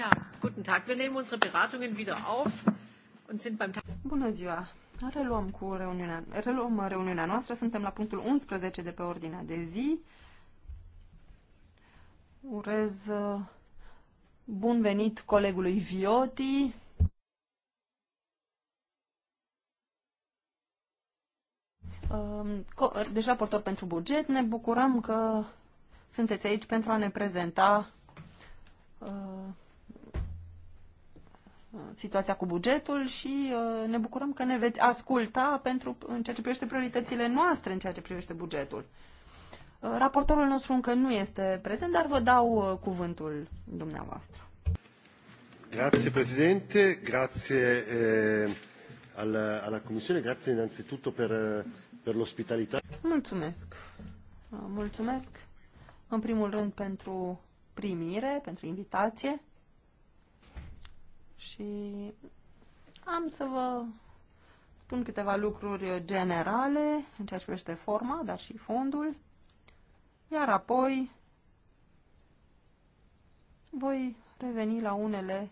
Ja, guten Tag. Wir nehmen unsere Beratungen wieder auf und sind beim Bună ziua. Reluăm cu reuniunea, reluăm reuniunea noastră. Suntem la punctul 11 de pe ordinea de zi. Urez uh, bun venit colegului Vioti. Um, deci raportor pentru buget, ne bucurăm că sunteți aici pentru a ne prezenta uh, situația cu bugetul și uh, ne bucurăm că ne veți asculta pentru, în ceea ce privește prioritățile noastre, în ceea ce privește bugetul. Uh, raportorul nostru încă nu este prezent, dar vă dau uh, cuvântul dumneavoastră. Grazie Presidente, grazie eh, alla, alla Commissione, grazie innanzitutto per, eh, per l'ospitalità. Mulțumesc. Mulțumesc în primul rând pentru primire, pentru invitație. Și am să vă spun câteva lucruri generale în ceea ce privește forma, dar și fondul. Iar apoi voi reveni la unele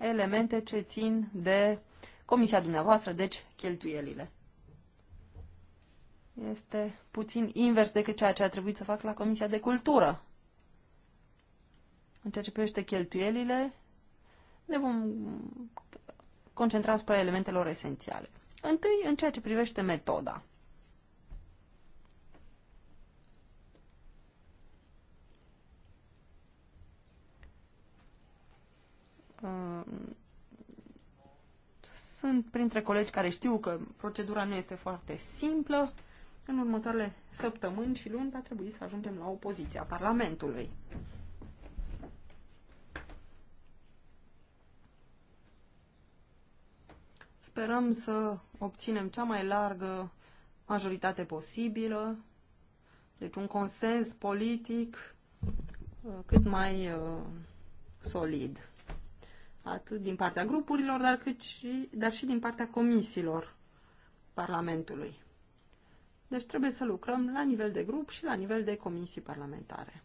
elemente ce țin de comisia dumneavoastră, deci cheltuielile. Este puțin invers decât ceea ce a trebuit să fac la Comisia de Cultură. În ceea ce privește cheltuielile, ne vom concentra asupra elementelor esențiale. Întâi, în ceea ce privește metoda. Sunt printre colegi care știu că procedura nu este foarte simplă. În următoarele săptămâni și luni va trebui să ajungem la opoziția Parlamentului. Sperăm să obținem cea mai largă majoritate posibilă, deci un consens politic uh, cât mai uh, solid. Atât din partea grupurilor, dar, cât și, dar și din partea comisiilor Parlamentului. Deci trebuie să lucrăm la nivel de grup și la nivel de comisii parlamentare.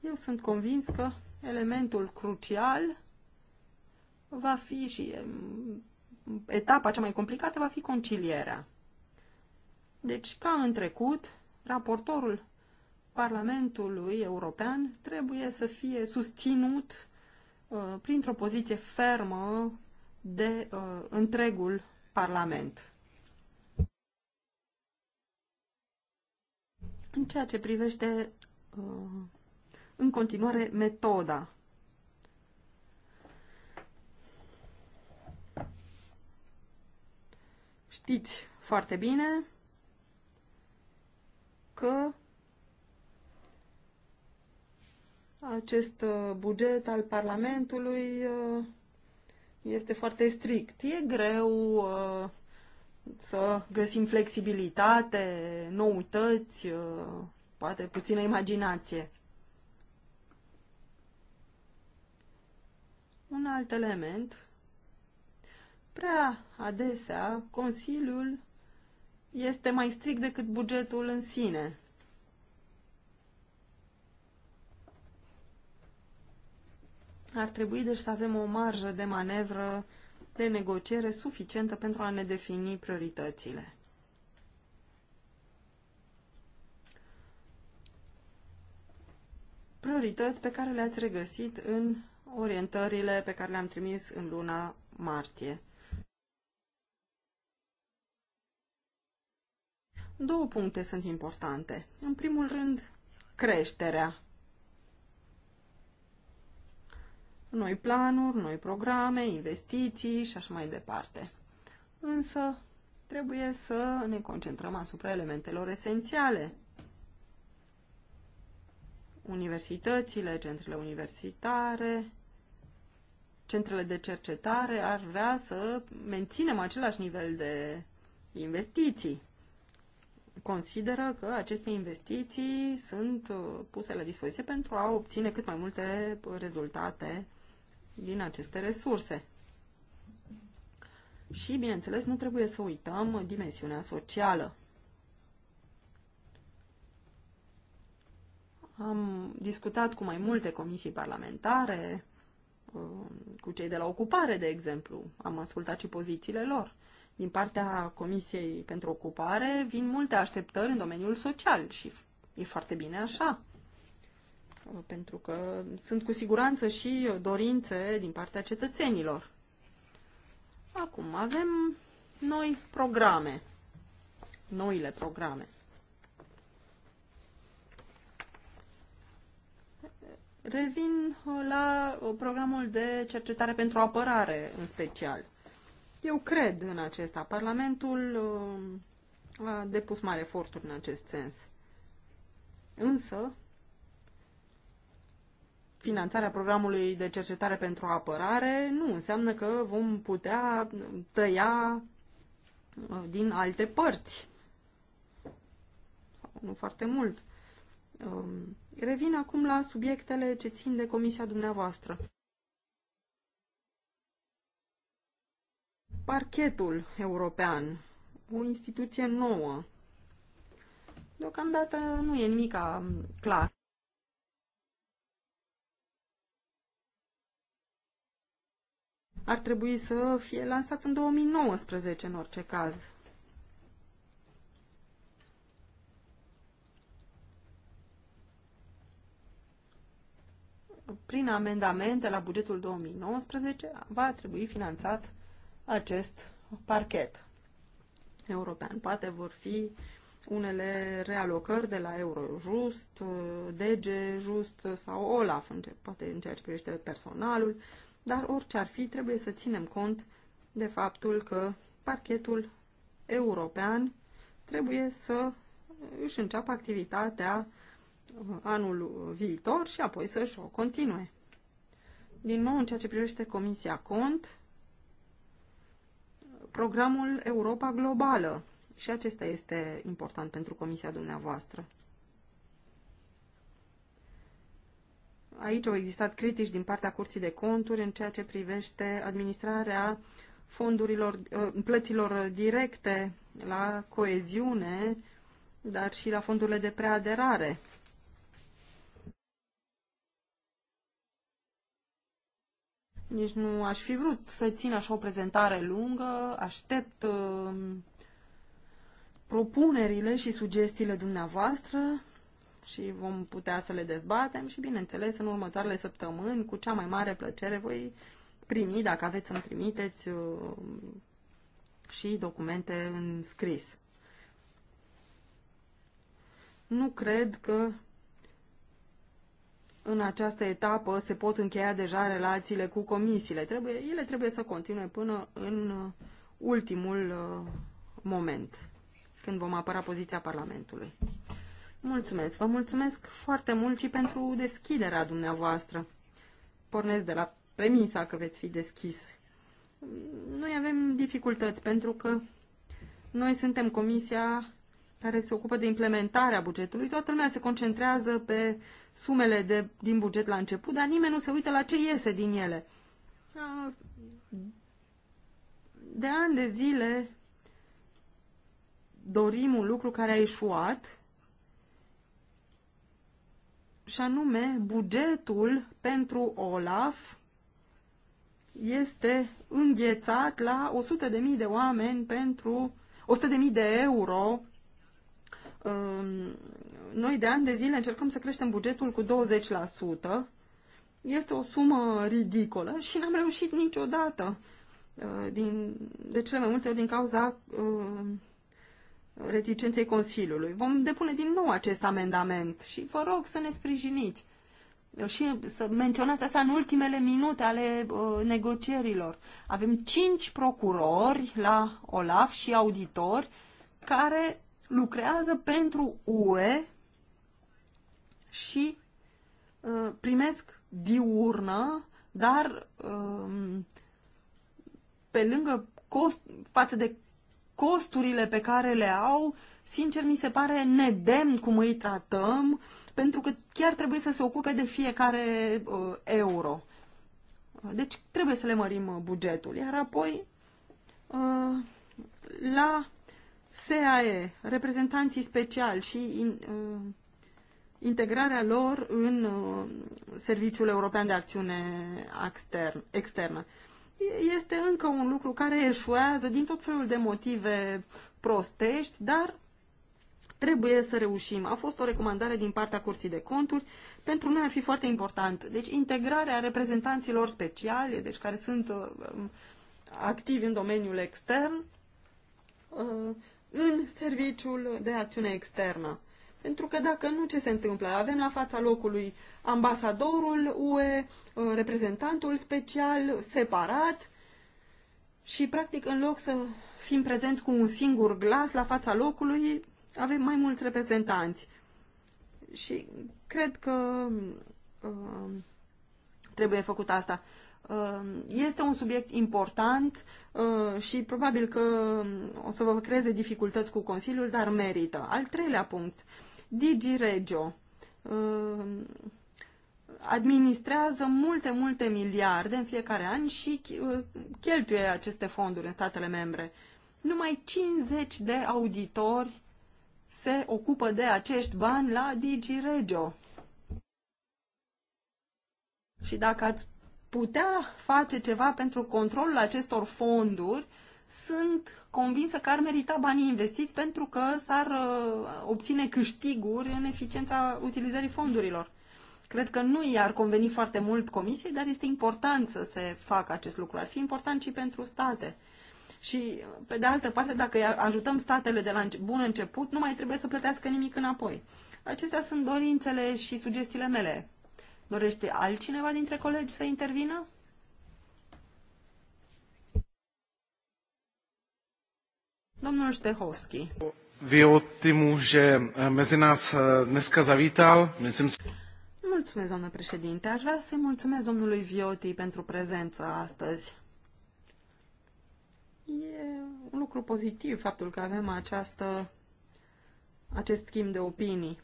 Eu sunt convins că elementul crucial va fi și mm, etapa cea mai complicată va fi concilierea. Deci, ca în trecut, raportorul Parlamentului European trebuie să fie susținut uh, printr-o poziție fermă de uh, întregul Parlament. În ceea ce privește uh, în continuare metoda Știți foarte bine că acest uh, buget al Parlamentului uh, este foarte strict. E greu uh, să găsim flexibilitate, noutăți, poate puțină imaginație. Un alt element Prea adesea, Consiliul este mai strict decât bugetul în sine. Ar trebui deci să avem o marjă de manevră de negociere suficientă pentru a ne defini prioritățile. Priorități pe care le-ați regăsit în orientările pe care le-am trimis în luna martie. Două puncte sunt importante. În primul rând, creșterea. Noi planuri, noi programe, investiții și așa mai departe. Însă, trebuie să ne concentrăm asupra elementelor esențiale. Universitățile, centrele universitare, centrele de cercetare ar vrea să menținem același nivel de investiții consideră că aceste investiții sunt uh, puse la dispoziție pentru a obține cât mai multe rezultate din aceste resurse. Și, bineînțeles, nu trebuie să uităm dimensiunea socială. Am discutat cu mai multe comisii parlamentare, uh, cu cei de la ocupare, de exemplu. Am ascultat și pozițiile lor din partea Comisiei pentru Ocupare vin multe așteptări în domeniul social și e foarte bine așa. Pentru că sunt cu siguranță și dorințe din partea cetățenilor. Acum avem noi programe, noile programe. Revin la programul de cercetare pentru apărare în special. Eu cred în acesta. Parlamentul uh, a depus mari eforturi în acest sens. Însă, finanțarea programului de cercetare pentru apărare nu înseamnă că vom putea tăia uh, din alte părți. Sau nu foarte mult. Um, revin acum la subiectele ce țin de comisia dumneavoastră. parchetul european, o instituție nouă. Deocamdată nu e nimic clar. Ar trebui să fie lansat în 2019 în orice caz. prin amendamente la bugetul 2019 va trebui finanțat acest parchet european. Poate vor fi unele realocări de la Eurojust, DG Just sau Olaf, poate în ceea ce privește personalul, dar orice ar fi, trebuie să ținem cont de faptul că parchetul european trebuie să își înceapă activitatea uh, anul viitor și apoi să-și o continue. Din nou, în ceea ce privește Comisia Cont, programul Europa Globală. Și acesta este important pentru comisia dumneavoastră. Aici au existat critici din partea Curții de Conturi în ceea ce privește administrarea fondurilor, uh, plăților directe la coeziune, dar și la fondurile de preaderare. Nici nu aș fi vrut să țin așa o prezentare lungă. Aștept uh, propunerile și sugestiile dumneavoastră și vom putea să le dezbatem și, bineînțeles, în următoarele săptămâni, cu cea mai mare plăcere, voi primi, dacă aveți să-mi trimiteți, uh, și documente în scris. Nu cred că în această etapă se pot încheia deja relațiile cu comisiile. Trebuie, ele trebuie să continue până în uh, ultimul uh, moment, când vom apăra poziția Parlamentului. Mulțumesc! Vă mulțumesc foarte mult și pentru deschiderea dumneavoastră. Pornesc de la premisa că veți fi deschis. Noi avem dificultăți pentru că noi suntem comisia care se ocupă de implementarea bugetului, toată lumea se concentrează pe sumele de, din buget la început, dar nimeni nu se uită la ce iese din ele. De ani de zile dorim un lucru care a ieșuat, și anume bugetul pentru OLAF este înghețat la 100.000 de oameni pentru 100.000 de euro Um, noi de ani de zile încercăm să creștem bugetul cu 20%. Este o sumă ridicolă și n-am reușit niciodată. Uh, din, de cele mai multe ori din cauza uh, reticenței Consiliului. Vom depune din nou acest amendament și vă rog să ne sprijiniți și să menționați asta în ultimele minute ale uh, negocierilor. Avem cinci procurori la OLAF și auditori care lucrează pentru UE și uh, primesc diurnă, dar uh, pe lângă cost, față de costurile pe care le au, sincer mi se pare nedemn cum îi tratăm, pentru că chiar trebuie să se ocupe de fiecare uh, euro. Deci trebuie să le mărim uh, bugetul. Iar apoi, uh, la SAE, reprezentanții speciali și in, uh, integrarea lor în uh, Serviciul European de Acțiune extern, Externă. Este încă un lucru care eșuează din tot felul de motive prostești, dar trebuie să reușim. A fost o recomandare din partea Curții de Conturi. Pentru noi ar fi foarte important. Deci integrarea reprezentanților speciali, deci care sunt uh, activi în domeniul extern, uh, în serviciul de acțiune externă. Pentru că dacă nu, ce se întâmplă? Avem la fața locului ambasadorul UE, uh, reprezentantul special, separat și, practic, în loc să fim prezenți cu un singur glas la fața locului, avem mai mulți reprezentanți. Și cred că uh, trebuie făcut asta. Um, este un subiect important uh, și probabil că o să vă creeze dificultăți cu Consiliul, dar merită. Al treilea punct, Digi Regio um, administrează multe, multe miliarde în fiecare an și uh, cheltuie aceste fonduri în statele membre. Numai 50 de auditori se ocupă de acești bani la DigiRegio. Și dacă ați putea face ceva pentru controlul acestor fonduri, sunt convinsă că ar merita banii investiți pentru că s-ar uh, obține câștiguri în eficiența utilizării fondurilor. Cred că nu i-ar conveni foarte mult comisiei, dar este important să se facă acest lucru. Ar fi important și pentru state. Și, pe de altă parte, dacă ajutăm statele de la bun început, nu mai trebuie să plătească nimic înapoi. Acestea sunt dorințele și sugestiile mele. Dorește altcineva dintre colegi să intervină? Domnul Stehovski. Vy o Timu, že eh, mezi nás eh, dneska zavítal. Myslím si... Mulțumesc, doamnă președinte. Aș vrea să-i mulțumesc domnului Vioti pentru prezența astăzi. E un lucru pozitiv faptul că avem această, acest schimb de opinii.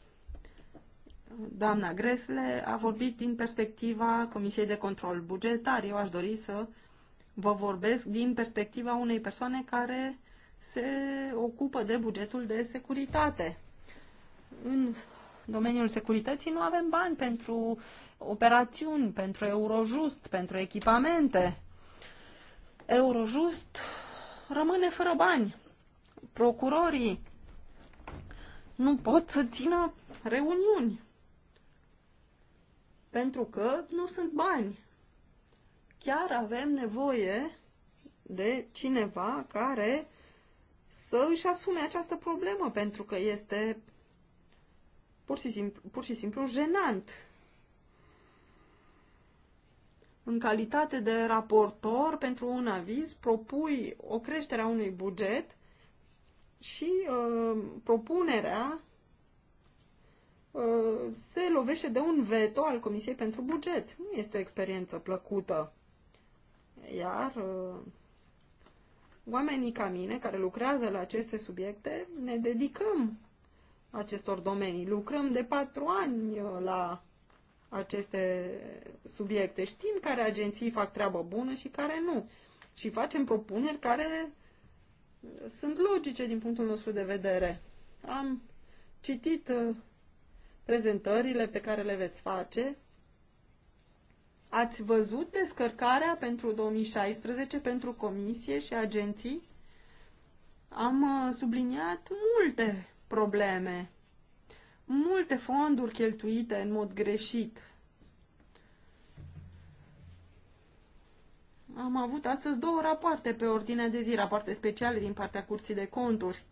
Doamna Gresle a vorbit din perspectiva Comisiei de Control Bugetar. Eu aș dori să vă vorbesc din perspectiva unei persoane care se ocupă de bugetul de securitate. În domeniul securității nu avem bani pentru operațiuni, pentru Eurojust, pentru echipamente. Eurojust rămâne fără bani. Procurorii nu pot să țină reuniuni pentru că nu sunt bani. Chiar avem nevoie de cineva care să își asume această problemă, pentru că este pur și simplu, pur și simplu jenant. În calitate de raportor pentru un aviz, propui o creștere a unui buget și uh, propunerea Uh, se lovește de un veto al Comisiei pentru Buget. Nu este o experiență plăcută. Iar uh, oamenii ca mine, care lucrează la aceste subiecte, ne dedicăm acestor domenii. Lucrăm de patru ani uh, la aceste subiecte. Știm care agenții fac treabă bună și care nu. Și facem propuneri care sunt logice din punctul nostru de vedere. Am citit prezentările pe care le veți face, ați văzut descărcarea pentru 2016 pentru comisie și agenții? Am uh, subliniat multe probleme, multe fonduri cheltuite în mod greșit. Am avut astăzi două rapoarte pe ordinea de zi, rapoarte speciale din partea Curții de Conturi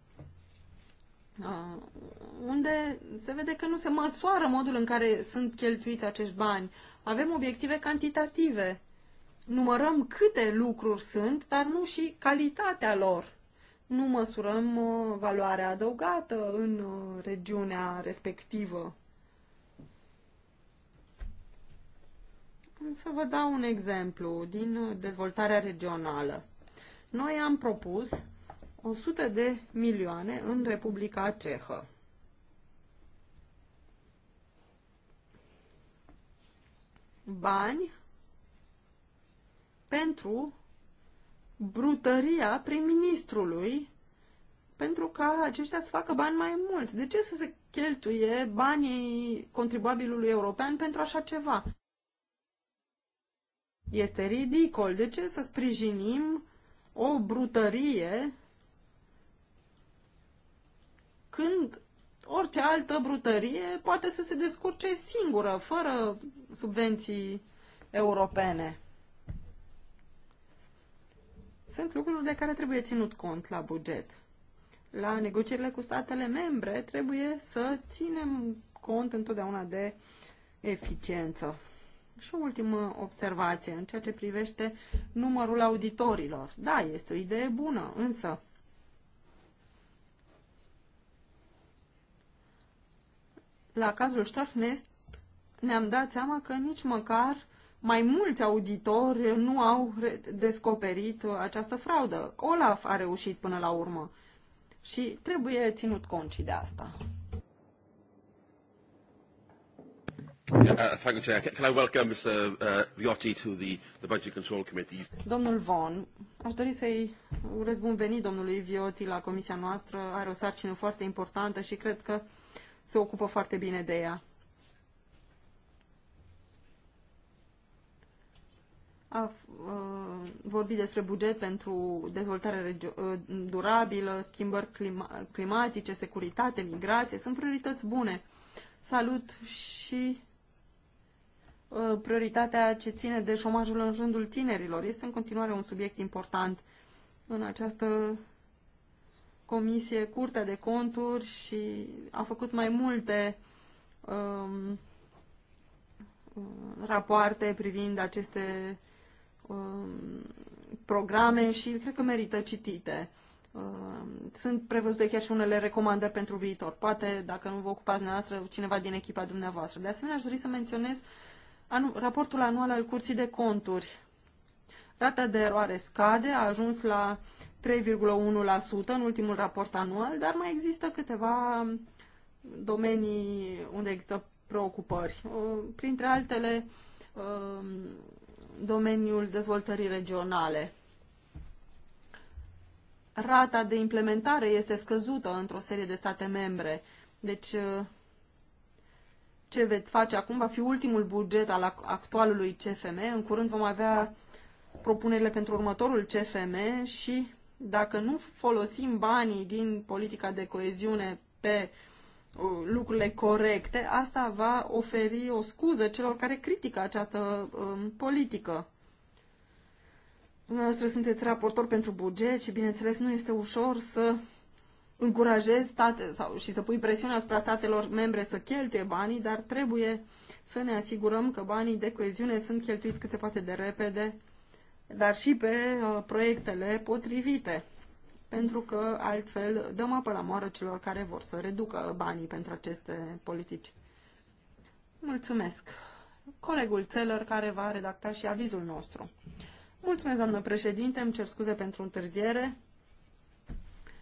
unde se vede că nu se măsoară modul în care sunt cheltuiți acești bani. Avem obiective cantitative. Numărăm câte lucruri sunt, dar nu și calitatea lor. Nu măsurăm uh, valoarea adăugată în uh, regiunea respectivă. Să vă dau un exemplu din uh, dezvoltarea regională. Noi am propus 100 de milioane în Republica Cehă. Bani pentru brutăria prim-ministrului pentru ca aceștia să facă bani mai mulți. De ce să se cheltuie banii contribuabilului european pentru așa ceva? Este ridicol. De ce să sprijinim o brutărie când orice altă brutărie poate să se descurce singură, fără subvenții europene. Sunt lucruri de care trebuie ținut cont la buget. La negocierile cu statele membre trebuie să ținem cont întotdeauna de eficiență. Și o ultimă observație în ceea ce privește numărul auditorilor. Da, este o idee bună, însă la cazul Stachnes, ne-am dat seama că nici măcar mai mulți auditori nu au descoperit această fraudă. Olaf a reușit până la urmă și trebuie ținut cont și de asta. Domnul Von, aș dori să-i urez bun venit domnului Viotti la comisia noastră. Are o sarcină foarte importantă și cred că se ocupă foarte bine de ea. a vorbit despre buget pentru dezvoltare durabilă, schimbări clima climatice, securitate, migrație. Sunt priorități bune. Salut și prioritatea ce ține de șomajul în rândul tinerilor. Este în continuare un subiect important în această comisie, Curtea de Conturi și a făcut mai multe um, rapoarte privind aceste um, programe și cred că merită citite. Um, sunt prevăzute chiar și unele recomandări pentru viitor. Poate, dacă nu vă ocupați dumneavoastră, cineva din echipa dumneavoastră. De asemenea, aș dori să menționez anu- raportul anual al Curții de Conturi Rata de eroare scade, a ajuns la 3,1% în ultimul raport anual, dar mai există câteva domenii unde există preocupări. Uh, printre altele, um, domeniul dezvoltării regionale. Rata de implementare este scăzută într-o serie de state membre, deci uh, ce veți face acum va fi ultimul buget al actualului CFM. În curând vom avea propunerile pentru următorul CFM și dacă nu folosim banii din politica de coeziune pe uh, lucrurile corecte, asta va oferi o scuză celor care critică această um, politică. Dumneavoastră sunteți raportor pentru buget și, bineînțeles, nu este ușor să încurajezi state sau, și să pui presiune asupra statelor membre să cheltuie banii, dar trebuie să ne asigurăm că banii de coeziune sunt cheltuiți cât se poate de repede dar și pe uh, proiectele potrivite, pentru că altfel dăm apă la moară celor care vor să reducă banii pentru aceste politici. Mulțumesc. Colegul Țelăr care va redacta și avizul nostru. Mulțumesc, doamnă președinte, îmi cer scuze pentru întârziere.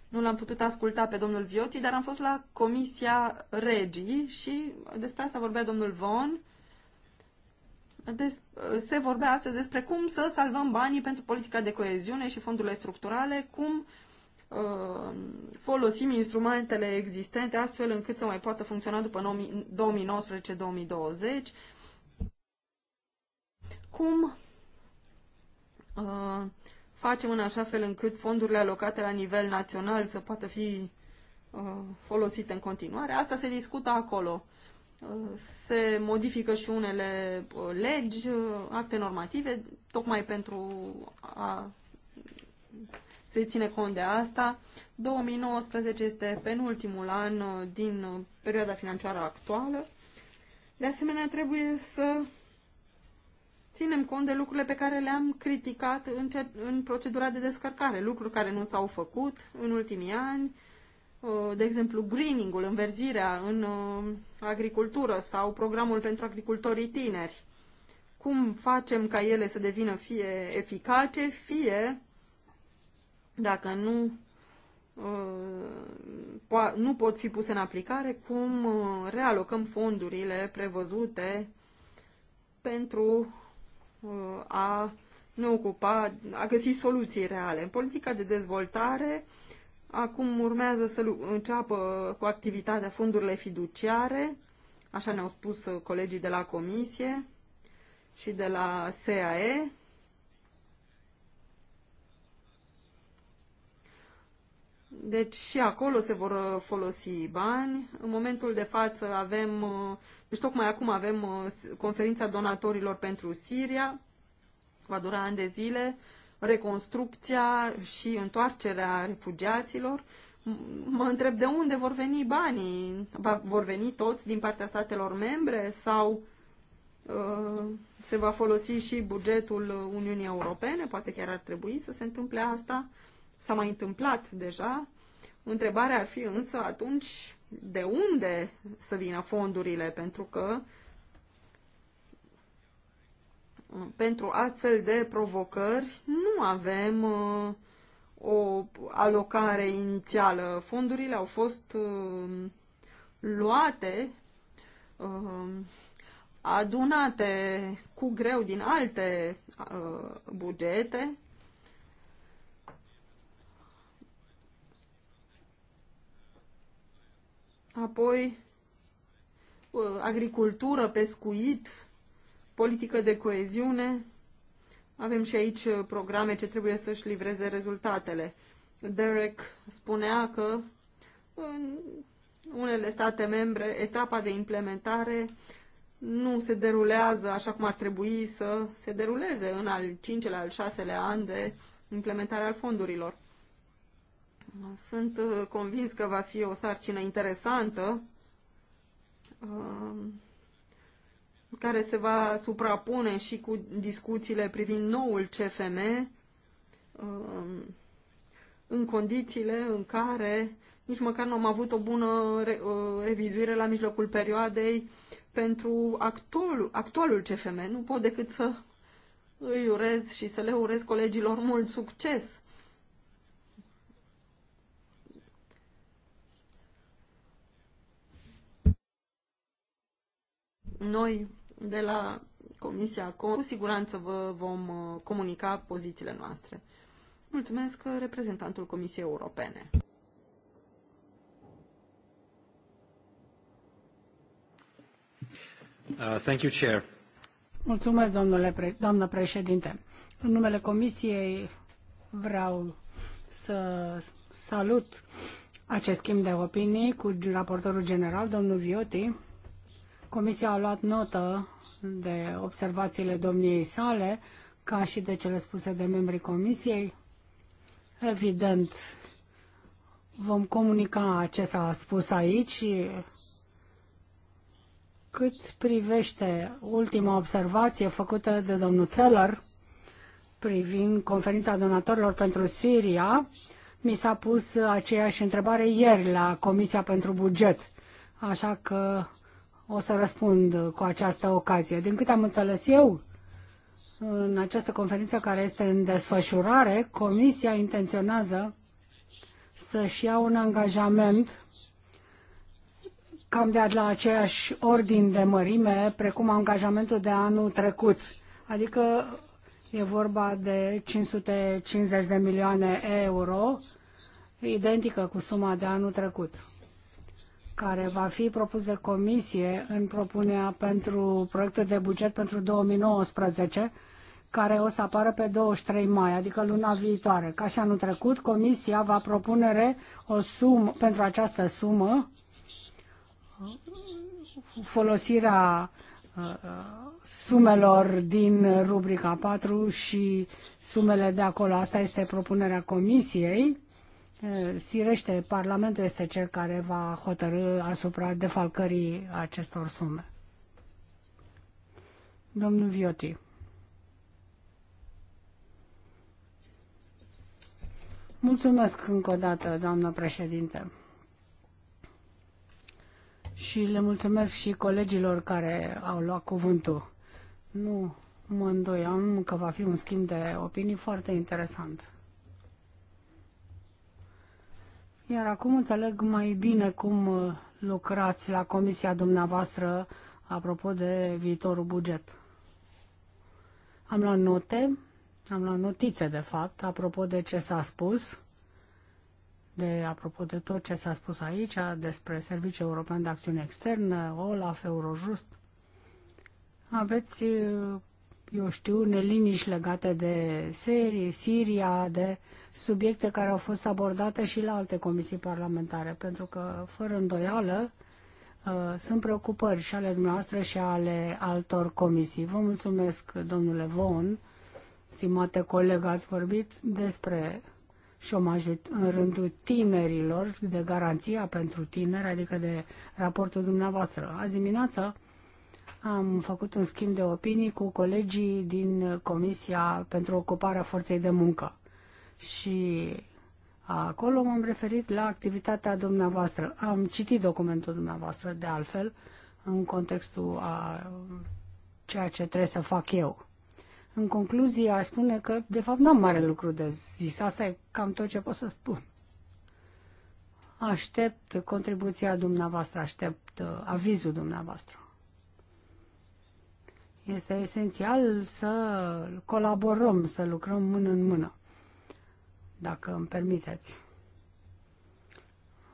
Nu l-am putut asculta pe domnul Vioti, dar am fost la Comisia Regii și despre asta vorbea domnul Von des, se vorbea astăzi despre cum să salvăm banii pentru politica de coeziune și fondurile structurale, cum uh, folosim instrumentele existente astfel încât să mai poată funcționa după 2019-2020, cum uh, facem în așa fel încât fondurile alocate la nivel național să poată fi uh, folosite în continuare. Asta se discută acolo se modifică și unele uh, legi, uh, acte normative, tocmai pentru a se ține cont de asta. 2019 este penultimul an uh, din perioada financiară actuală. De asemenea, trebuie să ținem cont de lucrurile pe care le-am criticat în, ce, în procedura de descărcare, lucruri care nu s-au făcut în ultimii ani, Uh, de exemplu, greening-ul, înverzirea în uh, agricultură sau programul pentru agricultorii tineri. Cum facem ca ele să devină fie eficace, fie, dacă nu, uh, nu pot fi puse în aplicare, cum realocăm fondurile prevăzute pentru a ne ocupa, a găsi soluții reale. În politica de dezvoltare, Acum urmează să înceapă cu activitatea fondurile fiduciare, așa ne-au spus uh, colegii de la Comisie și de la SAE. Deci și acolo se vor uh, folosi bani. În momentul de față avem, uh, deci tocmai acum avem conferința donatorilor pentru Siria, va dura ani de zile reconstrucția și întoarcerea refugiaților, mă întreb de unde vor veni banii. Vor veni toți din partea statelor membre sau uh, se va folosi și bugetul Uniunii Europene? Poate chiar ar trebui să se întâmple asta. S-a mai întâmplat deja. Întrebarea ar fi însă atunci de unde să vină fondurile, pentru că pentru astfel de provocări nu avem uh, o alocare inițială. Fondurile au fost uh, luate, uh, adunate cu greu din alte uh, bugete. Apoi, uh, agricultură, pescuit, Politică de coeziune. Avem și aici uh, programe ce trebuie să-și livreze rezultatele. Derek spunea că în unele state membre etapa de implementare nu se derulează așa cum ar trebui să se deruleze în al cincelea, al șaselea an de implementare al fondurilor. Sunt uh, convins că va fi o sarcină interesantă uh, care se va suprapune și cu discuțiile privind noul CFM um, în condițiile în care nici măcar nu am avut o bună revizuire la mijlocul perioadei pentru actualul, actualul CFM. Nu pot decât să îi urez și să le urez colegilor mult succes. Noi de la Comisia Com. Cu siguranță vă vom uh, comunica pozițiile noastre. Mulțumesc uh, reprezentantul Comisiei Europene. Uh, thank you, Chair. Mulțumesc, domnule pre- doamnă președinte. În numele Comisiei vreau să salut acest schimb de opinii cu raportorul general, domnul Vioti, Comisia a luat notă de observațiile domniei sale, ca și de cele spuse de membrii Comisiei. Evident, vom comunica ce s-a spus aici. Cât privește ultima observație făcută de domnul Țelăr privind conferința donatorilor pentru Siria, mi s-a pus aceeași întrebare ieri la Comisia pentru Buget. Așa că o să răspund cu această ocazie. Din câte am înțeles eu, în această conferință care este în desfășurare, Comisia intenționează să-și ia un angajament cam de la aceeași ordin de mărime precum angajamentul de anul trecut. Adică e vorba de 550 de milioane euro, identică cu suma de anul trecut care va fi propus de comisie în propunerea pentru proiectul de buget pentru 2019, care o să apară pe 23 mai, adică luna viitoare. Ca și anul trecut, comisia va propune o sumă, pentru această sumă folosirea uh, sumelor din rubrica 4 și sumele de acolo. Asta este propunerea comisiei Eh, sirește, Parlamentul este cel care va hotărâ asupra defalcării acestor sume. Domnul Vioti. Mulțumesc încă o dată, doamnă președinte. Și le mulțumesc și colegilor care au luat cuvântul. Nu mă îndoiam că va fi un schimb de opinii foarte interesant. Iar acum înțeleg mai bine cum uh, lucrați la comisia dumneavoastră apropo de viitorul buget. Am luat note, am luat notițe de fapt, apropo de ce s-a spus, de apropo de tot ce s-a spus aici despre Serviciul European de Acțiune Externă, OLAF, Eurojust. Aveți uh, eu știu, neliniști legate de serie, Siria, de subiecte care au fost abordate și la alte comisii parlamentare, pentru că, fără îndoială, uh, sunt preocupări și ale dumneavoastră și ale altor comisii. Vă mulțumesc, domnule Von, stimate coleg, ați vorbit despre șomajul în rândul tinerilor, de garanția pentru tineri, adică de raportul dumneavoastră. Azi dimineața am făcut un schimb de opinii cu colegii din Comisia pentru Ocuparea Forței de Muncă și acolo m-am referit la activitatea dumneavoastră. Am citit documentul dumneavoastră, de altfel, în contextul a ceea ce trebuie să fac eu. În concluzie, aș spune că, de fapt, n-am mare lucru de zis. Asta e cam tot ce pot să spun. Aștept contribuția dumneavoastră, aștept uh, avizul dumneavoastră. Este esențial să colaborăm, să lucrăm mână în mână, dacă îmi permiteți.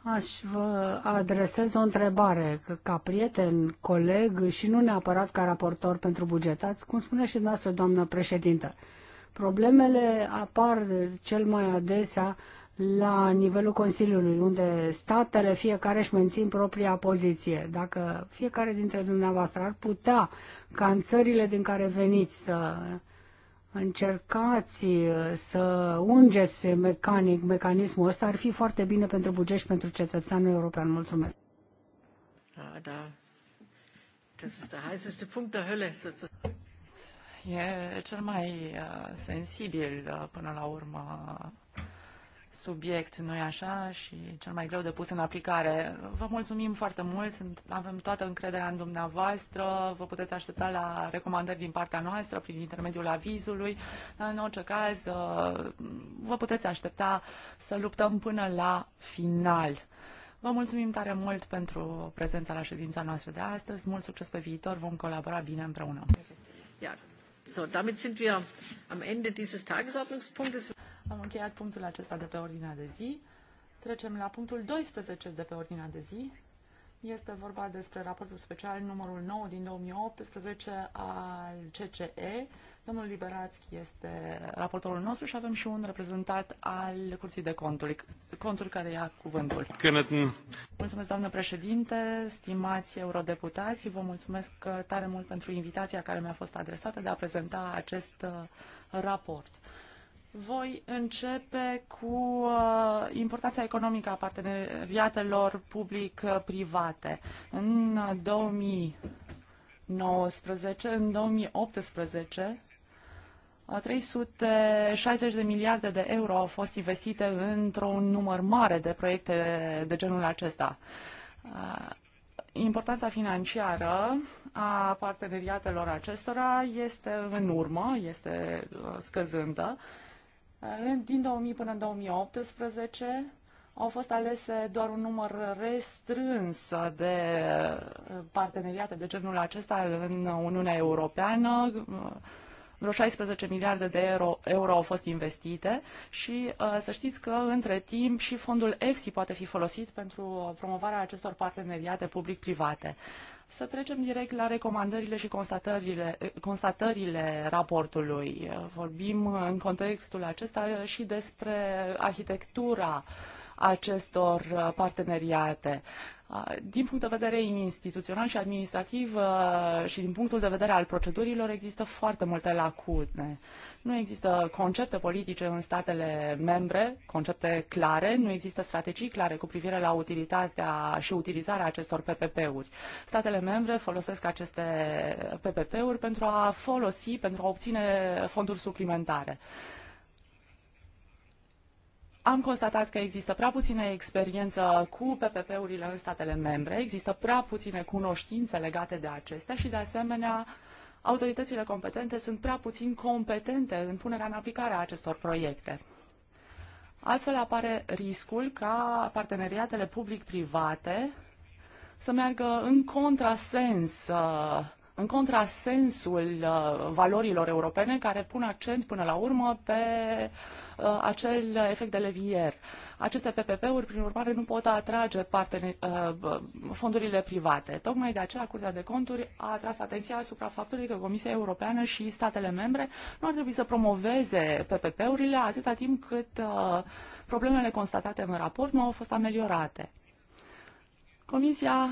Aș vă adresez o întrebare, că ca prieten, coleg și nu neapărat ca raportor pentru bugetați, cum spune și dumneavoastră, doamnă președintă, problemele apar cel mai adesea la nivelul Consiliului, unde statele fiecare își mențin propria poziție. Dacă fiecare dintre dumneavoastră ar putea, ca în țările din care veniți, să încercați uh, să ungeți mecanic mecanismul ăsta, ar fi foarte bine pentru buget și pentru cetățeanul european. Mulțumesc! Da, da. Das ist der heißeste Punkt der Hölle, sozusagen. E cel mai uh, sensibil, uh, până la urmă, subiect, nu așa, și cel mai greu de pus în aplicare. Vă mulțumim foarte mult, sunt, avem toată încrederea în dumneavoastră, vă puteți aștepta la recomandări din partea noastră prin intermediul avizului. În orice caz, uh, vă puteți aștepta să luptăm până la final. Vă mulțumim tare mult pentru prezența la ședința noastră de astăzi. Mult succes pe viitor, vom colabora bine împreună. Ja. So, damit sind wir am Ende dieses Tagesordnungspunktes. Am încheiat punctul acesta de pe ordinea de zi. Trecem la punctul 12 de pe ordinea de zi. Este vorba despre raportul special numărul 9 din 2018 al CCE. Domnul Liberațchi este raportorul nostru și avem și un reprezentat al Curții de Conturi, conturi care ia cuvântul. Mulțumesc, doamnă președinte, stimați eurodeputați, vă mulțumesc tare mult pentru invitația care mi-a fost adresată de a prezenta acest uh, raport. Voi începe cu uh, importanța economică a parteneriatelor public-private. În 2019, uh, în 2018, 360 uh, de miliarde de euro au fost investite într-un număr mare de proiecte de genul acesta. Uh, importanța financiară a parteneriatelor acestora este în urmă, este scăzândă din 2000 până în 2018 au fost alese doar un număr restrâns de uh, parteneriate de genul acesta în Uniunea Europeană. Vreo 16 miliarde de euro, euro au fost investite și uh, să știți că între timp și fondul EFSI poate fi folosit pentru promovarea acestor parteneriate public-private. Să trecem direct la recomandările și constatările, constatările raportului. Vorbim în contextul acesta și despre arhitectura acestor parteneriate. Din punct de vedere instituțional și administrativ și din punctul de vedere al procedurilor există foarte multe lacune. Nu există concepte politice în statele membre, concepte clare, nu există strategii clare cu privire la utilitatea și utilizarea acestor PPP-uri. Statele membre folosesc aceste PPP-uri pentru a folosi, pentru a obține fonduri suplimentare. Am constatat că există prea puțină experiență cu PPP-urile în statele membre, există prea puține cunoștințe legate de acestea și, de asemenea, uh, autoritățile competente sunt prea puțin competente în punerea în aplicare a acestor proiecte. Astfel apare riscul ca parteneriatele public-private să meargă în contrasens uh, în contrasensul uh, valorilor europene care pun accent până la urmă pe uh, acel efect de levier. Aceste PPP-uri, prin urmare, nu pot atrage parteneri, uh, fondurile private. Tocmai de aceea, Curtea de Conturi a atras atenția asupra faptului că Comisia Europeană și statele membre nu ar trebui să promoveze PPP-urile atâta timp cât problemele constatate în raport nu au fost ameliorate. Comisia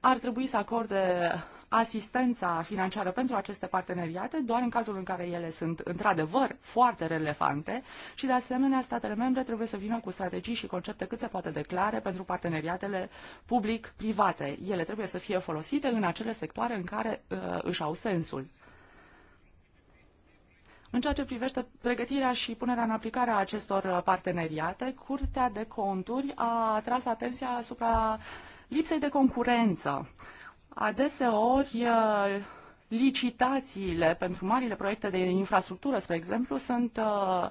ar trebui să acorde asistența financiară pentru aceste parteneriate doar în cazul în care ele sunt într-adevăr foarte relevante și de asemenea statele membre trebuie să vină cu strategii și concepte cât se poate de clare pentru parteneriatele public-private. Ele trebuie să fie folosite în acele sectoare în care uh, își au sensul. În ceea ce privește pregătirea și punerea în aplicare a acestor uh, parteneriate, Curtea de Conturi a tras atenția asupra lipsei de concurență. Uh, Adeseori, uh, licitațiile pentru marile proiecte de infrastructură, spre exemplu, sunt uh,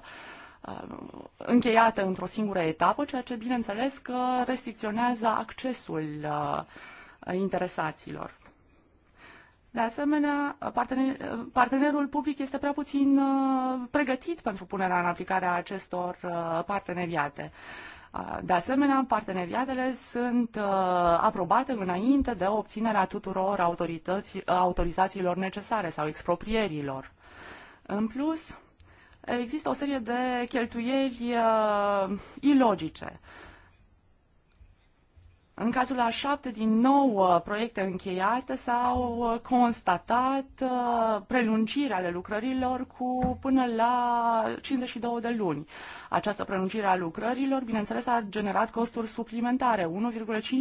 uh, încheiate într-o singură etapă, ceea ce, bineînțeles, că restricționează accesul interesaților. De asemenea, partenerul public este prea puțin pregătit pentru punerea în aplicare a acestor parteneriate. De asemenea, parteneriatele sunt uh, aprobate înainte de obținerea tuturor autorizațiilor necesare sau exproprierilor. În plus, există o serie de cheltuieli uh, ilogice. În cazul a șapte din nouă uh, proiecte încheiate s-au uh, constatat uh, prelungiri ale lucrărilor cu până la 52 de luni. Această prelungire a lucrărilor, bineînțeles, a generat costuri suplimentare.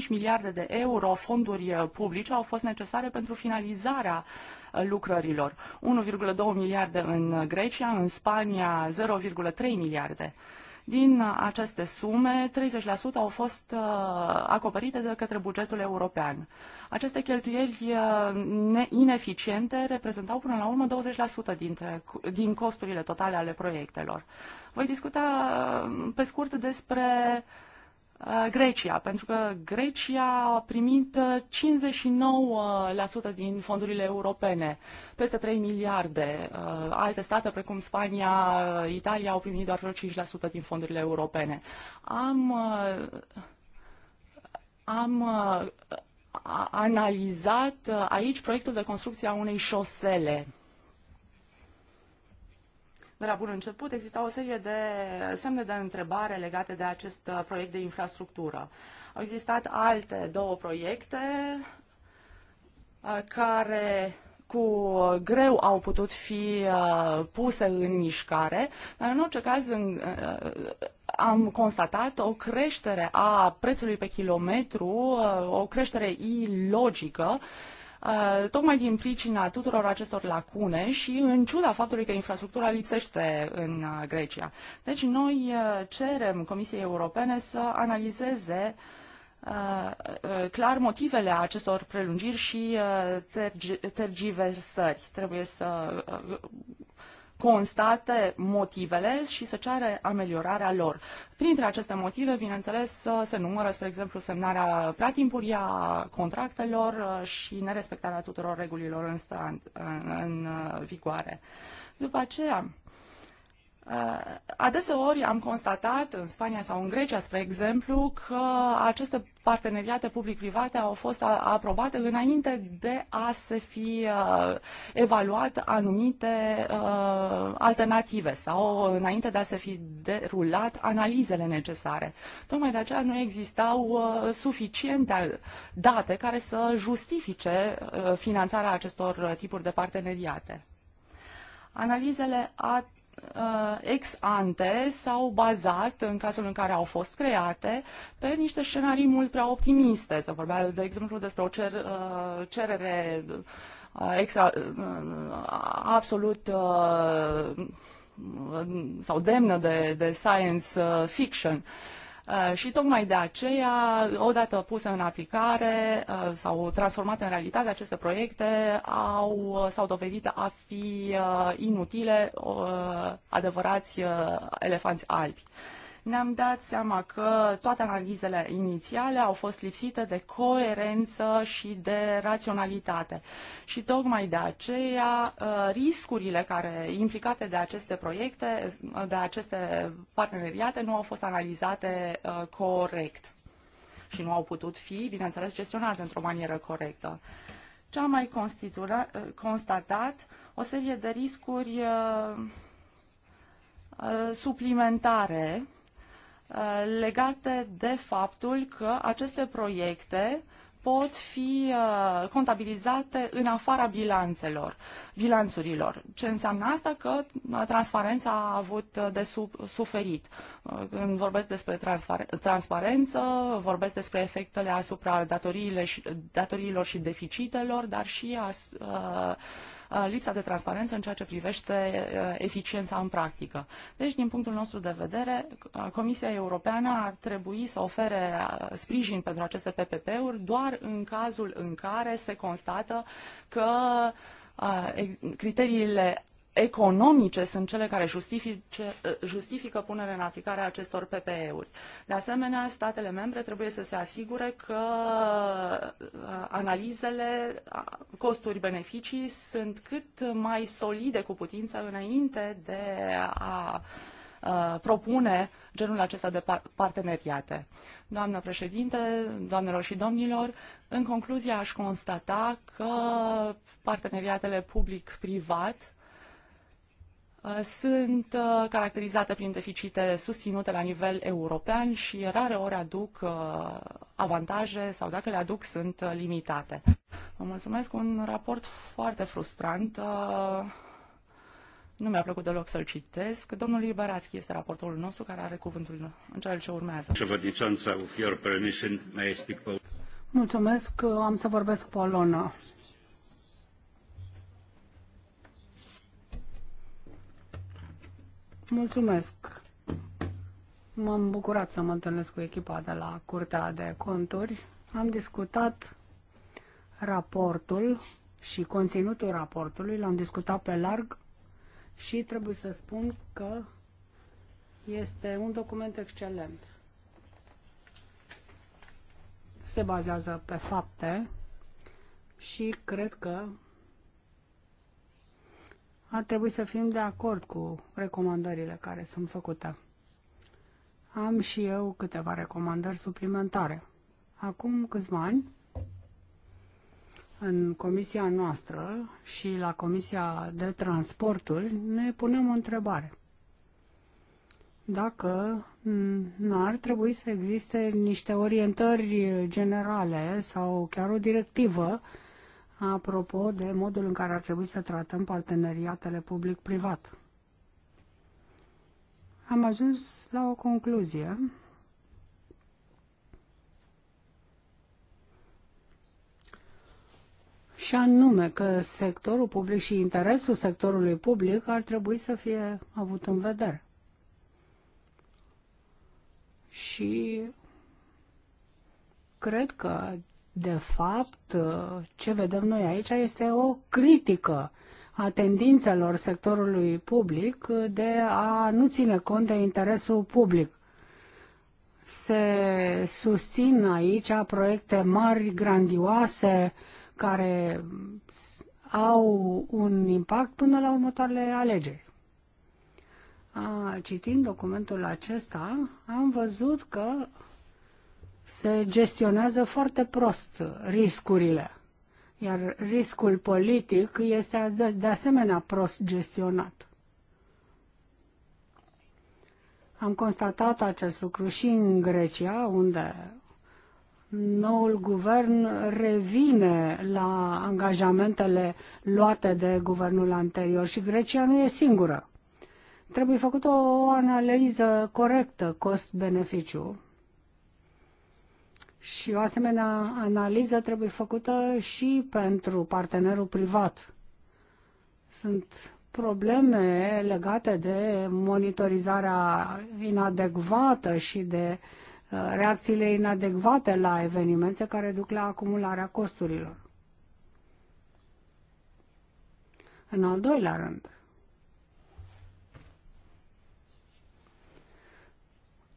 1,5 miliarde de euro fonduri publice au fost necesare pentru finalizarea lucrărilor. 1,2 miliarde în Grecia, în Spania 0,3 miliarde. Din uh, aceste sume, 30% au fost uh, acoperite de către bugetul european. Aceste cheltuieli uh, ineficiente reprezentau până la urmă 20% dintre, din costurile totale ale proiectelor. Voi discuta pe scurt despre uh, Uh, Grecia, pentru că Grecia a primit 59% uh, din fondurile europene, peste 3 miliarde. Uh, alte state, precum Spania, Italia, au primit doar vreo 5% din fondurile europene. Am, am analizat aici proiectul de construcție a unei șosele de la bun început exista o serie de semne de întrebare legate de acest uh, proiect de infrastructură. Au existat alte două proiecte uh, care cu greu au putut fi uh, puse în mișcare, dar în orice caz în, am constatat o creștere a prețului pe kilometru, o creștere ilogică tocmai din pricina tuturor acestor lacune și în ciuda faptului că infrastructura lipsește în Grecia. Deci noi cerem Comisiei Europene să analizeze clar motivele acestor prelungiri și tergiversări. Trebuie să constate motivele și să ceară ameliorarea lor. Printre aceste motive, bineînțeles, se numără, spre exemplu, semnarea prea timpurie a contractelor uh, și nerespectarea tuturor regulilor în, stand, în, în uh, vigoare. După aceea, Uh, adeseori am constatat în Spania sau în Grecia, spre exemplu, că aceste parteneriate public-private au fost aprobate înainte de a se fi uh, evaluat anumite uh, alternative sau înainte de a se fi derulat analizele necesare. Tocmai de aceea nu existau suficiente date care să justifice finanțarea acestor tipuri de parteneriate. Analizele a Uh, ex ante s-au bazat, în cazul în care au fost create, pe niște scenarii mult prea optimiste. să vorbea, de exemplu, despre o cer, uh, cerere uh, extra, absolut sau demnă de, de science fiction. Uh, Uh, și tocmai de aceea, odată puse în aplicare uh, sau transformate în realitate, aceste proiecte au, uh, s-au dovedit a fi inutile adevărați elefanți albi ne-am dat seama că toate analizele inițiale au fost lipsite de coerență și de raționalitate. Și tocmai de aceea uh, riscurile care implicate de aceste proiecte, uh, de aceste parteneriate, nu au fost analizate uh, corect și nu au putut fi, bineînțeles, gestionate într-o manieră corectă ce am mai constatat o serie de riscuri uh, uh, suplimentare Uh, legate de faptul că aceste proiecte pot fi uh, contabilizate în afara bilanțelor, bilanțurilor. Ce înseamnă asta? Că uh, transparența a avut de suferit. Când vorbesc despre transparență, vorbesc despre efectele asupra datoriilor și deficitelor, dar și as, Uh, lipsa de transparență în ceea ce privește uh, eficiența în practică. Deci, din punctul nostru de vedere, uh, Comisia Europeană ar trebui să ofere sprijin pentru aceste PPP-uri doar în cazul în care se constată că criteriile economice sunt cele care justifice, eh, justifică punerea în aplicare a acestor PPE-uri. De asemenea, statele membre trebuie să se asigure că eh, analizele costuri-beneficii sunt cât mai solide cu putință înainte de a eh, propune genul acesta de parteneriate. Doamnă președinte, doamnelor și domnilor, în concluzie aș constata că parteneriatele public-privat Uh, sunt uh, caracterizate prin deficite susținute la nivel european și rare ori aduc uh, avantaje sau dacă le aduc sunt limitate. Vă mulțumesc, un raport foarte frustrant. Nu mi-a plăcut deloc să-l citesc. Domnul Iberațchi este raportorul nostru care are cuvântul în cel ce urmează. Mulțumesc, am să vorbesc polonă. Mulțumesc! M-am bucurat să mă întâlnesc cu echipa de la Curtea de Conturi. Am discutat raportul și conținutul raportului, l-am discutat pe larg și trebuie să spun că este un document excelent. Se bazează pe fapte și cred că ar trebui să fim de acord cu recomandările care sunt făcute. Am și eu câteva recomandări suplimentare. Acum câțiva ani, în comisia noastră și la comisia de transporturi, ne punem o întrebare. Dacă n-ar trebui să existe niște orientări generale sau chiar o directivă apropo de modul în care ar trebui să tratăm parteneriatele public-privat. Am ajuns la o concluzie. Și anume că sectorul public și interesul sectorului public ar trebui să fie avut în vedere. Și cred că de fapt, ce vedem noi aici este o critică a tendințelor sectorului public de a nu ține cont de interesul public. Se susțin aici proiecte mari, grandioase, care au un impact până la următoarele alegeri. A, citind documentul acesta, am văzut că se gestionează foarte prost riscurile, iar riscul politic este de, asemenea prost gestionat. Am constatat acest lucru și în Grecia, unde noul guvern revine la angajamentele luate de guvernul anterior și Grecia nu e singură. Trebuie făcută o analiză corectă cost-beneficiu și o asemenea analiză trebuie făcută și pentru partenerul privat. Sunt probleme legate de monitorizarea inadecvată și de uh, reacțiile inadecvate la evenimente care duc la acumularea costurilor. În al doilea rând,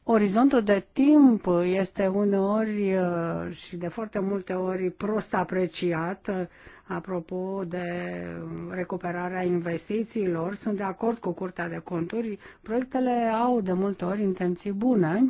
Orizontul de timp este uneori uh, și de foarte multe ori prost apreciat uh, apropo de recuperarea investițiilor. Sunt de acord cu Curtea de Conturi. Proiectele au de multe ori intenții bune,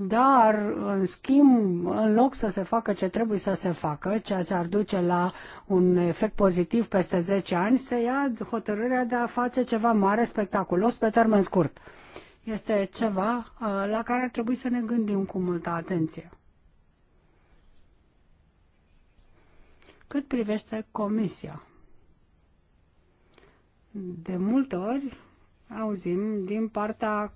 dar, în schimb, în loc să se facă ce trebuie să se facă, ceea ce ar duce la un efect pozitiv peste 10 ani, se ia hotărârea de a face ceva mare, spectaculos, pe termen scurt. Este ceva uh, la care ar trebui să ne gândim cu multă atenție. Cât privește comisia, de multe ori auzim din partea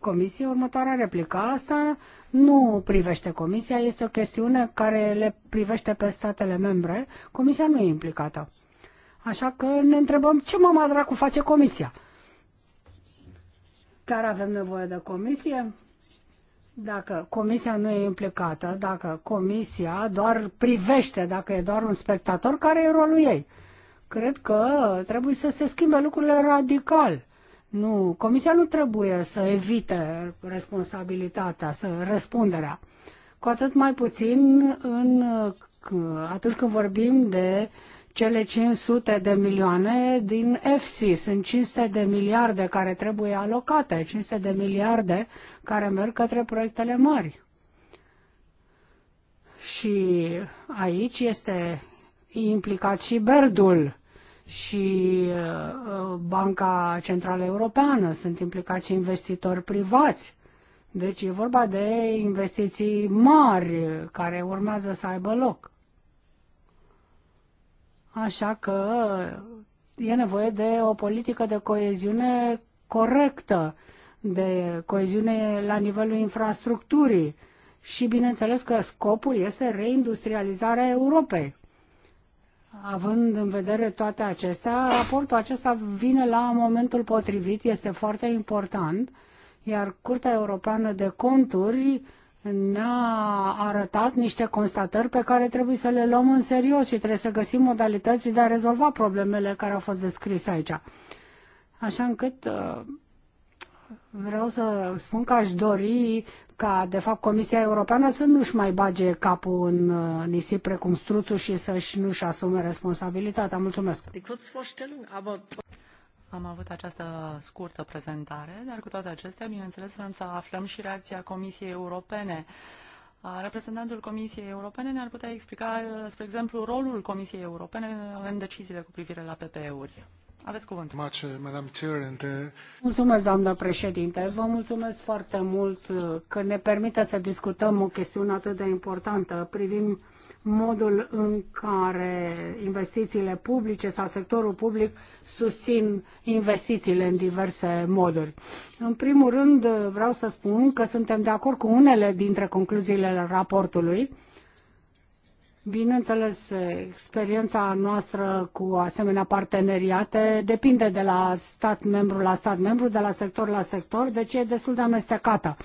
comisie, următoarea replică. Asta nu privește Comisia, este o chestiune care le privește pe statele membre. Comisia nu e implicată. Așa că ne întrebăm ce mama dracu face Comisia. Care avem nevoie de Comisie? Dacă Comisia nu e implicată, dacă Comisia doar privește, dacă e doar un spectator, care e rolul ei? Cred că trebuie să se schimbe lucrurile radical nu, comisia nu trebuie să evite responsabilitatea, să răspunderea. Cu atât mai puțin în, atunci când vorbim de cele 500 de milioane din EFSI. Sunt 500 de miliarde care trebuie alocate, 500 de miliarde care merg către proiectele mari. Și aici este implicat și Berdul și uh, Banca Centrală Europeană, sunt implicați investitori privați. Deci e vorba de investiții mari care urmează să aibă loc. Așa că e nevoie de o politică de coeziune corectă, de coeziune la nivelul infrastructurii. Și bineînțeles că scopul este reindustrializarea Europei. Având în vedere toate acestea, raportul acesta vine la momentul potrivit, este foarte important, iar Curtea Europeană de Conturi ne-a arătat niște constatări pe care trebuie să le luăm în serios și trebuie să găsim modalități de a rezolva problemele care au fost descrise aici. Așa încât uh, vreau să spun că aș dori ca, de fapt, Comisia Europeană să nu-și mai bage capul în uh, nisip precum struțul și să-și nu-și asume responsabilitatea. Mulțumesc! Am avut această scurtă prezentare, dar cu toate acestea, bineînțeles, vrem să aflăm și reacția Comisiei Europene. Reprezentantul Comisiei Europene ne-ar putea explica, spre exemplu, rolul Comisiei Europene în deciziile cu privire la PPE-uri. Aveți cuvântul. Uh, uh, mulțumesc, doamnă președinte. Vă mulțumesc foarte mult uh, că ne permite să discutăm o chestiune atât de importantă privind modul în care investițiile publice sau sectorul public susțin investițiile în diverse moduri. În primul rând, vreau să spun că suntem de acord cu unele dintre concluziile raportului Bineînțeles, experiența noastră cu asemenea parteneriate depinde de la stat membru la stat membru, de la sector la sector, deci e destul de amestecată.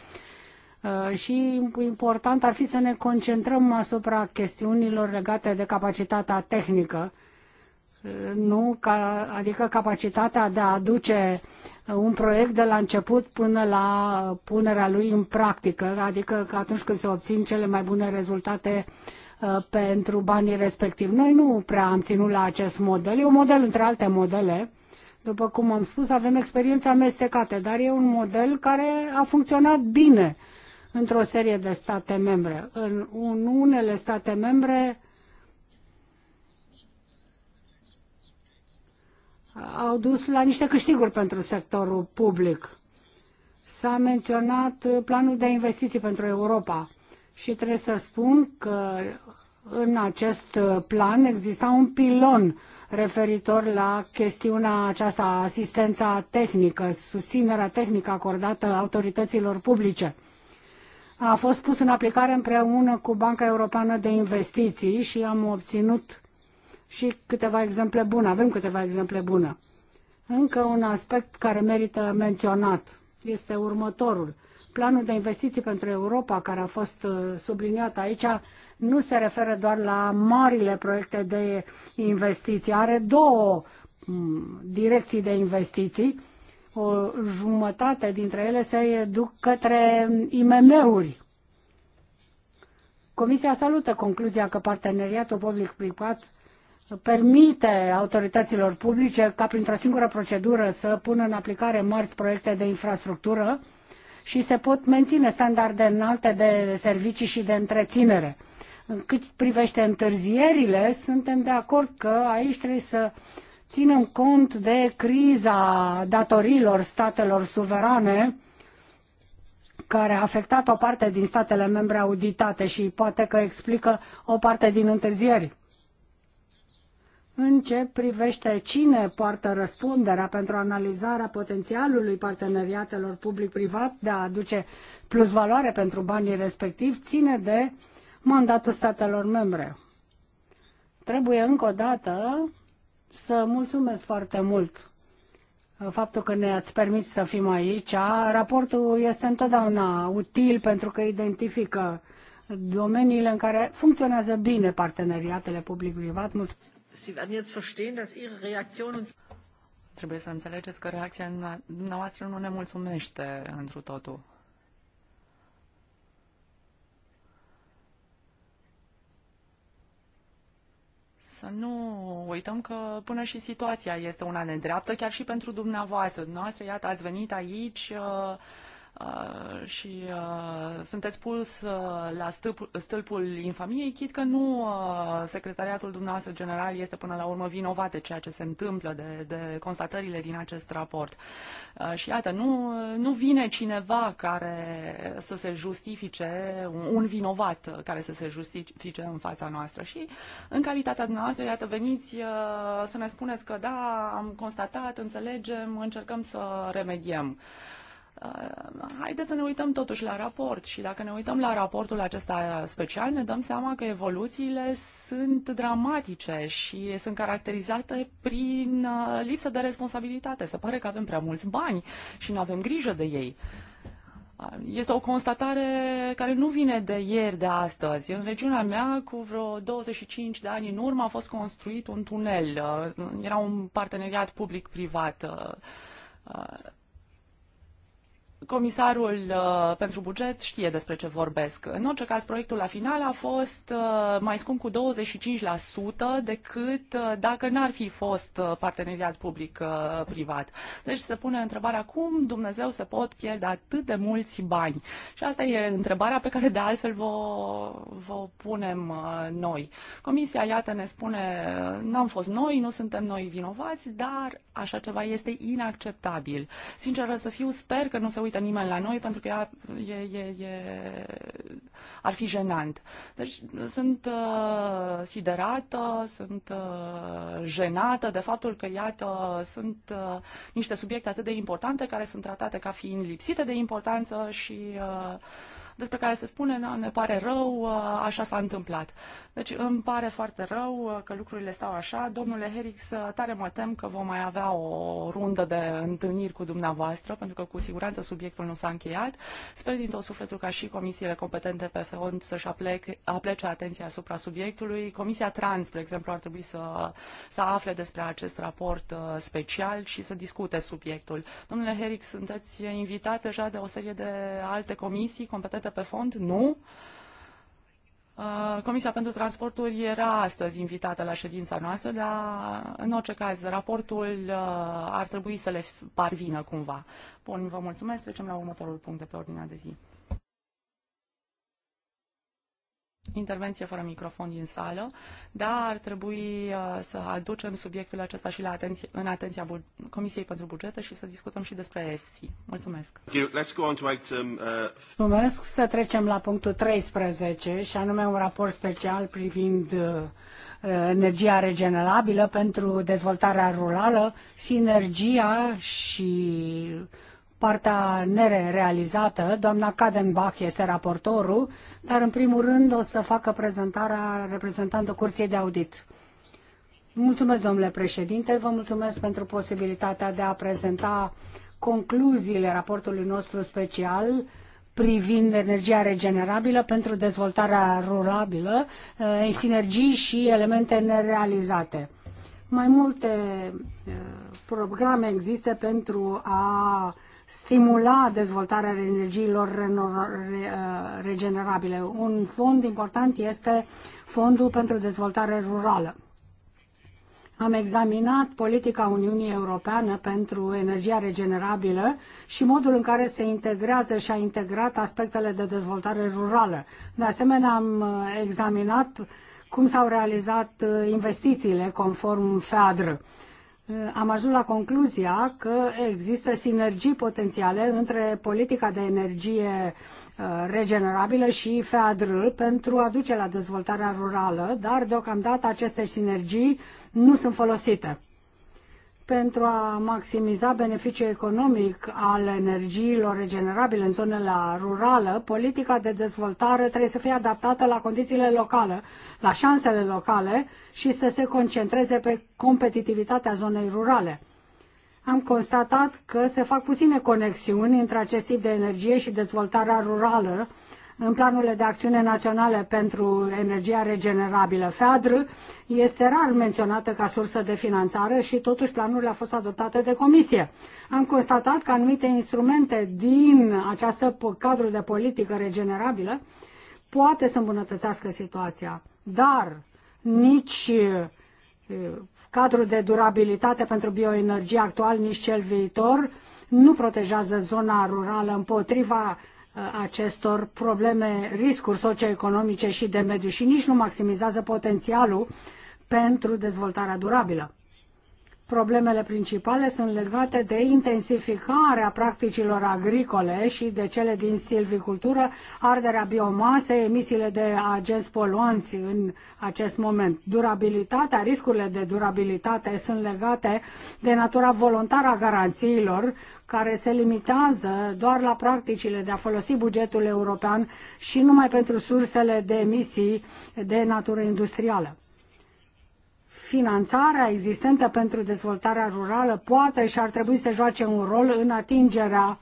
Uh, și important ar fi să ne concentrăm asupra chestiunilor legate de capacitatea tehnică, uh, nu? Ca, adică capacitatea de a aduce un proiect de la început până la punerea lui în practică, adică atunci când se obțin cele mai bune rezultate uh, Uh, pentru banii respectivi. Noi nu prea am ținut la acest model, e un model între alte modele. După cum am spus, avem experiențe amestecate, dar e un model care a funcționat bine într-o serie de state membre. În unele state membre au dus la niște câștiguri pentru sectorul public. S-a menționat planul de investiții pentru Europa și trebuie să spun că în acest plan exista un pilon referitor la chestiunea aceasta, asistența tehnică, susținerea tehnică acordată autorităților publice. A fost pus în aplicare împreună cu Banca Europeană de Investiții și am obținut și câteva exemple bune. Avem câteva exemple bune. Încă un aspect care merită menționat este următorul. Planul de investiții pentru Europa, care a fost uh, subliniat aici, nu se referă doar la marile proiecte de investiții. Are două mm, direcții de investiții. O jumătate dintre ele se duc către IMM-uri. Comisia salută concluzia că parteneriatul public-privat permite autorităților publice ca printr-o singură procedură să pună în aplicare mari proiecte de infrastructură și se pot menține standarde înalte de servicii și de întreținere. În cât privește întârzierile, suntem de acord că aici trebuie să ținem cont de criza datorilor statelor suverane, care a afectat o parte din statele membre auditate și poate că explică o parte din întârzieri. În ce privește cine poartă răspunderea pentru analizarea potențialului parteneriatelor public-privat de a aduce plus valoare pentru banii respectivi, ține de mandatul statelor membre. Trebuie încă o dată să mulțumesc foarte mult faptul că ne-ați permis să fim aici. Raportul este întotdeauna util pentru că identifică domeniile în care funcționează bine parteneriatele public-privat. Mulțumesc! Trebuie să înțelegeți că reacția dumneavoastră nu ne mulțumește întru totul. Să nu uităm că până și situația este una nedreaptă, chiar și pentru dumneavoastră. Dumneavoastră, iată, ați venit aici uh, Uh, și uh, sunteți pus uh, la stâlpul, stâlpul infamiei, chit că nu uh, secretariatul dumneavoastră general este până la urmă vinovat de ceea ce se întâmplă, de, de constatările din acest raport. Uh, și iată, nu, nu vine cineva care să se justifice, un, un vinovat care să se justifice în fața noastră. Și în calitatea dumneavoastră, iată, veniți uh, să ne spuneți că da, am constatat, înțelegem, încercăm să remediem. Uh, Uh, haideți să ne uităm totuși la raport și dacă ne uităm la raportul acesta special, ne dăm seama că evoluțiile sunt dramatice și sunt caracterizate prin uh, lipsă de responsabilitate. Se pare că avem prea mulți bani și nu avem grijă de ei. Uh, este o constatare care nu vine de ieri, de astăzi. În regiunea mea, cu vreo 25 de ani în urmă, a fost construit un tunel. Era un parteneriat public-privat Comisarul uh, pentru buget știe despre ce vorbesc. În orice caz, proiectul la final a fost uh, mai scump cu 25% decât uh, dacă n-ar fi fost uh, parteneriat public-privat. Uh, deci se pune întrebarea cum Dumnezeu se pot pierde atât de mulți bani. Și asta e întrebarea pe care de altfel vă, vă punem uh, noi. Comisia, iată, ne spune, uh, n-am fost noi, nu suntem noi vinovați, dar așa ceva este inacceptabil. Sinceră să fiu, sper că nu se uită uită nimeni la noi pentru că ea, e, e, e, ar fi jenant. Deci sunt uh, siderată, sunt uh, jenată de faptul că, iată, sunt uh, niște subiecte atât de importante care sunt tratate ca fiind lipsite de importanță și uh, despre care se spune, na, da, ne pare rău, uh, așa s-a întâmplat. Deci îmi pare foarte rău uh, că lucrurile stau așa. Domnule Herix, uh, tare mă tem că vom mai avea o rundă de întâlniri cu dumneavoastră, pentru că cu siguranță subiectul nu s-a încheiat. Sper din tot sufletul ca și comisiile competente pe fond să-și aplec, aplece atenția asupra subiectului. Comisia Trans, de exemplu, ar trebui să, să afle despre acest raport special și să discute subiectul. Domnule Herix, sunteți invitat deja de o serie de alte comisii competente anchete pe fond? Nu. Uh, Comisia pentru Transporturi era astăzi invitată la ședința noastră, dar în orice caz raportul uh, ar trebui să le parvină cumva. Bun, vă mulțumesc. Trecem la următorul punct de pe ordinea de zi. intervenție fără microfon din sală, dar ar trebui uh, să aducem subiectul acesta și la atenție, în atenția Comisiei pentru Bugete și să discutăm și despre EFSI. Mulțumesc! Uh, Mulțumesc! Să trecem la punctul 13 și anume un raport special privind uh, energia regenerabilă pentru dezvoltarea rurală, sinergia și partea nerealizată. Doamna Kadenbach este raportorul, dar în primul rând o să facă prezentarea reprezentantă Curții de Audit. Mulțumesc, domnule președinte, vă mulțumesc pentru posibilitatea de a prezenta concluziile raportului nostru special privind energia regenerabilă pentru dezvoltarea rurabilă, eh, sinergii și elemente nerealizate. Mai multe eh, programe există pentru a stimula dezvoltarea energiilor uh, regenerabile. Un fond important este Fondul pentru Dezvoltare Rurală. Am examinat politica Uniunii Europeană pentru energia regenerabilă și modul în care se integrează și a integrat aspectele de dezvoltare rurală. De asemenea, am uh, examinat cum s-au realizat uh, investițiile conform FEADR Uh, am ajuns la concluzia că există sinergii potențiale între politica de energie uh, regenerabilă și FEADR pentru a duce la dezvoltarea rurală, dar deocamdată aceste sinergii nu sunt folosite pentru a maximiza beneficiul economic al energiilor regenerabile în zonele rurale, politica de dezvoltare trebuie să fie adaptată la condițiile locale, la șansele locale și să se concentreze pe competitivitatea zonei rurale. Am constatat că se fac puține conexiuni între acest tip de energie și dezvoltarea rurală, în planurile de acțiune naționale pentru energia regenerabilă. FEADR este rar menționată ca sursă de finanțare și totuși planurile au fost adoptate de comisie. Am constatat că anumite instrumente din această cadru de politică regenerabilă poate să îmbunătățească situația, dar nici cadrul de durabilitate pentru bioenergie actual, nici cel viitor, nu protejează zona rurală împotriva Uh, acestor probleme, riscuri socioeconomice și de mediu și nici nu maximizează potențialul pentru dezvoltarea durabilă. Problemele principale sunt legate de intensificarea practicilor agricole și de cele din silvicultură, arderea biomasei, emisiile de agenți poluanți în acest moment. Durabilitatea, riscurile de durabilitate sunt legate de natura voluntară a garanțiilor, care se limitează doar la practicile de a folosi bugetul european și numai pentru sursele de emisii de natură industrială finanțarea existentă pentru dezvoltarea rurală poate și ar trebui să joace un rol în atingerea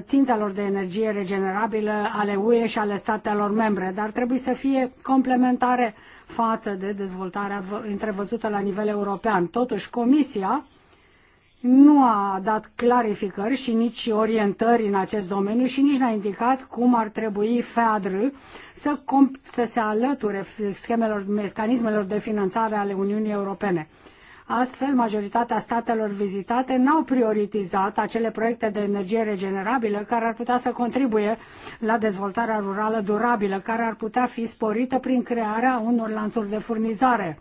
țintelor de energie regenerabilă ale UE și ale statelor membre, dar trebuie să fie complementare față de dezvoltarea întrevăzută la nivel european. Totuși, Comisia nu a dat clarificări și nici orientări în acest domeniu și nici n-a indicat cum ar trebui FEADR să, să se alăture schemelor, mecanismelor de finanțare ale Uniunii Europene. Astfel, majoritatea statelor vizitate n-au prioritizat acele proiecte de energie regenerabilă care ar putea să contribuie la dezvoltarea rurală durabilă, care ar putea fi sporită prin crearea unor lanțuri de furnizare.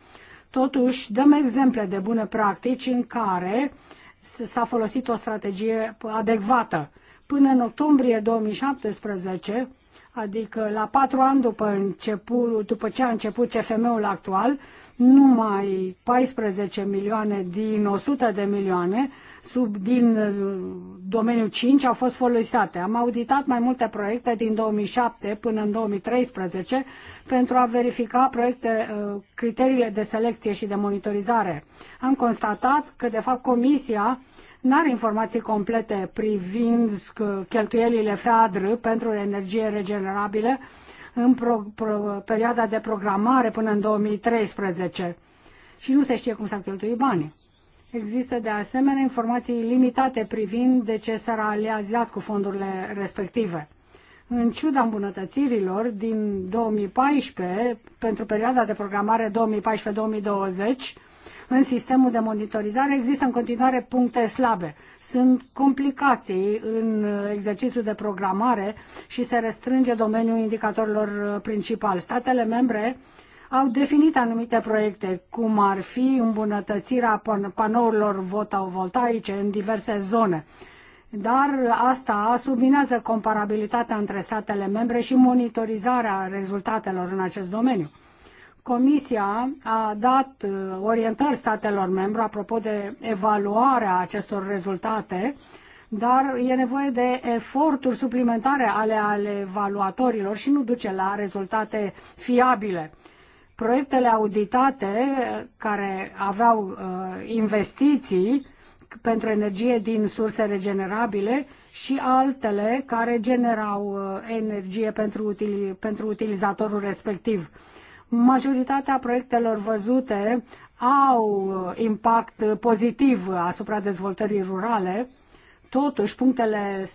Totuși, dăm exemple de bune practici în care uh, s-a folosit o strategie adecvată. Până în octombrie 2017, adică la patru ani după, început, după ce a început CFM-ul actual, numai 14 milioane din 100 de milioane sub, din uh, domeniul 5 au fost folosite. Am auditat mai multe proiecte din 2007 până în 2013 pentru a verifica proiecte, uh, criteriile de selecție și de monitorizare. Am constatat că, de fapt, Comisia nu are informații complete privind cheltuielile FADR pentru energie regenerabilă în pro, pro, perioada de programare până în 2013 și nu se știe cum s-au cheltuit banii. Există de asemenea informații limitate privind de ce s-a realizat cu fondurile respective. În ciuda îmbunătățirilor din 2014, pentru perioada de programare 2014-2020, în sistemul de monitorizare există în continuare puncte slabe. Sunt complicații în exercițiul de programare și se restrânge domeniul indicatorilor uh, principal. Statele membre au definit anumite proiecte, cum ar fi îmbunătățirea panourilor fotovoltaice în diverse zone dar asta subminează comparabilitatea între statele membre și monitorizarea rezultatelor în acest domeniu. Comisia a dat uh, orientări statelor membre apropo de evaluarea acestor rezultate, dar e nevoie de eforturi suplimentare ale, ale evaluatorilor și nu duce la rezultate fiabile. Proiectele auditate uh, care aveau uh, investiții pentru energie din surse regenerabile și altele care generau energie pentru, util, pentru utilizatorul respectiv majoritatea proiectelor văzute au uh, impact pozitiv asupra dezvoltării rurale. Totuși, punctele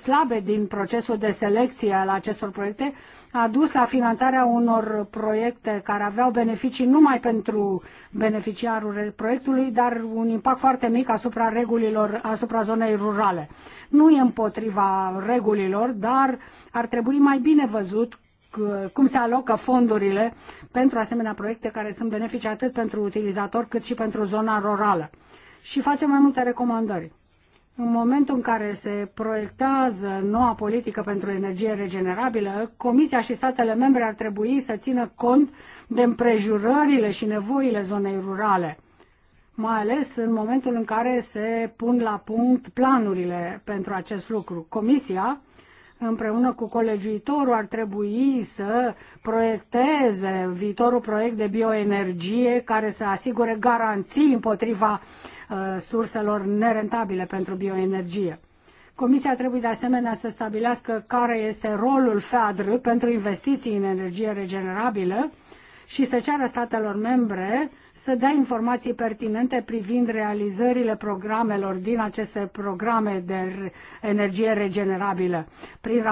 slabe din procesul de selecție al acestor proiecte a dus la finanțarea unor proiecte care aveau beneficii numai pentru beneficiarul proiectului, dar un impact foarte mic asupra regulilor, asupra zonei rurale. Nu e împotriva regulilor, dar ar trebui mai bine văzut cum se alocă fondurile pentru asemenea proiecte care sunt benefice atât pentru utilizator cât și pentru zona rurală. Și facem mai multe recomandări. În momentul în care se proiectează noua politică pentru energie regenerabilă, Comisia și statele membre ar trebui să țină cont de împrejurările și nevoile zonei rurale, mai ales în momentul în care se pun la punct planurile pentru acest lucru. Comisia împreună cu colegiuitorul ar trebui să proiecteze viitorul proiect de bioenergie care să asigure garanții împotriva uh, surselor nerentabile pentru bioenergie. Comisia trebuie de asemenea să stabilească care este rolul FEADR pentru investiții în energie regenerabilă, și să ceară statelor membre să dea informații pertinente privind realizările programelor din aceste programe de energie regenerabilă prin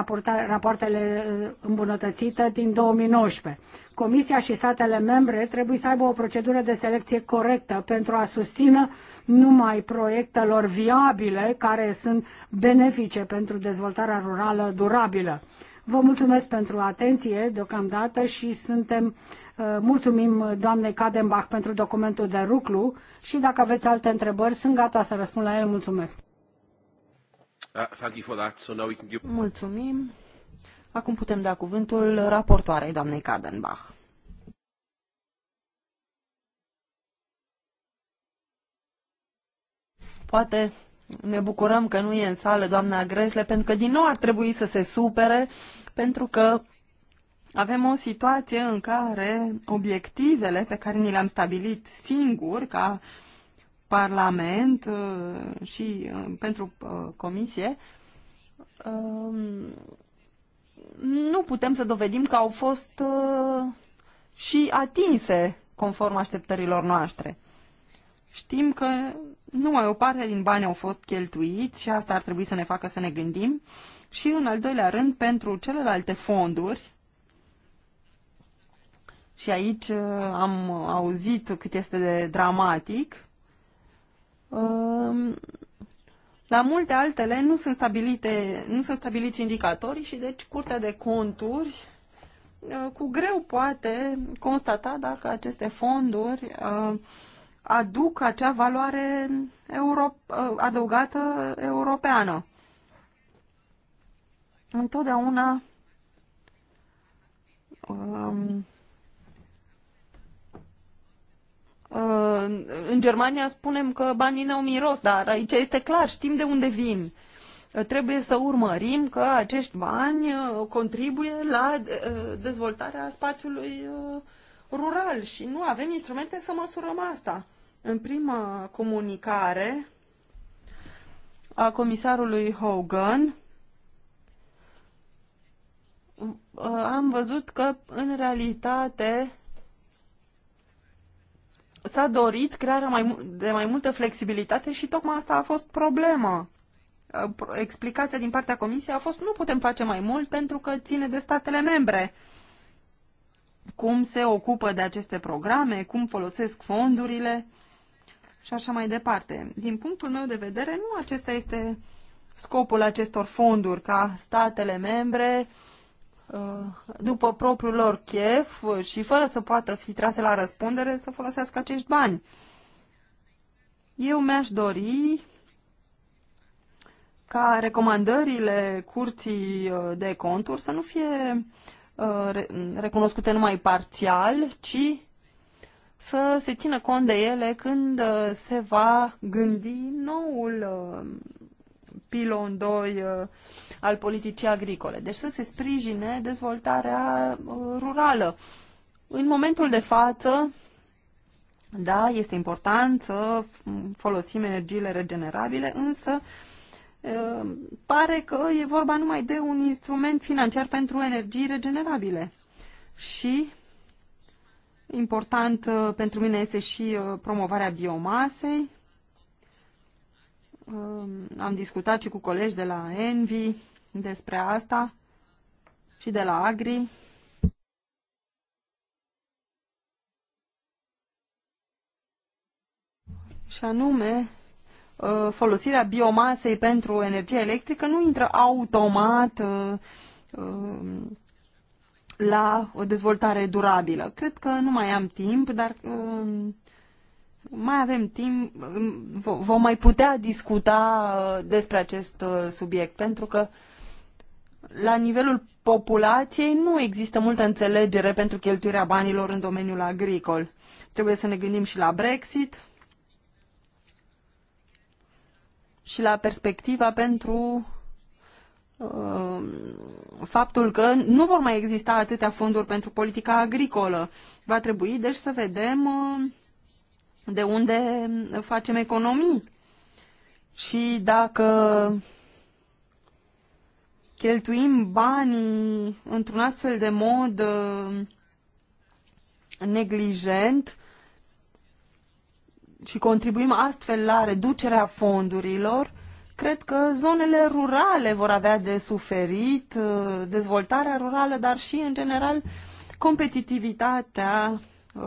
rapoartele uh, îmbunătățite din 2019. Comisia și statele membre trebuie să aibă o procedură de selecție corectă pentru a susține numai proiectelor viabile care sunt benefice pentru dezvoltarea rurală durabilă. Vă mulțumesc pentru atenție deocamdată și suntem Eh, mulțumim doamnei Kadenbach pentru documentul de lucru și dacă aveți alte întrebări, sunt gata să răspund la ele. Mulțumesc. Ah, mulțumim. Acum putem da cuvântul raportoarei doamnei Kadenbach. Poate ne bucurăm că nu e în sală doamna Gresle, pentru că din nou ar trebui să se supere, pentru că avem o situație în care obiectivele pe care ni le-am stabilit singur ca Parlament uh, și uh, pentru uh, Comisie um, nu putem să dovedim că au fost și atinse conform așteptărilor noastre. Știm că numai o parte din bani au fost cheltuiți și asta ar trebui să ne facă să ne gândim. Și în al doilea rând, pentru celelalte fonduri, și aici uh, am auzit cât este de dramatic. Uh, la multe altele nu sunt, stabilite, nu sunt stabiliți indicatorii și deci Curtea de Conturi uh, cu greu poate constata dacă aceste fonduri aduc acea valoare euro, adăugată europeană. Întotdeauna um, Uh, în Germania spunem că banii n-au miros, dar aici este clar, știm de unde vin. Uh, trebuie să urmărim că acești bani uh, contribuie la dezvoltarea spațiului rural și nu avem instrumente să măsurăm asta. În prima comunicare a comisarului Hogan, am văzut că, în realitate, s-a dorit crearea mai, de mai multă flexibilitate și tocmai asta a fost problema. Uh, explicația din partea Comisiei a fost nu putem face mai mult pentru că ține de statele membre. Cum se ocupă de aceste programe, cum folosesc fondurile și așa mai departe. Din punctul meu de vedere, nu acesta este scopul acestor fonduri, ca statele membre uh, Uh, după propriul lor chef și fără să poată fi trase la răspundere să folosească acești bani. Eu mi-aș dori ca recomandările curții uh, de conturi să nu fie uh, recunoscute numai parțial, ci să se țină cont de ele când se va gândi noul pilon 2 al politicii agricole. Deci să se sprijine dezvoltarea uh, rurală. În momentul de față, da, este important să folosim energiile regenerabile, însă uh, pare că e vorba numai de un instrument financiar pentru energii regenerabile. Și important uh, pentru mine este și promovarea biomasei. Am discutat și cu colegi de la Envi despre asta și de la Agri. Și anume, ă, folosirea biomasei pentru energie electrică nu intră automat ă, ă, la o dezvoltare durabilă. Cred că nu mai am timp, dar mai avem timp, vom mai putea discuta despre acest subiect, pentru că la nivelul populației nu există multă înțelegere pentru cheltuirea banilor în domeniul agricol. Trebuie să ne gândim și la Brexit și la perspectiva pentru uh, faptul că nu vor mai exista atâtea fonduri pentru politica agricolă. Va trebui, deci, să vedem uh, de unde facem economii și dacă cheltuim banii într-un astfel de mod uh, neglijent și contribuim astfel la reducerea fondurilor, cred că zonele rurale vor avea de suferit, uh, dezvoltarea rurală, dar și, în general, competitivitatea uh,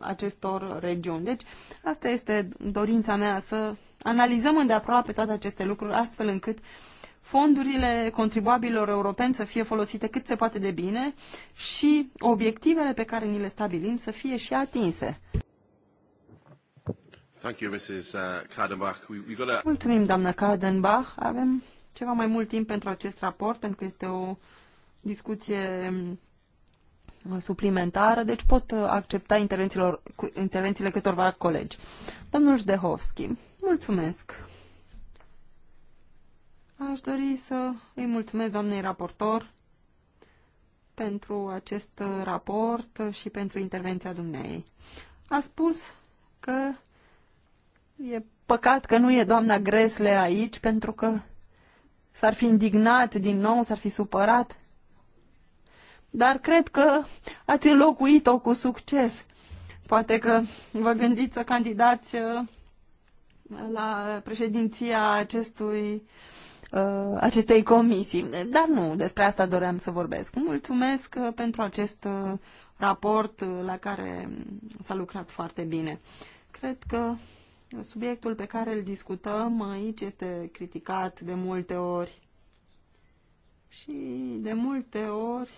acestor regiuni. Deci, asta este dorința mea, să analizăm îndeaproape toate aceste lucruri, astfel încât uh, fondurile contribuabililor europeni să fie folosite cât se poate de bine și obiectivele pe care ni le stabilim să fie și atinse. Thank you, Mrs. Uh, Kadenbach. We, we a... Mulțumim, doamnă Kadenbach. Avem ceva mai mult timp pentru acest raport, pentru că este o discuție uh, suplimentară, deci pot uh, accepta intervențiile câtorva colegi. Domnul Zdehovski, mulțumesc. Aș dori să îi mulțumesc doamnei raportor pentru acest raport și pentru intervenția dumneai. A spus că e păcat că nu e doamna Gresle aici pentru că s-ar fi indignat din nou, s-ar fi supărat. Dar cred că ați înlocuit-o cu succes. Poate că vă gândiți să candidați uh, la președinția acestui uh, Uh, acestei comisii. Dar nu, despre asta doream să vorbesc. Mulțumesc uh, pentru acest uh, raport la care s-a lucrat foarte bine. Cred că subiectul pe care îl discutăm aici este criticat de multe ori și de multe ori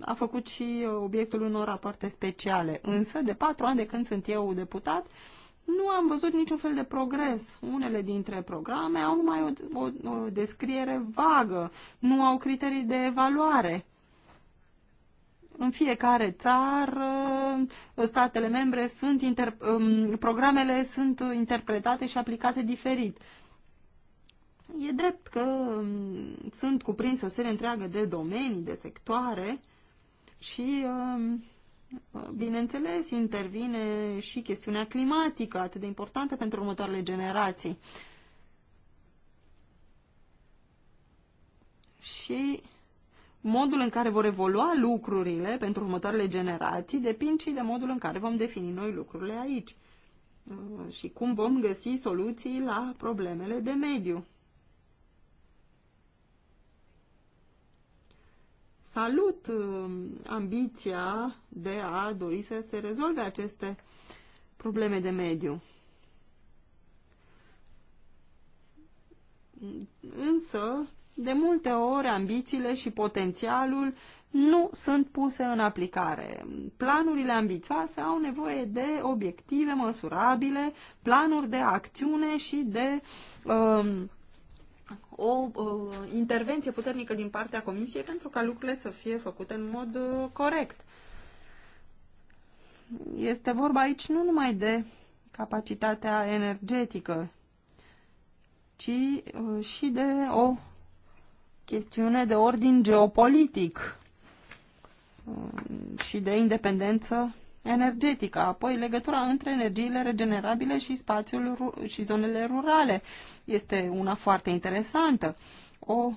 a făcut și obiectul unor rapoarte speciale. Însă, de patru ani de când sunt eu deputat, nu am văzut niciun fel de progres. Unele dintre programe au numai o, o, o descriere vagă, nu au criterii de evaluare. În fiecare țară, statele membre sunt, inter, um, programele sunt interpretate și aplicate diferit. E drept că um, sunt cuprinse o serie întreagă de domenii, de sectoare și uh, bineînțeles, intervine și chestiunea climatică, atât de importantă pentru următoarele generații. Și modul în care vor evolua lucrurile pentru următoarele generații depinde și de modul în care vom defini noi lucrurile aici uh, și cum vom găsi soluții la problemele de mediu. salut um, ambiția de a dori să se rezolve aceste probleme de mediu. Însă, de multe ori, ambițiile și potențialul nu sunt puse în aplicare. Planurile ambițioase au nevoie de obiective măsurabile, planuri de acțiune și de uh, o uh, intervenție puternică din partea Comisiei pentru ca lucrurile să fie făcute în mod uh, corect. Este vorba aici nu numai de capacitatea energetică, ci uh, și de o chestiune de ordin geopolitic uh, și de independență energetică, apoi legătura între energiile regenerabile și spațiul și zonele rurale. Este una foarte interesantă. O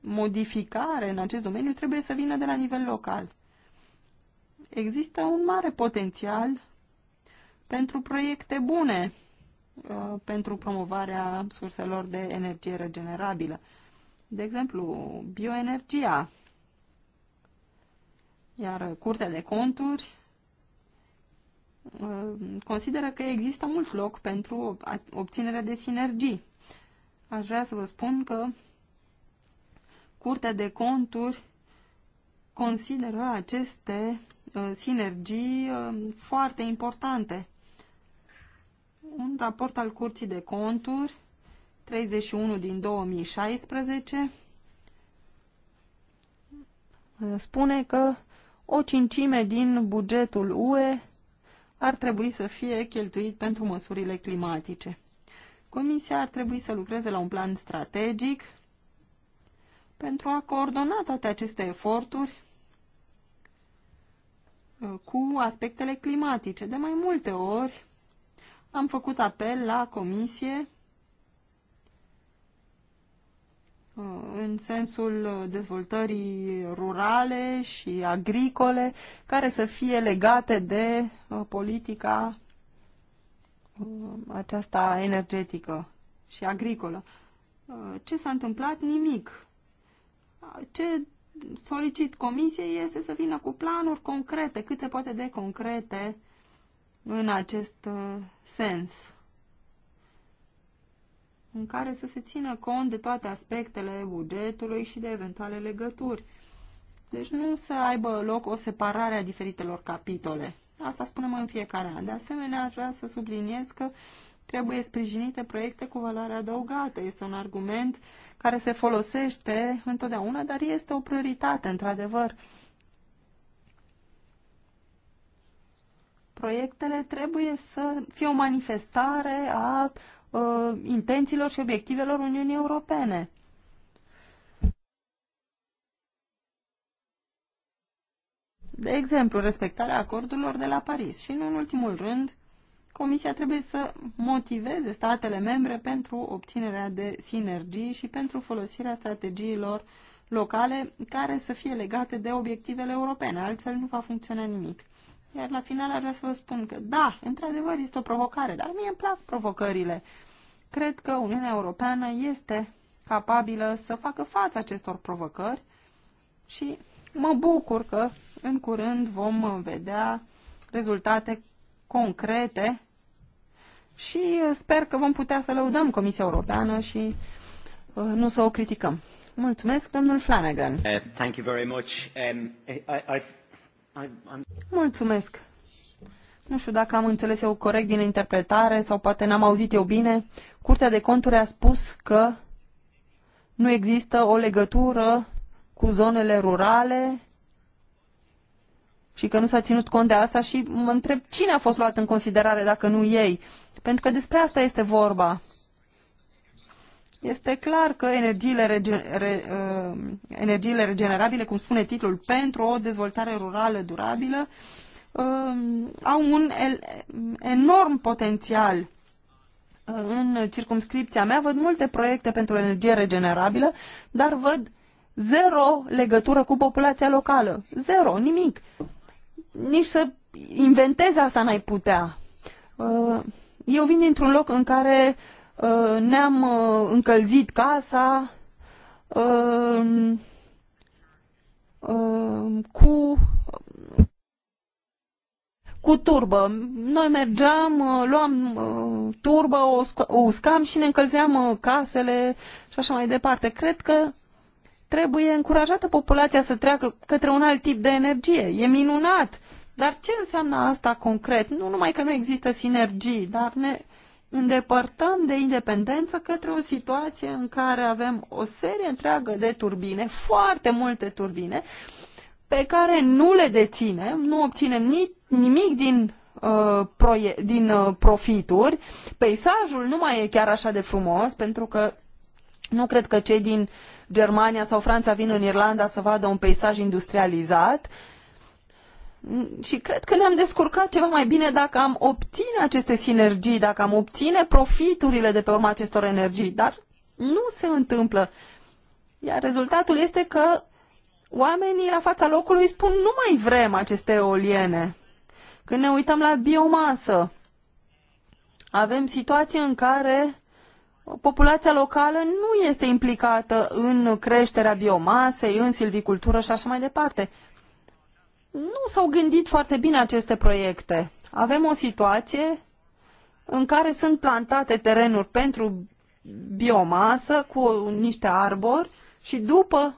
modificare în acest domeniu trebuie să vină de la nivel local. Există un mare potențial pentru proiecte bune uh, pentru promovarea surselor de energie regenerabilă. De exemplu, bioenergia iar Curtea de Conturi uh, consideră că există mult loc pentru obținerea de sinergii. Aș vrea să vă spun că Curtea de Conturi consideră aceste uh, sinergii uh, foarte importante. Un raport al Curții de Conturi 31 din 2016 spune că o cincime din bugetul UE ar trebui să fie cheltuit pentru măsurile climatice. Comisia ar trebui să lucreze la un plan strategic pentru a coordona toate aceste eforturi uh, cu aspectele climatice. De mai multe ori am făcut apel la Comisie în sensul dezvoltării rurale și agricole, care să fie legate de uh, politica uh, aceasta energetică și agricolă. Uh, ce s-a întâmplat? Nimic. Ce solicit comisiei este să vină cu planuri concrete, cât se poate de concrete în acest sens în care să se țină cont de toate aspectele bugetului și de eventuale legături. Deci nu să aibă loc o separare a diferitelor capitole. Asta spunem în fiecare an. De asemenea, aș vrea să subliniez că trebuie sprijinite proiecte cu valoare adăugată. Este un argument care se folosește întotdeauna, dar este o prioritate, într-adevăr. Proiectele trebuie să fie o manifestare a uh, intențiilor și obiectivelor Uniunii Europene. De exemplu, respectarea acordurilor de la Paris. Și în ultimul rând, Comisia trebuie să motiveze statele membre pentru obținerea de sinergii și pentru folosirea strategiilor locale care să fie legate de obiectivele europene. Altfel nu va funcționa nimic. Iar la final ar vrea să vă spun că, da, într-adevăr este o provocare, dar mie îmi plac provocările. Cred că Uniunea Europeană este capabilă să facă față acestor provocări și mă bucur că în curând vom vedea rezultate concrete și sper că vom putea să lăudăm Comisia Europeană și uh, nu să o criticăm. Mulțumesc, domnul Flanagan. Uh, thank you very much. Um, I, I, Mulțumesc. Nu știu dacă am înțeles eu corect din interpretare sau poate n-am auzit eu bine. Curtea de conturi a spus că nu există o legătură cu zonele rurale și că nu s-a ținut cont de asta și mă întreb cine a fost luat în considerare dacă nu ei. Pentru că despre asta este vorba. Este clar că energiile, rege, re, uh, energiile regenerabile, cum spune titlul, pentru o dezvoltare rurală durabilă, uh, au un el, enorm potențial. Uh, în circumscripția mea văd multe proiecte pentru energie regenerabilă, dar văd zero legătură cu populația locală. Zero, nimic. Nici să inventezi asta n-ai putea. Uh, eu vin dintr-un loc în care Uh, ne-am uh, încălzit casa uh, cu cu turbă. Noi mergeam, luam turbă, o uscam și ne încălzeam casele și așa mai departe. Cred că trebuie încurajată populația să treacă către un alt tip de energie. E minunat! Dar ce înseamnă asta concret? Nu numai că nu există sinergii, dar ne îndepărtăm de independență către o situație în care avem o serie întreagă de turbine, foarte multe turbine, pe care nu le deținem, nu obținem ni nimic din, uh, proie- din uh, profituri. Peisajul nu mai e chiar așa de frumos, pentru că nu cred că cei din Germania sau Franța vin în Irlanda să vadă un peisaj industrializat, și cred că ne-am descurcat ceva mai bine dacă am obține aceste sinergii, dacă am obține profiturile de pe urma acestor energii, dar nu se întâmplă. Iar rezultatul este că oamenii la fața locului spun nu mai vrem aceste eoliene. Când ne uităm la biomasă, avem situații în care populația locală nu este implicată în creșterea biomasei, în silvicultură și așa mai departe nu s-au gândit foarte bine aceste proiecte. Avem o situație în care sunt plantate terenuri pentru biomasă cu niște arbori și după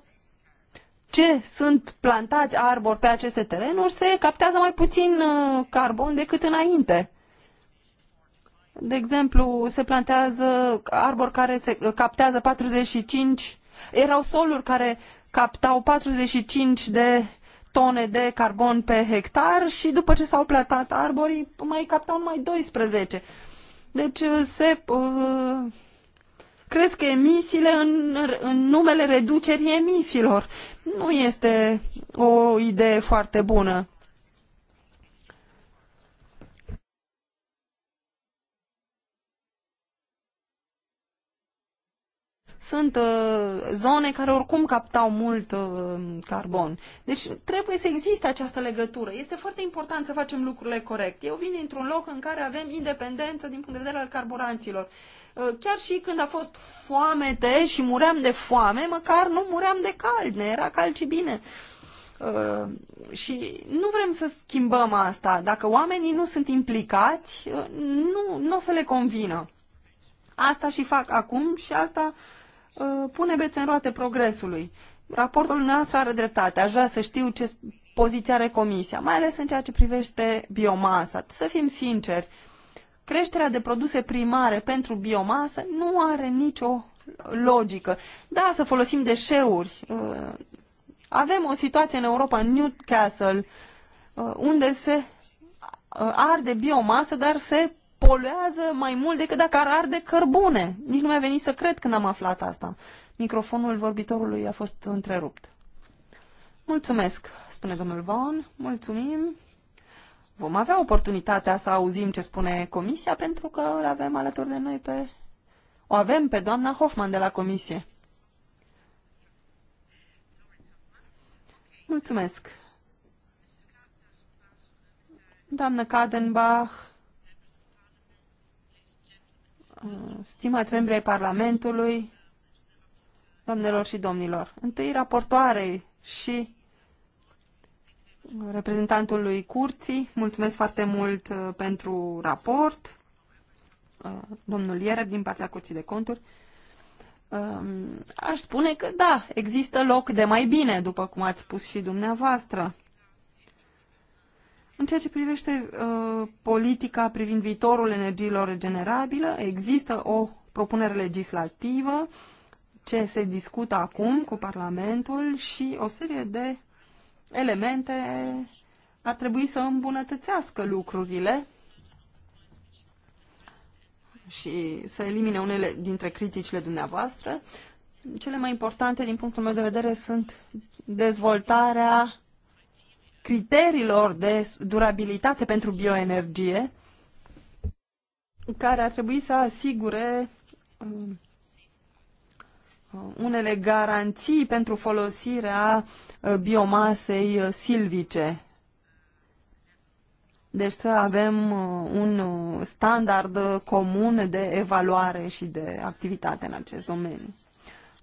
ce sunt plantați arbori pe aceste terenuri, se captează mai puțin uh, carbon decât înainte. De exemplu, se plantează arbori care se uh, captează 45, erau soluri care captau 45 de tone de carbon pe hectar și după ce s-au plantat arborii mai captau numai 12. Deci uh, se uh, cresc emisiile în, în numele reducerii emisiilor. Nu este o idee foarte bună. sunt uh, zone care oricum captau mult uh, carbon. Deci trebuie să existe această legătură. Este foarte important să facem lucrurile corect. Eu vin într-un loc în care avem independență din punct de vedere al carburanților. Uh, chiar și când a fost foamete și muream de foame, măcar nu muream de cald, ne era cald și bine. Uh, și nu vrem să schimbăm asta. Dacă oamenii nu sunt implicați, uh, nu, nu o să le convină. Asta și fac acum și asta uh, Uh, pune bețe în roate progresului. Raportul nostru are dreptate. Aș vrea să știu ce poziția are Comisia, mai ales în ceea ce privește biomasa. Să fim sinceri, creșterea de produse primare pentru biomasă nu are nicio logică. Da, să folosim deșeuri. Uh, avem o situație în Europa, în Newcastle, uh, unde se arde biomasă, dar se poluează mai mult decât dacă ar arde cărbune. Nici nu mi-a venit să cred când am aflat asta. Microfonul vorbitorului a fost întrerupt. Mulțumesc, spune domnul Vaughan, mulțumim. Vom avea oportunitatea să auzim ce spune comisia pentru că îl avem alături de noi pe... O avem pe doamna Hoffman de la comisie. Mulțumesc. Doamnă Kadenbach, Uh, stimați membri ai Parlamentului, doamnelor și domnilor, întâi raportoarei și reprezentantului curții, mulțumesc foarte mult uh, pentru raport, uh, domnul Iereb din partea Curții de Conturi. Um, aș spune că da, există loc de mai bine, după cum ați spus și dumneavoastră. În ceea ce privește uh, politica privind viitorul energiilor regenerabile, există o propunere legislativă ce se discută acum cu Parlamentul și o serie de elemente ar trebui să îmbunătățească lucrurile și să elimine unele dintre criticile dumneavoastră. Cele mai importante, din punctul meu de vedere, sunt dezvoltarea criteriilor de durabilitate pentru bioenergie, care ar trebui să asigure um, uh, unele garanții pentru folosirea uh, biomasei uh, silvice. Deci să avem un standard comun de evaluare și de activitate în acest domeniu.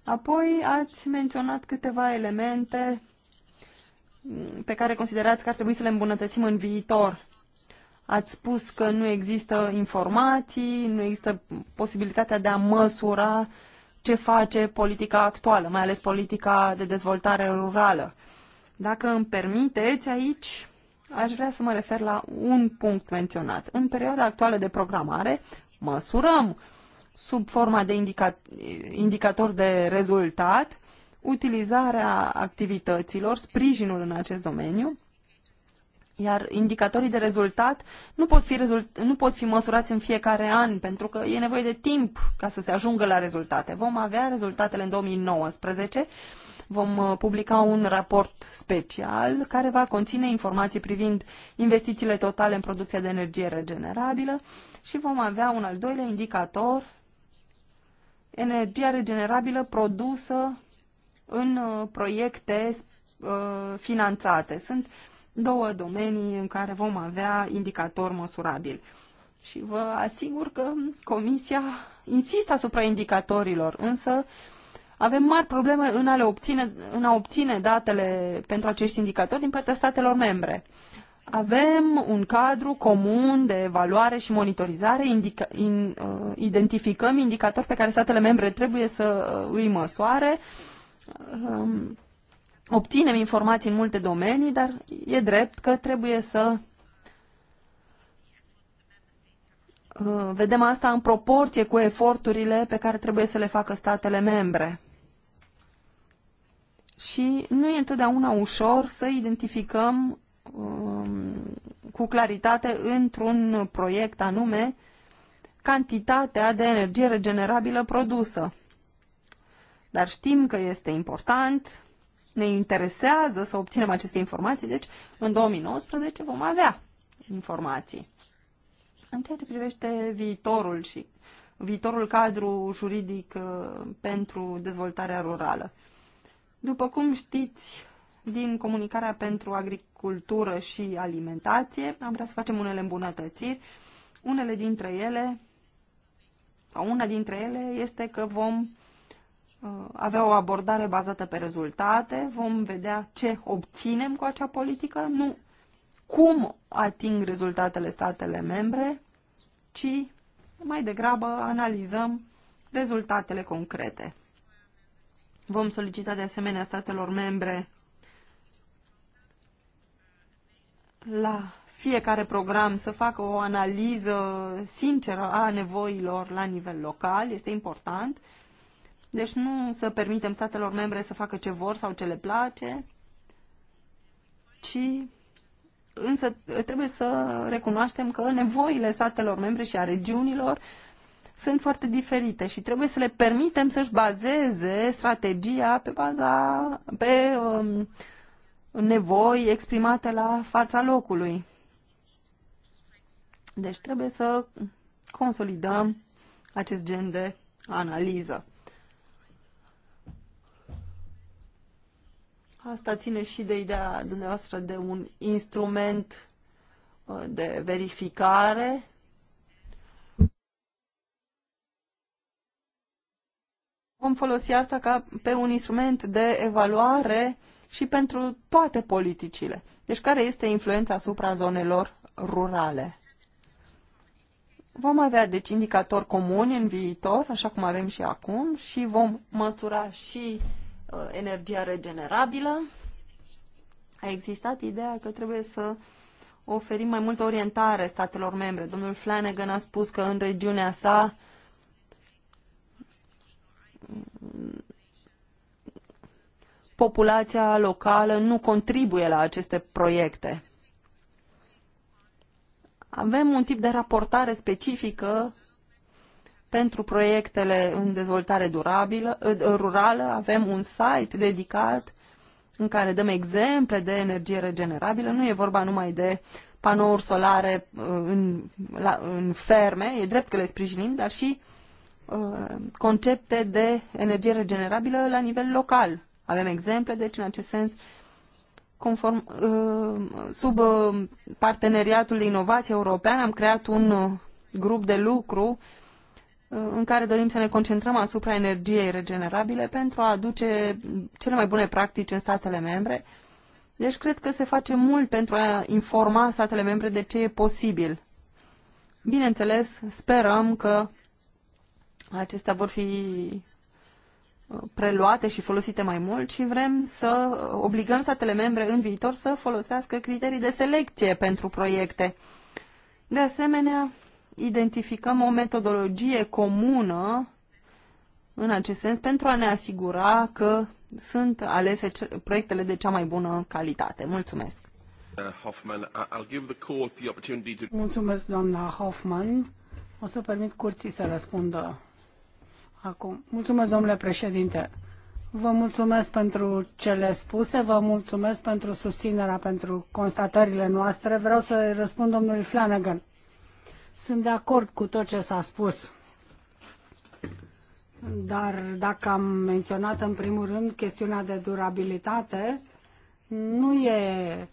Apoi ați menționat câteva elemente pe care considerați că ar trebui să le îmbunătățim în viitor? Ați spus că nu există informații, nu există posibilitatea de a măsura ce face politica actuală, mai ales politica de dezvoltare rurală. Dacă îmi permiteți aici, aș vrea să mă refer la un punct menționat. În perioada actuală de programare, măsurăm sub forma de indicator de rezultat utilizarea activităților, sprijinul în acest domeniu, iar indicatorii de rezultat nu pot, fi rezult- nu pot fi măsurați în fiecare an, pentru că e nevoie de timp ca să se ajungă la rezultate. Vom avea rezultatele în 2019, vom uh, publica un raport special care va conține informații privind investițiile totale în producția de energie regenerabilă și vom avea un al doilea indicator, energia regenerabilă produsă în uh, proiecte uh, finanțate. Sunt două domenii în care vom avea indicator măsurabil. Și vă asigur că Comisia insistă asupra indicatorilor, însă avem mari probleme în a, le obține, în a obține datele pentru acești indicatori din partea statelor membre. Avem un cadru comun de evaluare și monitorizare, indica, in, uh, identificăm indicatori pe care statele membre trebuie să uh, îi măsoare, uh, um, obținem informații în multe domenii, dar e drept că trebuie să uh, vedem asta în proporție cu eforturile pe care trebuie să le facă statele membre. Și nu e întotdeauna ușor să identificăm um, cu claritate într-un proiect anume cantitatea de energie regenerabilă produsă dar știm că este important, ne interesează să obținem aceste informații, deci în 2019 vom avea informații. În ceea ce privește viitorul și viitorul cadru juridic uh, pentru dezvoltarea rurală. După cum știți, din comunicarea pentru agricultură și alimentație, am vrea să facem unele îmbunătățiri. Unele dintre ele, sau una dintre ele, este că vom Uh, avea o abordare bazată pe rezultate, vom vedea ce obținem cu acea politică, nu cum ating rezultatele statele membre, ci mai degrabă analizăm rezultatele concrete. Vom solicita de asemenea statelor membre la fiecare program să facă o analiză sinceră a nevoilor la nivel local, este important, deci nu să permitem statelor membre să facă ce vor sau ce le place, ci însă trebuie să recunoaștem că nevoile statelor membre și a regiunilor sunt foarte diferite și trebuie să le permitem să-și bazeze strategia pe baza pe um, nevoi exprimate la fața locului. Deci trebuie să consolidăm acest gen de analiză. Asta ține și de ideea dumneavoastră de un instrument uh, de verificare. Vom folosi asta ca pe un instrument de evaluare și pentru toate politicile. Deci care este influența asupra zonelor rurale? Vom avea deci indicatori comuni în viitor, așa cum avem și acum, și vom măsura și uh, Uh, energia regenerabilă. A existat ideea că trebuie să oferim mai multă orientare statelor membre. Domnul Flanagan a spus că în regiunea sa mm, populația locală nu contribuie la aceste proiecte. Avem un tip de raportare specifică pentru proiectele în dezvoltare durabilă, ă, rurală. Avem un site dedicat în care dăm exemple de energie regenerabilă. Nu e vorba numai de panouri solare ă, în, la, în ferme, e drept că le sprijinim, dar și uh, concepte de energie regenerabilă la nivel local. Avem exemple, deci, în acest sens, conform, uh, sub uh, parteneriatul de inovație european am creat un grup de lucru în care dorim să ne concentrăm asupra energiei regenerabile pentru a aduce cele mai bune practici în statele membre. Deci cred că se face mult pentru a informa statele membre de ce e posibil. Bineînțeles, sperăm că acestea vor fi uh, preluate și folosite mai mult și vrem să obligăm statele membre în viitor să folosească criterii de selecție pentru proiecte. De asemenea, identificăm o metodologie comună în acest sens pentru a ne asigura că sunt alese proiectele de cea mai bună calitate. Mulțumesc! Uh, uh, mulțumesc, doamna Hoffman. O să permit curții să răspundă acum. Mulțumesc, domnule președinte. Vă mulțumesc pentru cele spuse, vă mulțumesc pentru susținerea, pentru constatările noastre. Vreau să răspund domnului Flanagan. Sunt de acord cu tot ce s-a spus. Dar dacă am menționat în primul rând chestiunea de durabilitate, nu e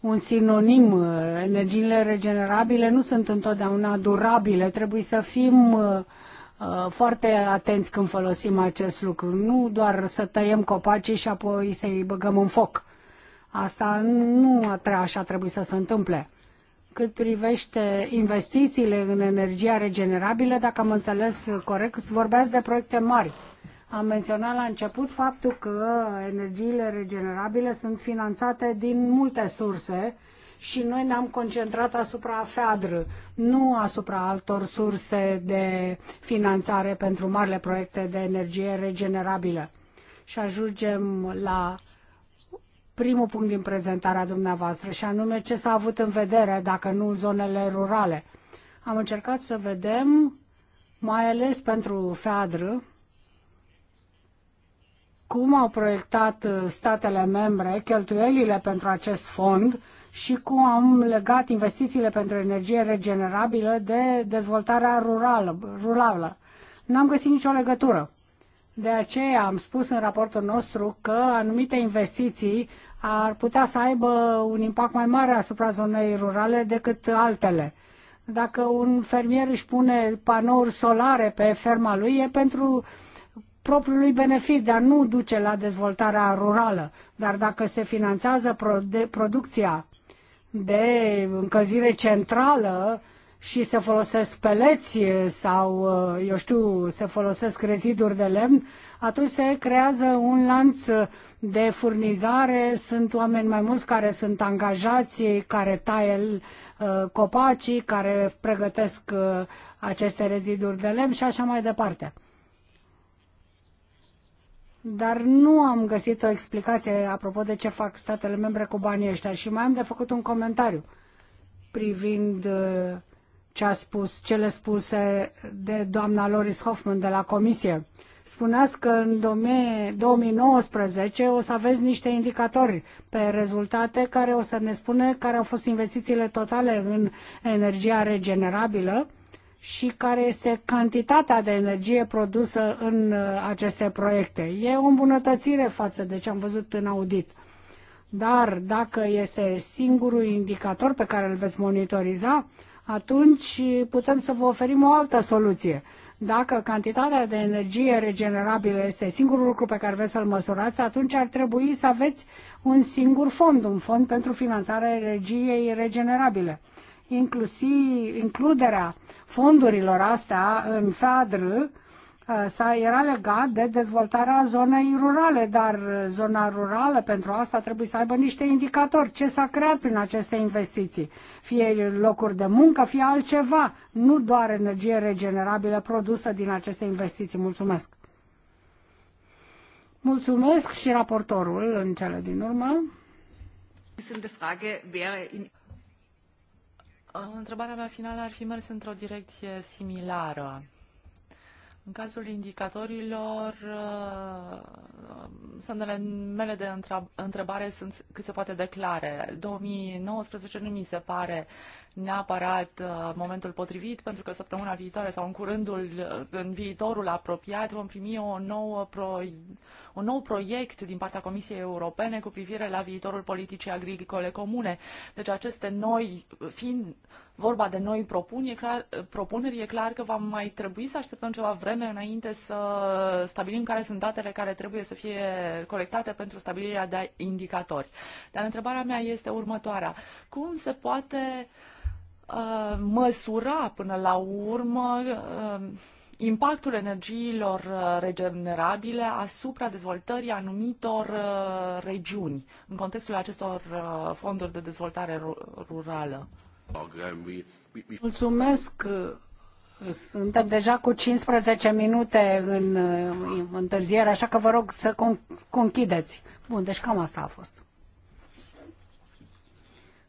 un sinonim. Energiile regenerabile nu sunt întotdeauna durabile. Trebuie să fim uh, uh, foarte atenți când folosim acest lucru. Nu doar să tăiem copacii și apoi să-i băgăm în foc. Asta nu așa trebuie să se întâmple cât privește investițiile în energia regenerabilă, dacă am înțeles corect, vorbeați de proiecte mari. Am menționat la început faptul că energiile regenerabile sunt finanțate din multe surse și noi ne-am concentrat asupra FEADR, nu asupra altor surse de finanțare pentru marile proiecte de energie regenerabilă. Și ajungem la primul punct din prezentarea dumneavoastră și anume ce s-a avut în vedere, dacă nu în zonele rurale. Am încercat să vedem, mai ales pentru FEADRă, cum au proiectat uh, statele membre cheltuielile pentru acest fond și cum am legat investițiile pentru energie regenerabilă de dezvoltarea rurală. rurală. N-am găsit nicio legătură. De aceea am spus în raportul nostru că anumite investiții ar putea să aibă un impact mai mare asupra zonei rurale decât altele. Dacă un fermier își pune panouri solare pe ferma lui, e pentru propriul lui benefic, dar nu duce la dezvoltarea rurală. Dar dacă se finanțează produ producția de încălzire centrală, și se folosesc peleți sau, uh, eu știu, se folosesc reziduri de lemn, atunci se creează un lanț de furnizare, sunt oameni mai mulți care sunt angajați, care taie uh, copacii, care pregătesc uh, aceste reziduri de lemn și așa mai departe. Dar nu am găsit o explicație apropo de ce fac statele membre cu banii ăștia și mai am de făcut un comentariu privind uh, ce a spus, cele spuse de doamna Loris Hoffman de la Comisie. Spuneați că în 2019 o să aveți niște indicatori pe rezultate care o să ne spune care au fost investițiile totale în energia regenerabilă și care este cantitatea de energie produsă în uh, aceste proiecte. E o îmbunătățire față de ce am văzut în audit. Dar dacă este singurul indicator pe care îl veți monitoriza, atunci putem să vă oferim o altă soluție. Dacă cantitatea de energie regenerabilă este singurul lucru pe care vreți să-l măsurați, atunci ar trebui să aveți un singur fond, un fond pentru finanțarea energiei regenerabile. Inclusiv includerea fondurilor astea în FADR Uh, sa era legat de dezvoltarea zonei rurale, dar zona rurală pentru asta trebuie să aibă niște indicatori. Ce s-a creat prin aceste investiții? Fie locuri de muncă, fie altceva, nu doar energie regenerabilă produsă din aceste investiții. Mulțumesc! Mulțumesc și raportorul în cele din urmă. Întrebarea mea finală ar fi mers într-o direcție similară în cazul indicatorilor, uh, semnele mele de întrebare sunt cât se poate declare. 2019 nu mi se pare neapărat uh, momentul potrivit, pentru că săptămâna viitoare sau în curândul, uh, în viitorul apropiat, vom primi o nouă, pro, un nou proiect din partea Comisiei Europene cu privire la viitorul politicii agricole comune. Deci aceste noi, fiind vorba de noi propuneri, e clar, propuneri, e clar că va mai trebui să așteptăm ceva vreme înainte să stabilim care sunt datele care trebuie să fie colectate pentru stabilirea de indicatori. Dar întrebarea mea este următoarea. Cum se poate uh, măsura până la urmă uh, impactul energiilor uh, regenerabile asupra dezvoltării anumitor uh, regiuni în contextul acestor uh, fonduri de dezvoltare rurală. Mulțumesc. Suntem deja cu 15 minute în întârziere, așa că vă rog să conchideți. Bun, deci cam asta a fost.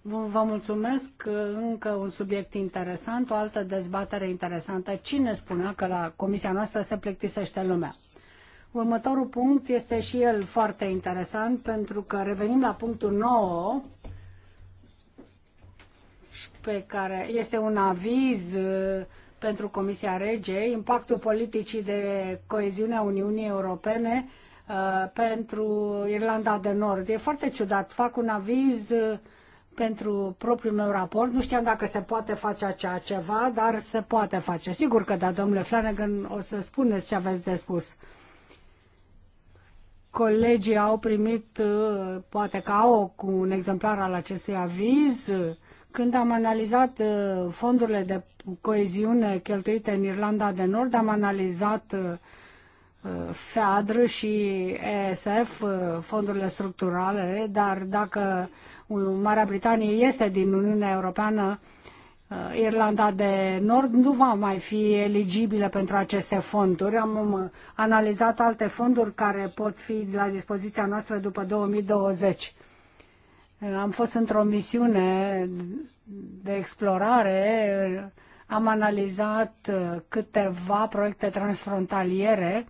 Vă mulțumesc. Încă un subiect interesant, o altă dezbatere interesantă. Cine spunea că la comisia noastră se plictisește lumea? Următorul punct este și el foarte interesant pentru că revenim la punctul 9 pe care este un aviz uh, pentru Comisia Rege, impactul politicii de coeziune a Uniunii Europene uh, pentru Irlanda de Nord. E foarte ciudat. Fac un aviz uh, pentru propriul meu raport. Nu știam dacă se poate face acea ceva, dar se poate face. Sigur că da, domnule Flanagan, o să spuneți ce aveți de spus. Colegii au primit, uh, poate că au un exemplar al acestui aviz. Când am analizat uh, fondurile de coeziune cheltuite în Irlanda de Nord, am analizat uh, FEADR și ESF, fondurile structurale, dar dacă Marea Britanie iese din Uniunea Europeană, uh, Irlanda de Nord nu va mai fi eligibilă pentru aceste fonduri. Am um, analizat alte fonduri care pot fi la dispoziția noastră după 2020. Uh, am fost într-o misiune de explorare, uh, am analizat câteva proiecte transfrontaliere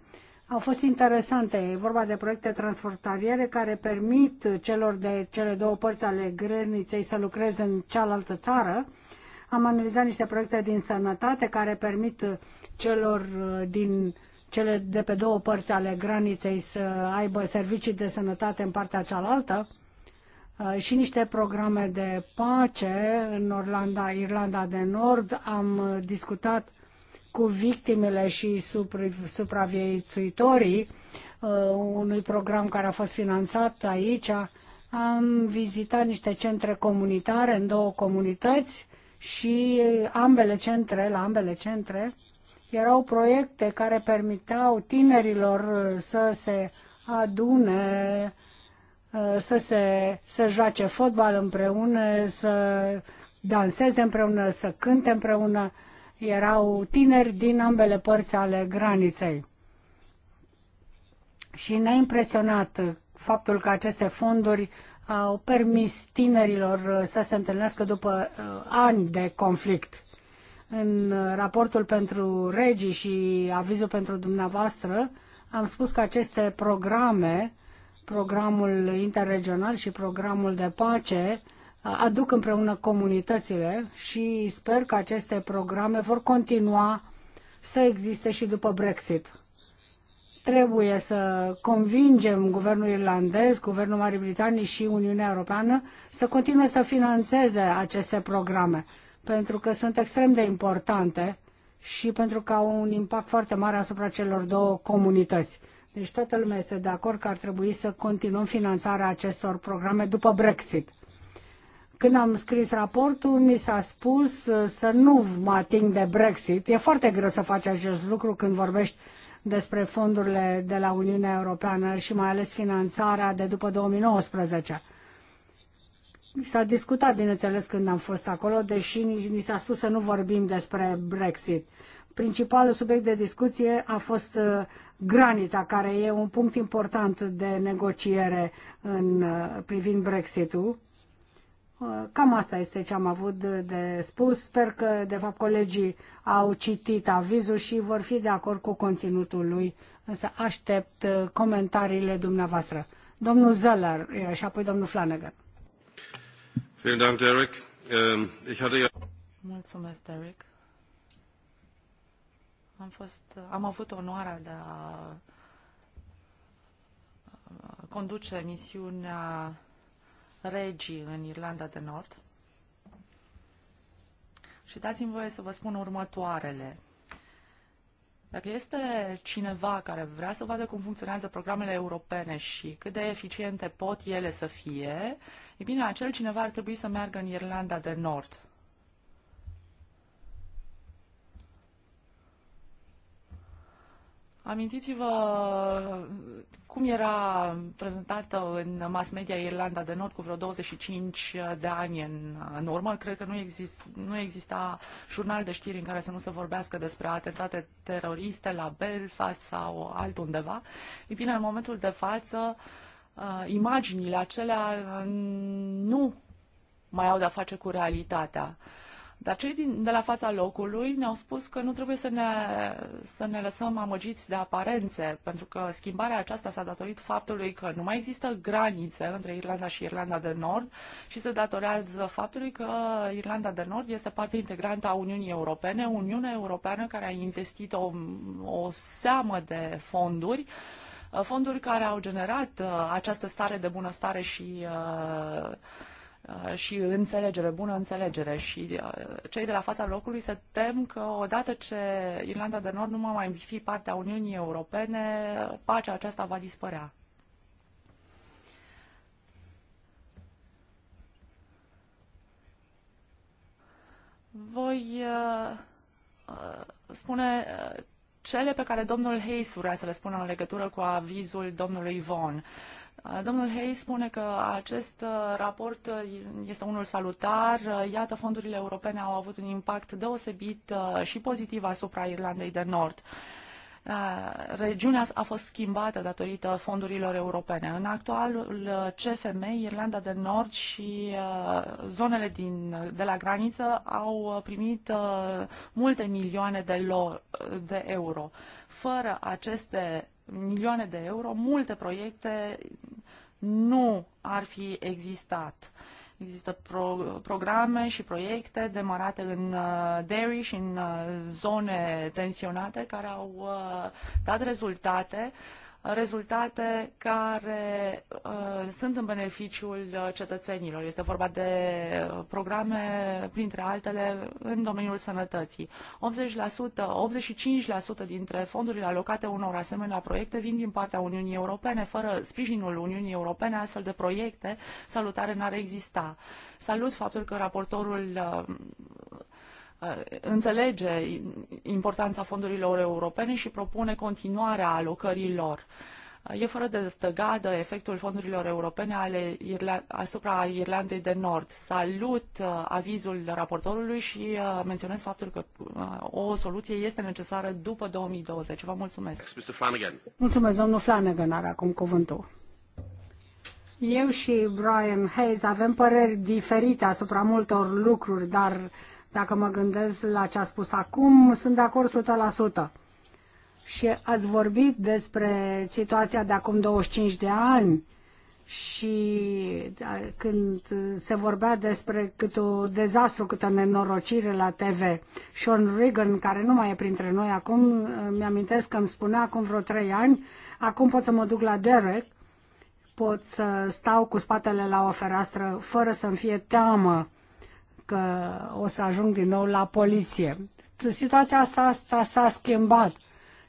au fost interesante. E vorba de proiecte transfrontaliere care permit celor de cele două părți ale graniței să lucreze în cealaltă țară. Am analizat niște proiecte din sănătate care permit celor uh, din cele de pe două părți ale graniței să aibă servicii de sănătate în partea cealaltă uh, și niște programe de pace în Orlanda, Irlanda de Nord. Am uh, discutat uh, cu victimele și supraviețuitorii uh, unui program care a fost finanțat aici. Am vizitat niște centre comunitare în două comunități și ambele centre, la ambele centre, erau proiecte care permiteau tinerilor uh, să se adune, uh, să se să joace fotbal împreună, să danseze împreună, să cânte împreună erau tineri din ambele părți ale graniței. Și ne-a impresionat faptul că aceste fonduri au permis tinerilor uh, să se întâlnească după uh, ani de conflict. În uh, raportul pentru regii și avizul pentru dumneavoastră am spus că aceste programe, programul interregional și programul de pace, aduc împreună comunitățile și sper că aceste programe vor continua să existe și după Brexit. Trebuie să convingem guvernul irlandez, guvernul Marii Britanii și Uniunea Europeană să continue să financeze aceste programe, pentru că sunt extrem de importante și pentru că au un impact foarte mare asupra celor două comunități. Deci toată lumea este de acord că ar trebui să continuăm finanțarea acestor programe după Brexit. Când am scris raportul, mi s-a spus uh, să nu mă ating de Brexit. E foarte greu să faci acest lucru când vorbești despre fondurile de la Uniunea Europeană și mai ales finanțarea de după 2019. S-a discutat, bineînțeles, când am fost acolo, deși ni s-a spus să nu vorbim despre Brexit. Principalul subiect de discuție a fost uh, granița, care e un punct important de negociere în uh, privind Brexit-ul. Uh, cam asta este ce am avut de spus. Sper că, de fapt, colegii au citit avizul și vor fi de acord cu conținutul lui, însă aștept uh, comentariile dumneavoastră. Domnul Zeller uh, și apoi domnul Flanagan. Ähm, Mulțumesc, Derek. Am, fost, am avut onoarea de a conduce misiunea regii în Irlanda de Nord. Și dați-mi voie să vă spun următoarele. Dacă este cineva care vrea să vadă cum funcționează programele europene și cât de eficiente pot ele să fie, e bine, acel cineva ar trebui să meargă în Irlanda de Nord. Amintiți-vă cum era prezentată în mass media Irlanda de Nord cu vreo 25 de ani în, în urmă. Cred că nu, exist, nu exista jurnal de știri în care să nu se vorbească despre atentate teroriste la Belfast sau altundeva. E bine, în momentul de față, uh, imaginile acelea nu mai au de-a face cu realitatea. Uh, dar cei din, de la fața locului ne-au spus că nu trebuie să ne, să ne lăsăm amăgiți de aparențe, pentru că schimbarea aceasta s-a datorit faptului că nu mai există granițe între Irlanda și Irlanda de Nord și se datorează faptului că Irlanda de Nord este parte integrantă a Uniunii Europene, Uniunea Europeană care a investit o, o seamă de fonduri fonduri care au generat uh, această stare de bunăstare și uh, Uh, și înțelegere, bună înțelegere și uh, cei de la fața locului se tem că odată ce Irlanda de Nord nu va mai fi partea Uniunii Europene, pacea aceasta va dispărea. Voi uh, spune cele pe care domnul Hayes vrea să le spună în legătură cu avizul domnului Vaughan. Uh, Domnul Hayes spune că acest uh, raport uh, este unul salutar. Iată, fondurile europene au avut un impact deosebit uh, și pozitiv asupra Irlandei de Nord. Regiunea a fost schimbată datorită fondurilor europene. În actualul CFM, Irlanda de Nord și zonele din, de la graniță au primit multe milioane de, lor, de euro. Fără aceste milioane de euro, multe proiecte nu ar fi existat. Există pro- programe și proiecte demarate în uh, dairy și în uh, zone tensionate care au uh, dat rezultate uh, rezultate care uh, sunt în beneficiul uh, cetățenilor. Este vorba de uh, programe, printre altele, în domeniul sănătății. 80%, 85% dintre fondurile alocate unor asemenea proiecte vin din partea Uniunii Europene. Fără sprijinul Uniunii Europene, astfel de proiecte salutare n-ar exista. Salut faptul că raportorul uh, înțelege importanța fondurilor europene și propune continuarea alocărilor. E fără de tăgadă efectul fondurilor europene ale Irla- asupra Irlandei de Nord. Salut uh, avizul raportorului și uh, menționez faptul că uh, o soluție este necesară după 2020. Vă mulțumesc. Mulțumesc, domnul Flanagan are acum cuvântul. Eu și Brian Hayes avem păreri diferite asupra multor lucruri, dar dacă mă gândesc la ce a spus acum, sunt de acord 100%. Și ați vorbit despre situația de acum 25 de ani și da, când se vorbea despre cât o dezastru, câtă nenorocire la TV. Sean Regan, care nu mai e printre noi acum, mi-amintesc că îmi spunea acum vreo trei ani, acum pot să mă duc la Derek, pot să stau cu spatele la o fereastră fără să-mi fie teamă că o să ajung din nou la poliție. Situația asta s-a schimbat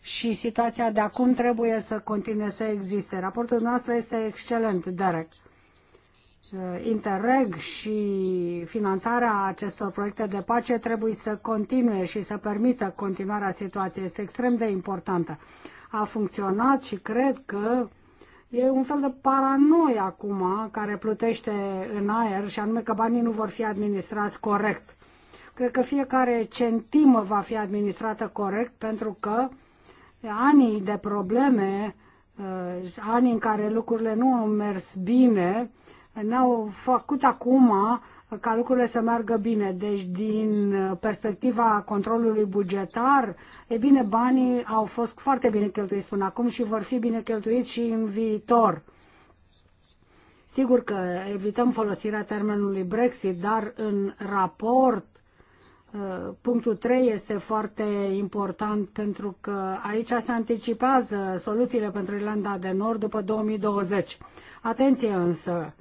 și situația de acum trebuie să continue să existe. Raportul nostru este excelent, Derek. Uh, Interreg și finanțarea acestor proiecte de pace trebuie să continue și să permită continuarea situației. Este extrem de importantă. A funcționat și cred că E un fel de paranoia acum care plutește în aer și anume că banii nu vor fi administrați corect. Cred că fiecare centimă va fi administrată corect pentru că anii de probleme, eh, anii în care lucrurile nu au mers bine, ne-au făcut acum ca lucrurile să meargă bine. Deci, din uh, perspectiva controlului bugetar, e bine, banii au fost foarte bine cheltuiți până acum și vor fi bine cheltuiți și în viitor. Sigur că evităm folosirea termenului Brexit, dar în raport uh, punctul 3 este foarte important pentru că aici se anticipează soluțiile pentru Irlanda de Nord după 2020. Atenție însă,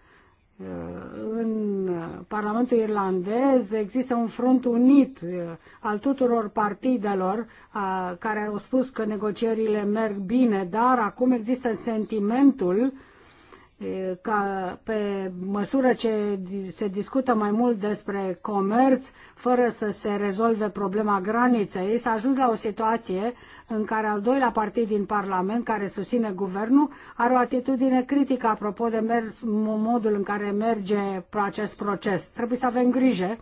în Parlamentul irlandez există un front unit eh, al tuturor partidelor eh, care au spus că negocierile merg bine, dar acum există sentimentul ca pe măsură ce se discută mai mult despre comerț, fără să se rezolve problema graniței, s-a ajuns la o situație în care al doilea partid din Parlament, care susține guvernul, are o atitudine critică apropo de mers, modul în care merge acest proces. Trebuie să avem grijă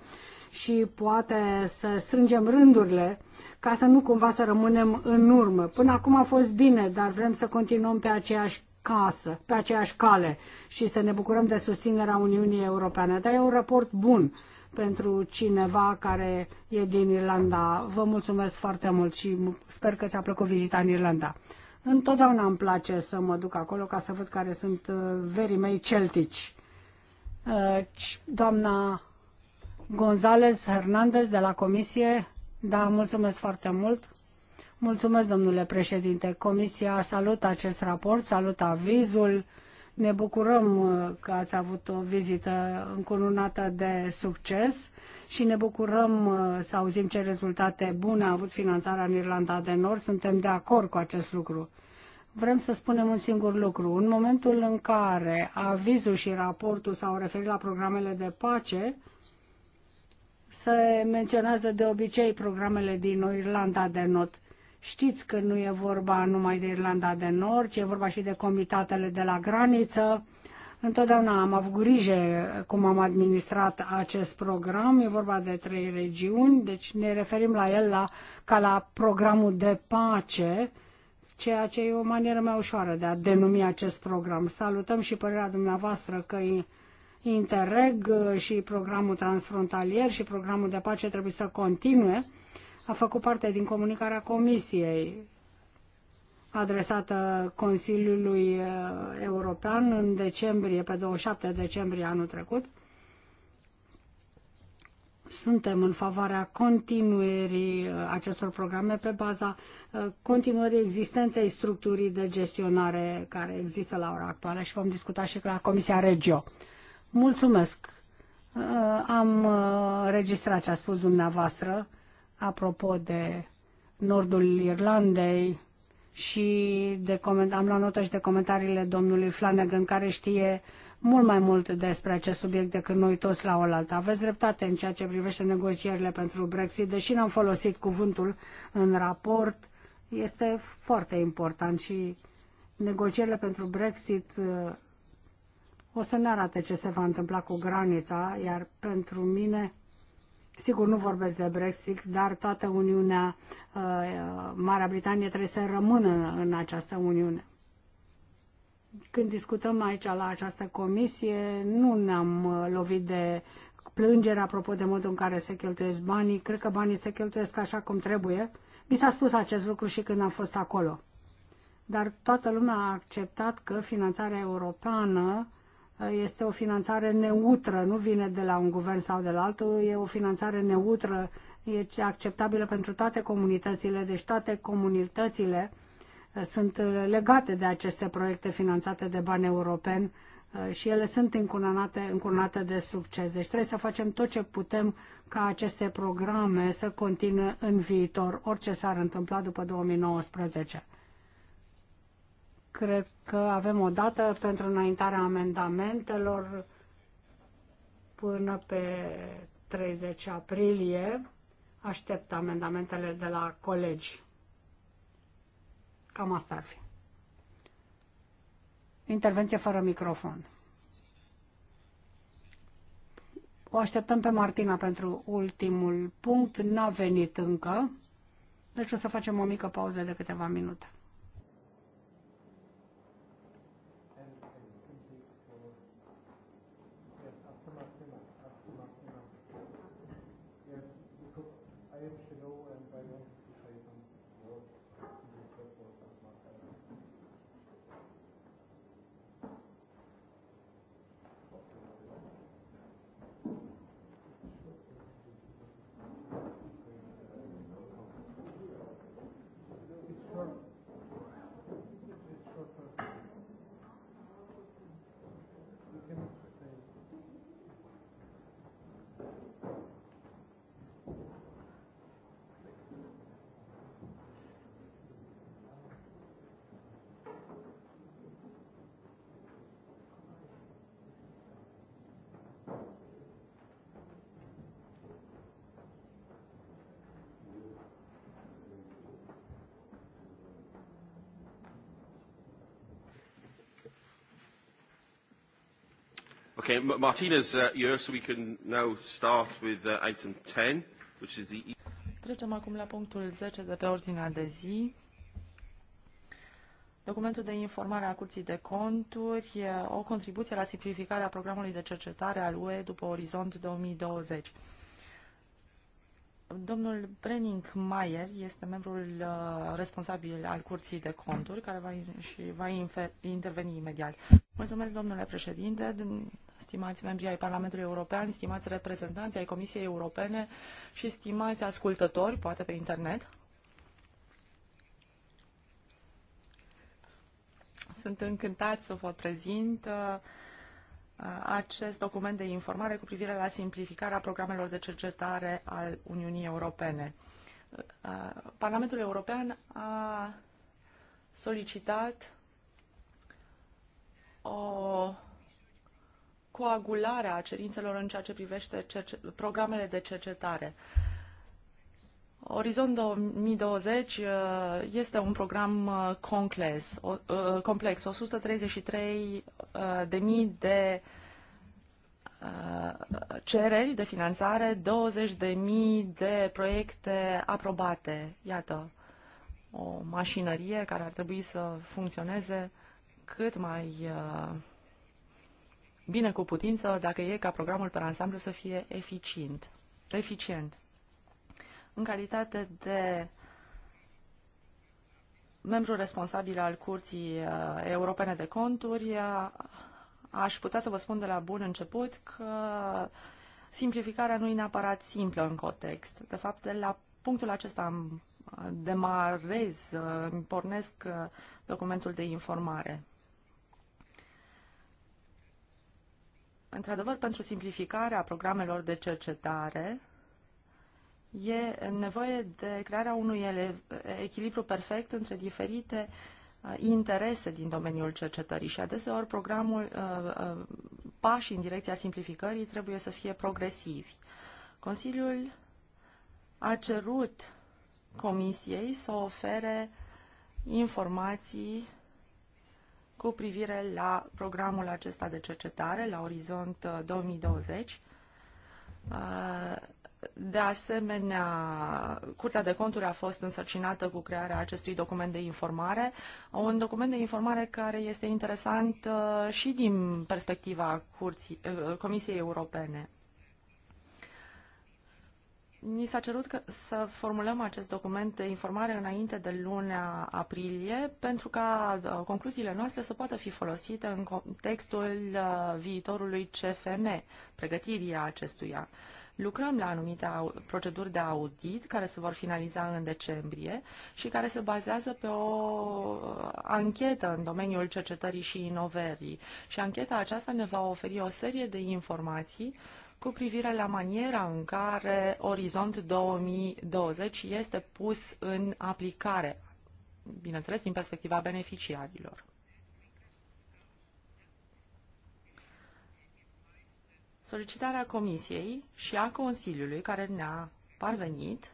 și poate să strângem rândurile ca să nu cumva să rămânem în urmă. Până acum a fost bine, dar vrem să continuăm pe aceeași casă, pe aceeași cale și să ne bucurăm de susținerea Uniunii Europene. Dar e un raport bun pentru cineva care e din Irlanda. Vă mulțumesc foarte mult și sper că ți-a plăcut vizita în Irlanda. Întotdeauna îmi place să mă duc acolo ca să văd care sunt uh, verii mei celtici. Uh, doamna González Hernández de la Comisie, da, mulțumesc foarte mult. Mulțumesc, domnule președinte. Comisia salută acest raport, salută avizul. Ne bucurăm uh, că ați avut o vizită încununată de succes și ne bucurăm uh, să auzim ce rezultate bune a avut finanțarea în Irlanda de Nord. Suntem de acord cu acest lucru. Vrem să spunem un singur lucru. În momentul în care avizul și raportul s-au referit la programele de pace, se menționează de obicei programele din Irlanda de Nord Știți că nu e vorba numai de Irlanda de Nord, ci e vorba și de comitatele de la graniță. Întotdeauna am avut grijă cum am administrat acest program. E vorba de trei regiuni, deci ne referim la el la, ca la programul de pace, ceea ce e o manieră mai ușoară de a denumi acest program. Salutăm și părerea dumneavoastră că Interreg și programul transfrontalier și programul de pace trebuie să continue a făcut parte din comunicarea Comisiei adresată Consiliului uh, European în decembrie, pe 27 decembrie anul trecut. Suntem în favoarea continuării uh, acestor programe pe baza uh, continuării existenței structurii de gestionare care există la ora actuală și vom discuta și la Comisia Regio. Mulțumesc! Am registrat ce a spus dumneavoastră apropo de nordul Irlandei și de am luat notă și de comentariile domnului Flanagan, care știe mult mai mult despre acest subiect decât noi toți la oaltă. Aveți dreptate în ceea ce privește negocierile pentru Brexit, deși n-am folosit cuvântul în raport, este foarte important și negocierile pentru Brexit uh, o să ne arate ce se va întâmpla cu granița, iar pentru mine Sigur, nu vorbesc de Brexit, dar toată Uniunea, uh, Marea Britanie trebuie să rămână în această Uniune. Când discutăm aici la această comisie, nu ne-am uh, lovit de plângere apropo de modul în care se cheltuiesc banii. Cred că banii se cheltuiesc așa cum trebuie. Mi s-a spus acest lucru și când am fost acolo. Dar toată lumea a acceptat că finanțarea europeană este o finanțare neutră, nu vine de la un guvern sau de la altul, e o finanțare neutră, e acceptabilă pentru toate comunitățile, deci toate comunitățile uh, sunt uh, legate de aceste proiecte finanțate de bani europeni uh, și ele sunt încurnate, încurnate de succes. Deci trebuie să facem tot ce putem ca aceste programe să continue în viitor, orice s-ar întâmpla după 2019. Cred că avem o dată pentru înaintarea amendamentelor până pe 30 aprilie. Aștept amendamentele de la colegi. Cam asta ar fi. Intervenție fără microfon. O așteptăm pe Martina pentru ultimul punct. N-a venit încă, deci o să facem o mică pauză de câteva minute. Okay, Martina's uh, here, so we can now start with uh, item 10, which is the... Trecem acum la punctul 10 de pe ordinea de zi. Documentul de informare a Curții de Conturi, o contribuție la simplificarea programului de cercetare al UE după Orizont 2020. Domnul Brenning Mayer este membrul uh, responsabil al Curții de Conturi, care va, și va interveni imediat. Mulțumesc, domnule președinte stimați membri ai Parlamentului European, stimați reprezentanți ai Comisiei Europene și stimați ascultători, poate pe internet. Sunt încântat să vă prezint uh, uh, acest document de informare cu privire la simplificarea programelor de cercetare al Uniunii Europene. Uh, Parlamentul European a solicitat o coagulare a cerințelor în ceea ce privește programele de cercetare. Orizont 2020 uh, este un program uh, uh, complex, complex 133 de mii de cereri de finanțare, 20 de mii de proiecte aprobate. Iată, o mașinărie care ar trebui să funcționeze cât mai bine cu putință dacă e ca programul pe ansamblu să fie eficient. eficient. În calitate de membru responsabil al Curții uh, Europene de Conturi, uh, aș putea să vă spun de la bun început că simplificarea nu e neapărat simplă în context. De fapt, de la punctul acesta am uh, demarez, îmi pornesc documentul de informare. într-adevăr, pentru simplificarea programelor de cercetare, e nevoie de crearea unui echilibru perfect între diferite uh, interese din domeniul cercetării și adeseori programul, uh, uh, pașii în direcția simplificării trebuie să fie progresivi. Consiliul a cerut Comisiei să ofere informații cu privire la programul acesta de cercetare, la Orizont 2020. Uh, uh, de asemenea, Curtea de Conturi a fost însărcinată cu crearea acestui document de informare, un document de informare care este interesant uh, și din perspectiva Curții, Comisiei Europene. Ni s-a cerut că să formulăm acest document de informare înainte de luna aprilie pentru ca uh, concluziile noastre să poată fi folosite în contextul uh, viitorului CFM, pregătirii acestuia. Lucrăm la anumite proceduri de audit care se vor finaliza în decembrie și care se bazează pe o uh, anchetă în domeniul cercetării și inovării. Și ancheta aceasta ne va oferi o serie de informații uh, cu privire la maniera în care Orizont 2020 este pus în aplicare, bineînțeles din perspectiva beneficiarilor. Solicitarea Comisiei și a Consiliului care ne-a parvenit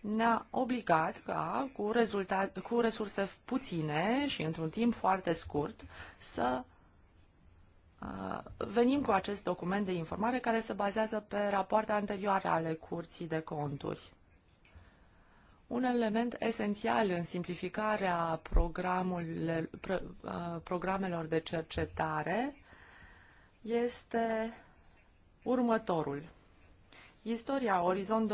ne-a obligat ca cu, rezultat, cu resurse puține și într-un timp foarte scurt să Uh, venim cu acest document de informare care se bazează pe rapoarte anterioare ale Curții de Conturi. Un element esențial în simplificarea uh, programelor de cercetare este următorul. Istoria Orizont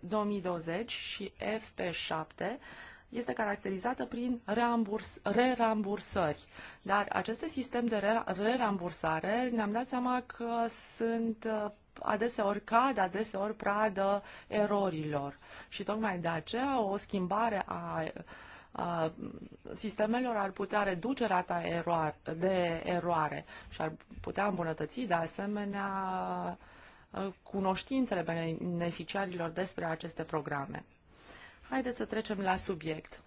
2020 și FP7 este caracterizată prin reamburs, Dar aceste sistem de rerambursare, ne-am dat seama că sunt uh, adeseori cad, adeseori pradă erorilor. Și tocmai de aceea o schimbare a a sistemelor ar putea reduce rata de eroare și ar putea îmbunătăți de asemenea uh, cunoștințele beneficiarilor despre aceste programe. Haideți să trecem la subiect.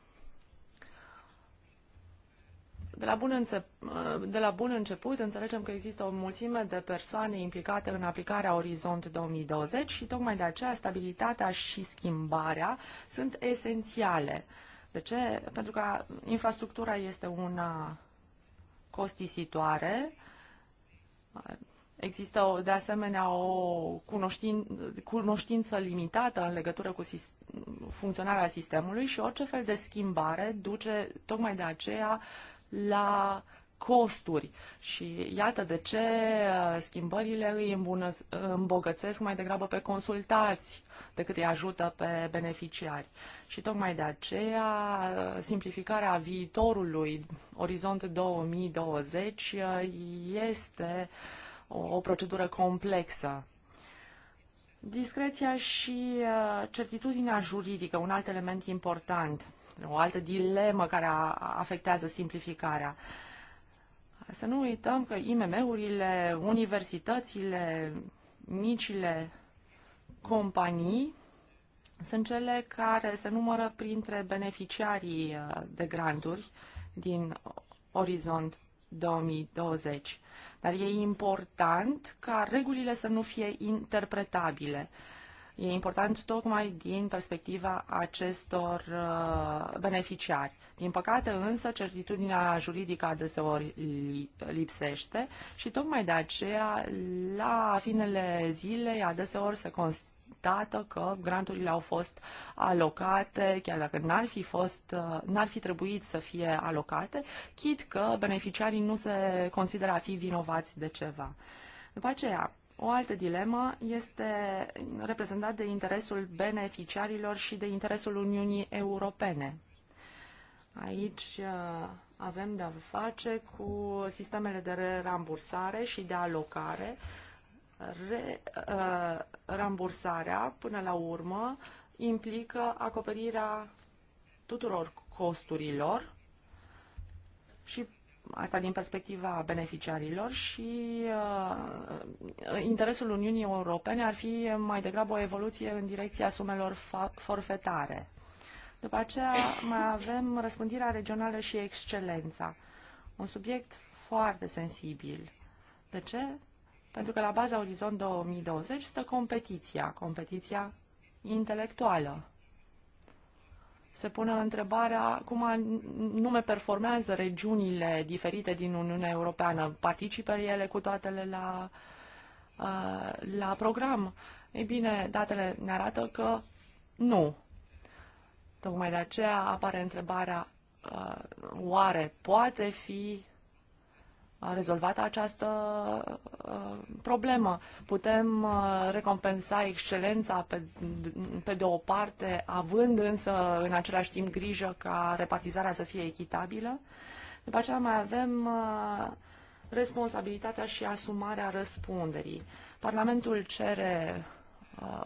De la, bun încep de la bun început înțelegem că există o mulțime de persoane implicate în aplicarea Orizont 2020 și tocmai de aceea stabilitatea și schimbarea sunt esențiale. De ce? Pentru că infrastructura este una costisitoare, Există de asemenea o cunoștință limitată în legătură cu funcționarea sistemului și orice fel de schimbare duce tocmai de aceea la costuri. Și iată de ce uh, schimbările îi îmbogățesc mai degrabă pe consultați decât îi ajută pe beneficiari. Și tocmai de aceea uh, simplificarea viitorului Orizont 2020 uh, este uh, o, o procedură complexă. Discreția și uh, certitudinea juridică, un alt element important, o altă dilemă care afectează simplificarea. Să nu uităm că IMM-urile, universitățile, micile companii sunt cele care se numără printre beneficiarii uh, de granturi din Orizont 2020. Dar e important ca regulile să nu fie interpretabile. E important tocmai din perspectiva acestor uh, beneficiari. Din păcate însă certitudinea juridică adeseori lipsește și tocmai de aceea la finele zilei adeseori se constă arătată că granturile au fost alocate, chiar dacă n-ar fi, fost, uh, n-ar fi trebuit să fie alocate, chid că beneficiarii nu se consideră a fi vinovați de ceva. După aceea, o altă dilemă este reprezentată de interesul beneficiarilor și de interesul Uniunii Europene. Aici uh, avem de-a face cu sistemele de rambursare și de alocare re, uh, rambursarea, până la urmă, implică acoperirea tuturor costurilor și asta din perspectiva beneficiarilor și uh, interesul Uniunii Europene ar fi mai degrabă o evoluție în direcția sumelor forfetare. După aceea mai avem răspândirea regională și excelența, un subiect foarte sensibil. De ce? Pentru că la baza Orizont 2020 stă competiția, competiția intelectuală. Se pune întrebarea cum nume performează regiunile diferite din Uniunea Europeană. Participă ele cu toate la, la program? Ei bine, datele ne arată că nu. Tocmai de aceea apare întrebarea oare poate fi rezolvat această uh, problemă. Putem uh, recompensa excelența pe, pe de o parte, având însă în același timp grijă ca repartizarea să fie echitabilă. După aceea mai avem uh, responsabilitatea și asumarea răspunderii. Parlamentul cere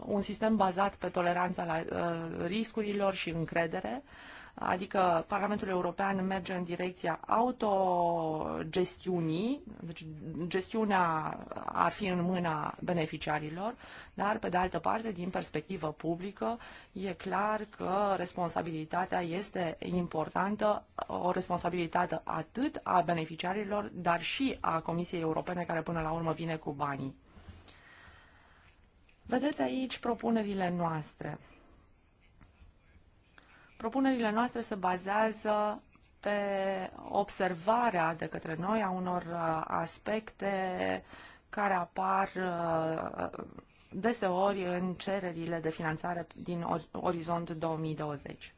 un sistem bazat pe toleranța la riscurilor și încredere, adică Parlamentul European merge în direcția autogestiunii, deci gestiunea ar fi în mâna beneficiarilor, dar pe de altă parte, din perspectivă publică, e clar că responsabilitatea este importantă, o responsabilitate atât a beneficiarilor, dar și a Comisiei Europene, care până la urmă vine cu banii. Vedeți aici propunerile noastre. Propunerile noastre se bazează pe observarea de către noi a unor uh, aspecte care apar uh, deseori în cererile de finanțare din Orizont 2020.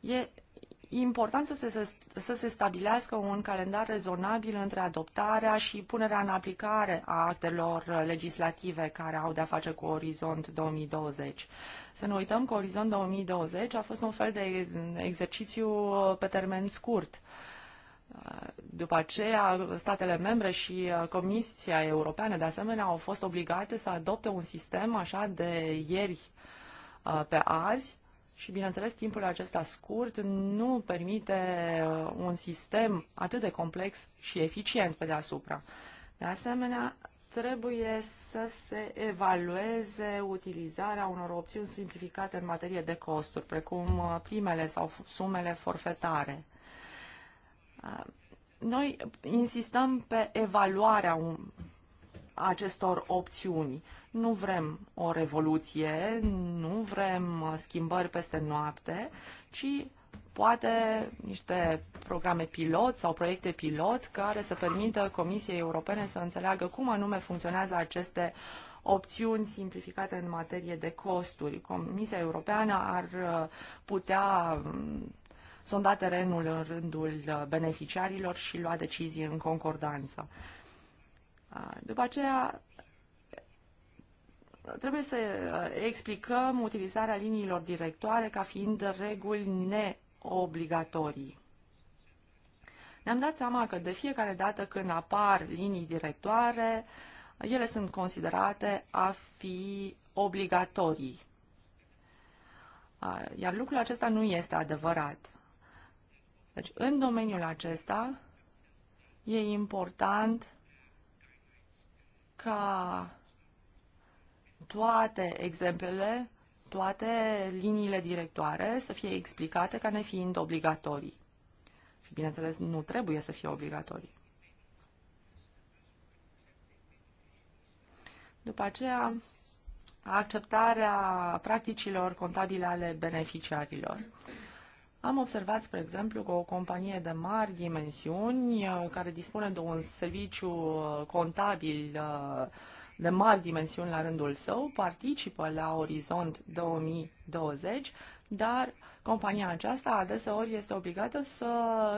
E important să se, să se stabilească un calendar rezonabil între adoptarea și punerea în aplicare a actelor legislative care au de-a face cu Orizont 2020. Să nu uităm că Orizont 2020 a fost un fel de exercițiu pe termen scurt. După aceea, statele membre și uh, Comisia Europeană, de asemenea, au fost obligate să adopte un sistem așa de ieri uh, pe azi, și, bineînțeles, timpul acesta scurt nu permite uh, un sistem atât de complex și eficient pe deasupra. De asemenea, trebuie să se evalueze utilizarea unor opțiuni simplificate în materie de costuri, precum uh, primele sau sumele forfetare. Uh, noi insistăm pe evaluarea acestor opțiuni. Nu vrem o revoluție, nu vrem schimbări peste noapte, ci poate niște programe pilot sau proiecte pilot care să permită Comisiei Europene să înțeleagă cum anume funcționează aceste opțiuni simplificate în materie de costuri. Comisia Europeană ar uh, putea um, sonda terenul în rândul uh, beneficiarilor și lua decizii în concordanță. După aceea, trebuie să explicăm utilizarea liniilor directoare ca fiind reguli neobligatorii. Ne-am dat seama că de fiecare dată când apar linii directoare, ele sunt considerate a fi obligatorii. Iar lucrul acesta nu este adevărat. Deci, în domeniul acesta, e important ca toate exemplele, toate liniile directoare să fie explicate ca nefiind obligatorii. Și bineînțeles, nu trebuie să fie obligatorii. După aceea, acceptarea practicilor contabile ale beneficiarilor. Am observat, spre exemplu, că o companie de mari dimensiuni uh, care dispune de un serviciu uh, contabil uh, de mari dimensiuni la rândul său participă la Orizont 2020, dar compania aceasta adeseori este obligată să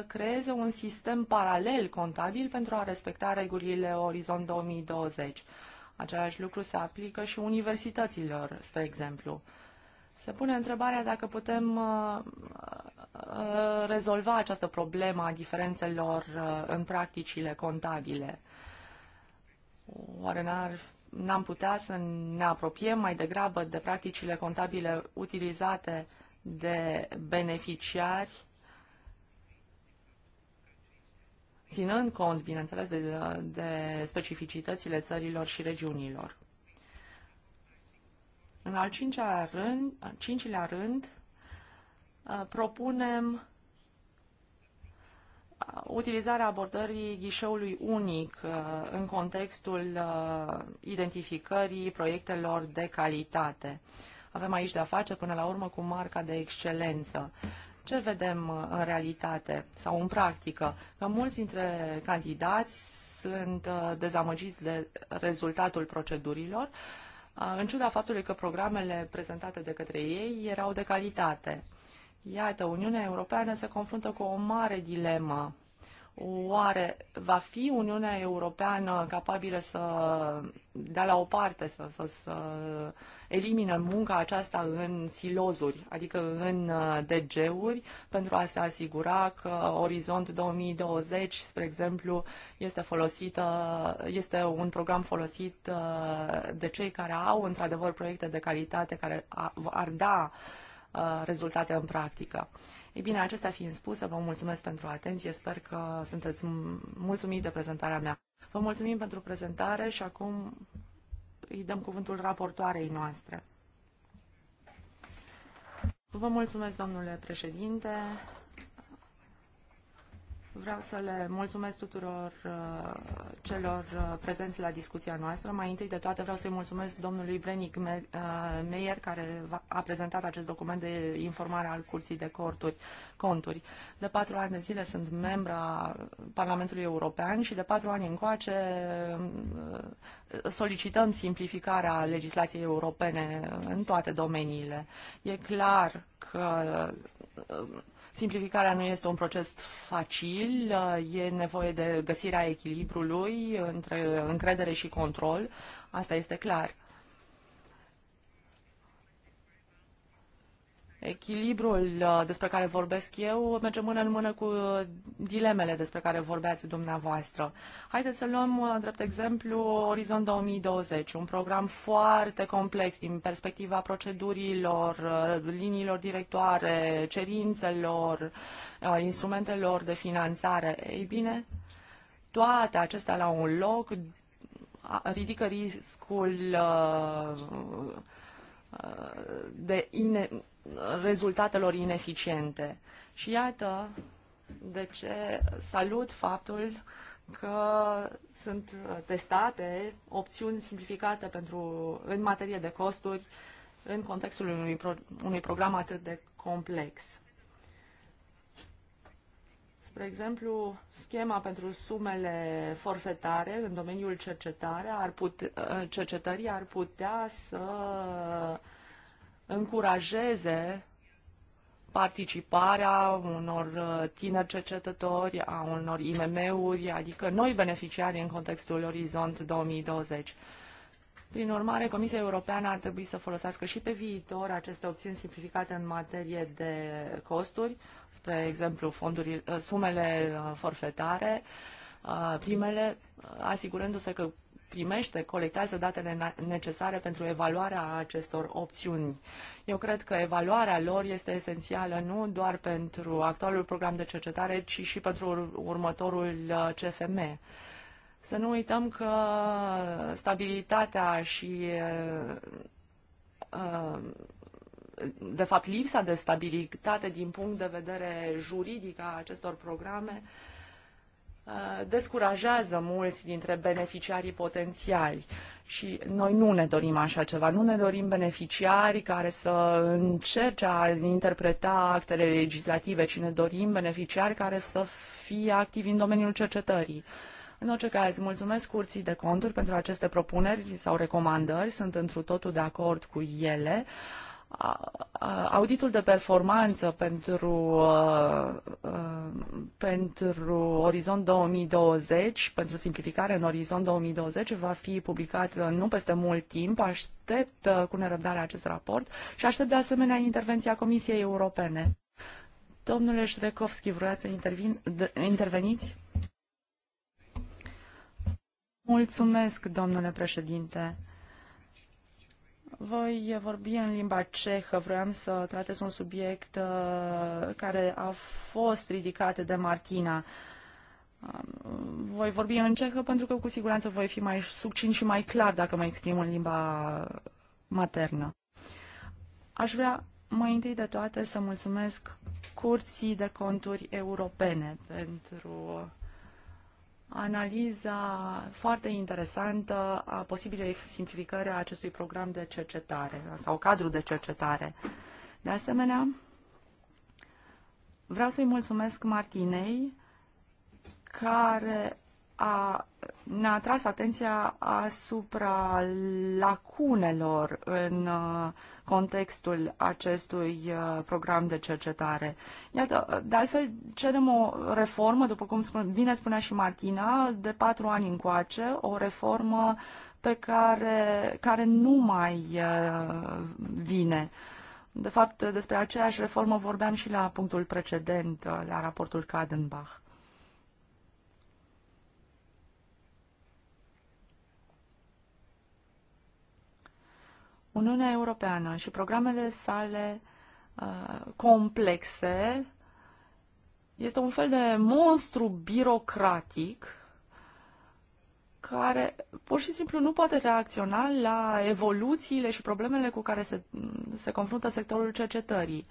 creeze un sistem paralel contabil pentru a respecta regulile Orizont 2020. Același lucru se aplică și universităților, spre exemplu. Se pune întrebarea dacă putem uh, uh, rezolva această problemă a diferențelor uh, în practicile contabile. Oare n-ar n-am putea să ne apropiem mai degrabă de practicile contabile utilizate de beneficiari, ținând cont, bineînțeles, de, de specificitățile țărilor și regiunilor. În al cincilea rând, al cincilea rând uh, propunem uh, utilizarea abordării ghișeului unic uh, în contextul identificării proiectelor de calitate. Avem aici de-a face până la urmă cu marca de excelență. Ce vedem în realitate sau în practică? Că mulți dintre candidați sunt dezamăgiți de rezultatul procedurilor, uh, în ciuda faptului că programele prezentate de către ei erau de calitate. Iată, Uniunea Europeană se confruntă cu o mare dilemă Oare va fi Uniunea Europeană capabilă să dea la o parte, să, să, să elimine munca aceasta în silozuri, adică în uh, DG-uri, pentru a se asigura că Orizont 2020, spre exemplu, este, folosită, este un program folosit uh, de cei care au într-adevăr proiecte de calitate care ar da uh, rezultate în practică. Uh, ei bine, acestea fiind spuse, vă mulțumesc pentru atenție, sper că sunteți mulțumit de prezentarea mea. Vă mulțumim pentru prezentare și acum îi dăm cuvântul raportoarei noastre. Vă mulțumesc, domnule președinte, Vreau să le mulțumesc tuturor uh, celor uh, prezenți la discuția noastră. Mai întâi de toate vreau să-i mulțumesc domnului Brenic uh, Meyer, care a prezentat acest document de informare al Curții de corturi, Conturi. De patru ani de zile sunt membra Parlamentului European și de patru ani încoace uh, solicităm simplificarea legislației europene în toate domeniile. E clar că Simplificarea nu este un proces facil, e nevoie de găsirea echilibrului între încredere și control, asta este clar. Echilibrul uh, despre care vorbesc eu merge mână în mână cu uh, dilemele despre care vorbeați dumneavoastră. Haideți să luăm uh, drept exemplu Orizont 2020, un program foarte complex din perspectiva procedurilor, liniilor directoare, cerințelor, instrumentelor de finanțare. Ei bine, toate acestea la un loc ridică riscul de rezultatelor ineficiente. Și iată de ce salut faptul că sunt testate opțiuni simplificate pentru, în materie de costuri în contextul unui, pro, unui program atât de complex. Spre exemplu, schema pentru sumele forfetare în domeniul cercetare ar put, cercetării ar putea să uh, încurajeze participarea unor uh, tineri cercetători, a unor IMM-uri, adică noi beneficiari în contextul Orizont 2020. Prin urmare, Comisia Europeană ar trebui să folosească și pe viitor aceste opțiuni simplificate în materie de costuri, spre exemplu fonduri, uh, sumele uh, forfetare, primele, asigurându-se că primește, colectează datele necesare pentru evaluarea acestor opțiuni. Eu cred că evaluarea lor este esențială nu doar pentru actualul program de cercetare, ci și pentru următorul uh, CFM. Să nu uităm că stabilitatea și uh, uh, de fapt lipsa de stabilitate din punct de vedere juridic a acestor programe Uh, descurajează mulți dintre beneficiarii potențiali. Și noi nu ne dorim așa ceva, nu ne dorim beneficiari care să încerce a interpreta actele legislative, ci ne dorim beneficiari care să fie activi în domeniul cercetării. În orice caz, mulțumesc Curții de Conturi pentru aceste propuneri sau recomandări, sunt întru totul de acord cu ele. Uh, auditul de performanță pentru, pentru Orizont 2020, pentru simplificare în Orizont 2020, va fi publicat uh, nu peste mult timp. Aștept uh, cu nerăbdare acest raport și aștept de asemenea intervenția Comisiei Europene. Domnule Ștrecovski, vreați să intervin, interveniți? Mulțumesc, domnule președinte. Voi vorbi în limba cehă. Vreau să tratez un subiect uh, care a fost ridicat de Martina. Um, voi vorbi în cehă pentru că cu siguranță voi fi mai succint și mai clar dacă mă exprim în limba maternă. Aș vrea mai întâi de toate să mulțumesc Curții de Conturi Europene pentru analiza foarte interesantă a posibilei simplificări a acestui program de cercetare sau cadru de cercetare. De asemenea, vreau să-i mulțumesc Martinei, care a, ne-a atras atenția asupra lacunelor în uh, contextul acestui uh, program de cercetare. Iată, de altfel cerem o reformă, după cum spune, bine spunea și Martina, de patru ani încoace, o reformă pe care, care nu mai uh, vine. De fapt, despre aceeași reformă vorbeam și la punctul precedent, la raportul Kadenbach. Uniunea Europeană și programele sale uh, complexe este un fel de monstru birocratic care pur și simplu nu poate reacționa la evoluțiile și problemele cu care se, se confruntă sectorul cercetării.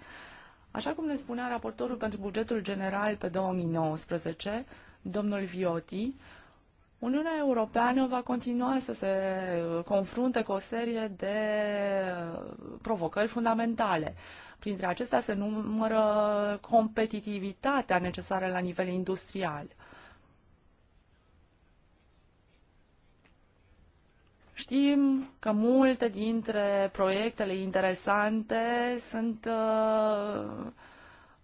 Așa cum ne spunea raportorul pentru bugetul general pe 2019, domnul Vioti, Uniunea Europeană va continua să se confrunte cu o serie de uh, provocări fundamentale. Printre acestea se numără competitivitatea necesară la nivel industrial. Știm că multe dintre proiectele interesante sunt uh,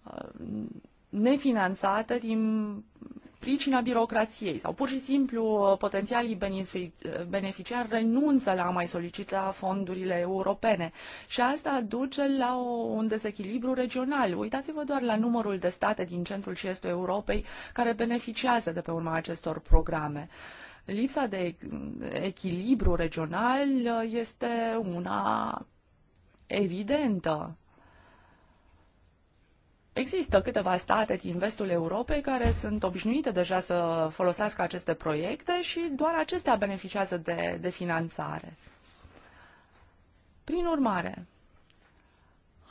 uh nefinanțate din pricina birocrației sau pur și simplu uh, potențialii uh, beneficiari renunță la a mai solicita fondurile europene și asta duce la un dezechilibru regional. Uitați-vă doar la numărul de state din centrul și estul Europei care beneficiază de pe urma acestor programe lipsa de mm, echilibru regional uh, este una evidentă. Există câteva state din vestul Europei care sunt obișnuite deja să folosească aceste proiecte și doar acestea beneficiază de, de finanțare. Prin urmare,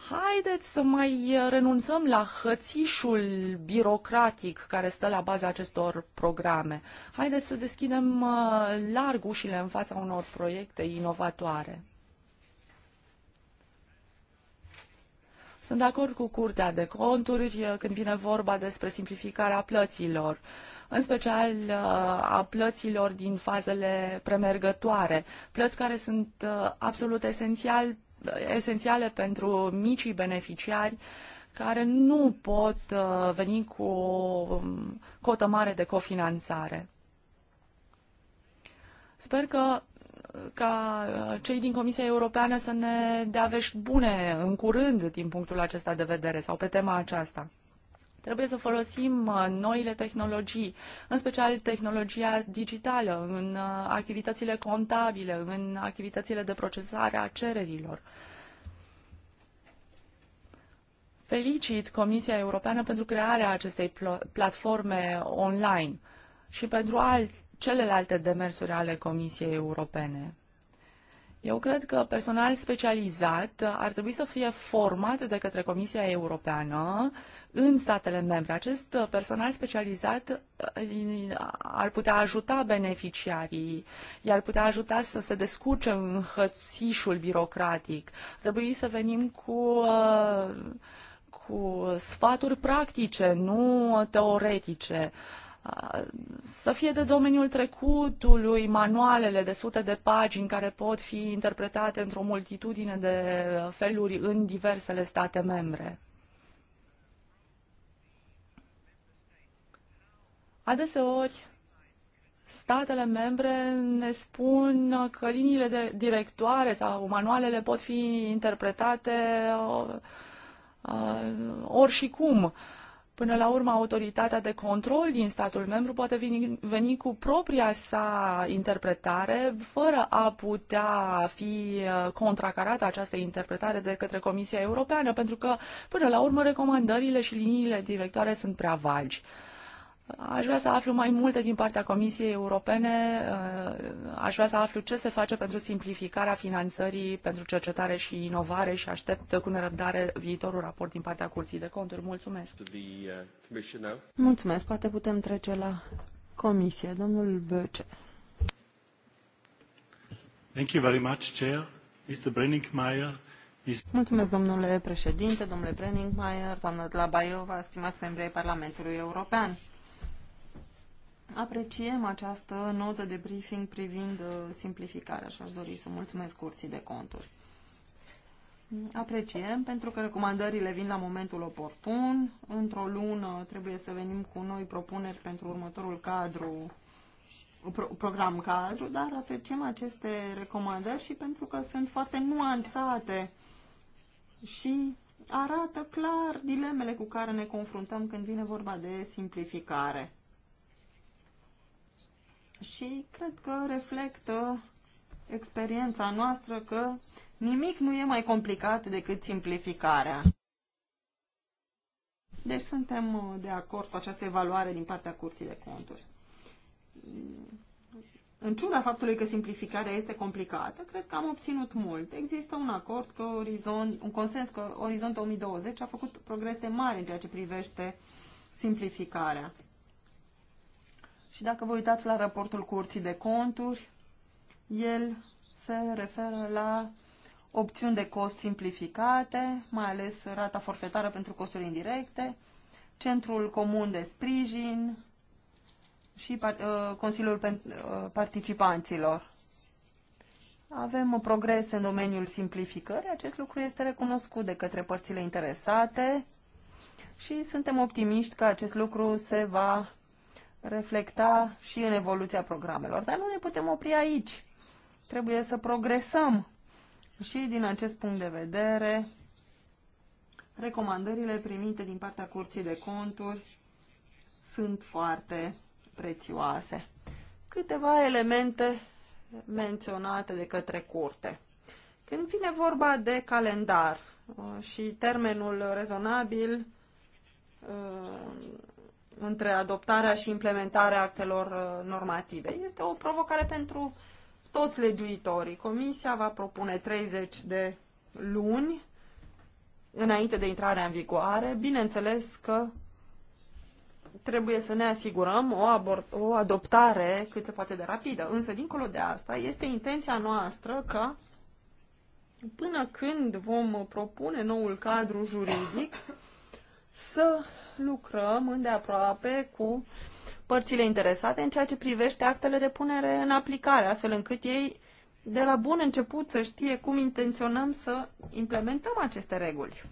haideți să mai renunțăm la hățișul birocratic care stă la baza acestor programe. Haideți să deschidem uh, larg ușile în fața unor proiecte inovatoare. Sunt de acord cu Curtea de Conturi când vine vorba despre simplificarea plăților, în special a plăților din fazele premergătoare, plăți care sunt absolut esențial, esențiale pentru micii beneficiari care nu pot veni cu o cotă mare de cofinanțare. Sper că ca uh, cei din Comisia Europeană să ne dea vești bune în curând din punctul acesta de vedere sau pe tema aceasta. Trebuie să folosim uh, noile tehnologii, în special tehnologia digitală, în uh, activitățile contabile, în activitățile de procesare a cererilor. Felicit Comisia Europeană pentru crearea acestei platforme online și pentru alt celelalte demersuri ale Comisiei Europene. Eu cred că personal specializat ar trebui să fie format de către Comisia Europeană în statele membre. Acest personal specializat uh, ar putea ajuta beneficiarii, i-ar putea ajuta să se descurce în hățișul birocratic. Ar trebui să venim cu uh, cu sfaturi practice, nu teoretice să fie de domeniul trecutului manualele de sute de pagini care pot fi interpretate într-o multitudine de feluri în diversele state membre. Adeseori, statele membre ne spun că liniile de directoare sau manualele pot fi interpretate uh, uh, ori și cum. Uh, Până la urmă, autoritatea de control din statul membru poate veni, veni cu propria sa interpretare, fără a putea fi uh, contracarată această interpretare de către Comisia Europeană, pentru că, până la urmă, recomandările și liniile directoare sunt prea vagi. Aș vrea să aflu mai multe din partea Comisiei Europene, uh, aș vrea să aflu ce se face pentru simplificarea finanțării pentru cercetare și inovare și aștept cu nerăbdare viitorul raport din partea Curții de Conturi. Mulțumesc! Uh, Mulțumesc! Poate putem trece la Comisie. Domnul Böce. Thank you very much, Chair. Mr. Brenningmeier, Mulțumesc, domnule președinte, domnule Brenningmeier, doamnă Dlabaiova, stimați membrii Parlamentului European. Apreciem această notă de briefing privind uh, simplificarea și aș dori să mulțumesc curții de conturi. Apreciem pentru că recomandările vin la momentul oportun. Într-o lună trebuie să venim cu noi propuneri pentru următorul cadru, program cadru, dar apreciem aceste recomandări și pentru că sunt foarte nuanțate și arată clar dilemele cu care ne confruntăm când vine vorba de simplificare și cred că reflectă experiența noastră că nimic nu e mai complicat decât simplificarea. Deci suntem uh, de acord cu această evaluare din partea Curții de Conturi. În ciuda faptului că simplificarea este complicată, cred că am obținut mult. Există un acord, că orizont, un consens că Orizont 2020 a făcut progrese mari în ceea ce privește simplificarea. Și dacă vă uitați la raportul Curții de Conturi, el se referă la opțiuni de cost simplificate, mai ales rata forfetară pentru costuri indirecte, Centrul Comun de Sprijin și uh, Consiliul uh, Participanților. Avem progrese în domeniul simplificării. Acest lucru este recunoscut de către părțile interesate și suntem optimiști că acest lucru se va reflecta și în evoluția programelor. Dar nu ne putem opri aici. Trebuie să progresăm. Și din acest punct de vedere, recomandările primite din partea Curții de Conturi sunt foarte prețioase. Câteva elemente menționate de către curte. Când vine vorba de calendar uh, și termenul rezonabil uh, între adoptarea și implementarea actelor uh, normative. Este o provocare pentru toți legiuitorii. Comisia va propune 30 de luni înainte de intrarea în vigoare. Bineînțeles că trebuie să ne asigurăm o, o adoptare cât se poate de rapidă. Însă, dincolo de asta, este intenția noastră că până când vom propune noul cadru juridic, să lucrăm îndeaproape cu părțile interesate în ceea ce privește actele de punere în aplicare, astfel încât ei de la bun început să știe cum intenționăm să implementăm aceste reguli.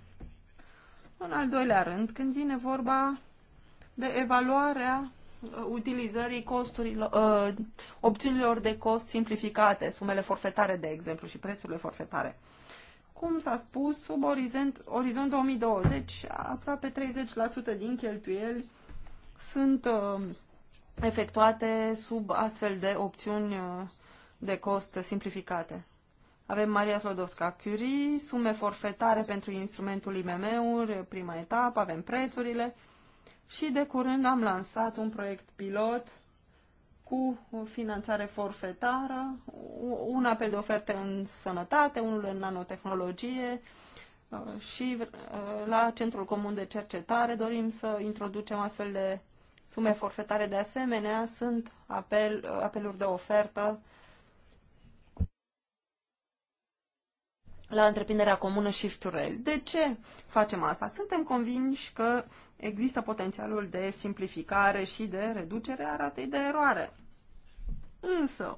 În al doilea rând, când vine vorba de evaluarea uh, utilizării costurilor, uh, opțiunilor de cost simplificate, sumele forfetare, de exemplu, și prețurile forfetare cum s-a spus, sub orizont, orizont 2020, aproape 30% din cheltuieli sunt uh, efectuate sub astfel de opțiuni uh, de cost simplificate. Avem Maria Slodovska Curie, sume forfetare pentru instrumentul IMM-uri, prima etapă, avem prețurile și de curând am lansat un proiect pilot cu finanțare forfetară, un apel de oferte în sănătate, unul în nanotehnologie uh, și uh, la Centrul Comun de Cercetare dorim să introducem astfel de sume forfetare. De asemenea, sunt apel, uh, apeluri de ofertă la întreprinderea comună Shift2Rail. De ce facem asta? Suntem convinși că există potențialul de simplificare și de reducere a ratei de eroare. Însă,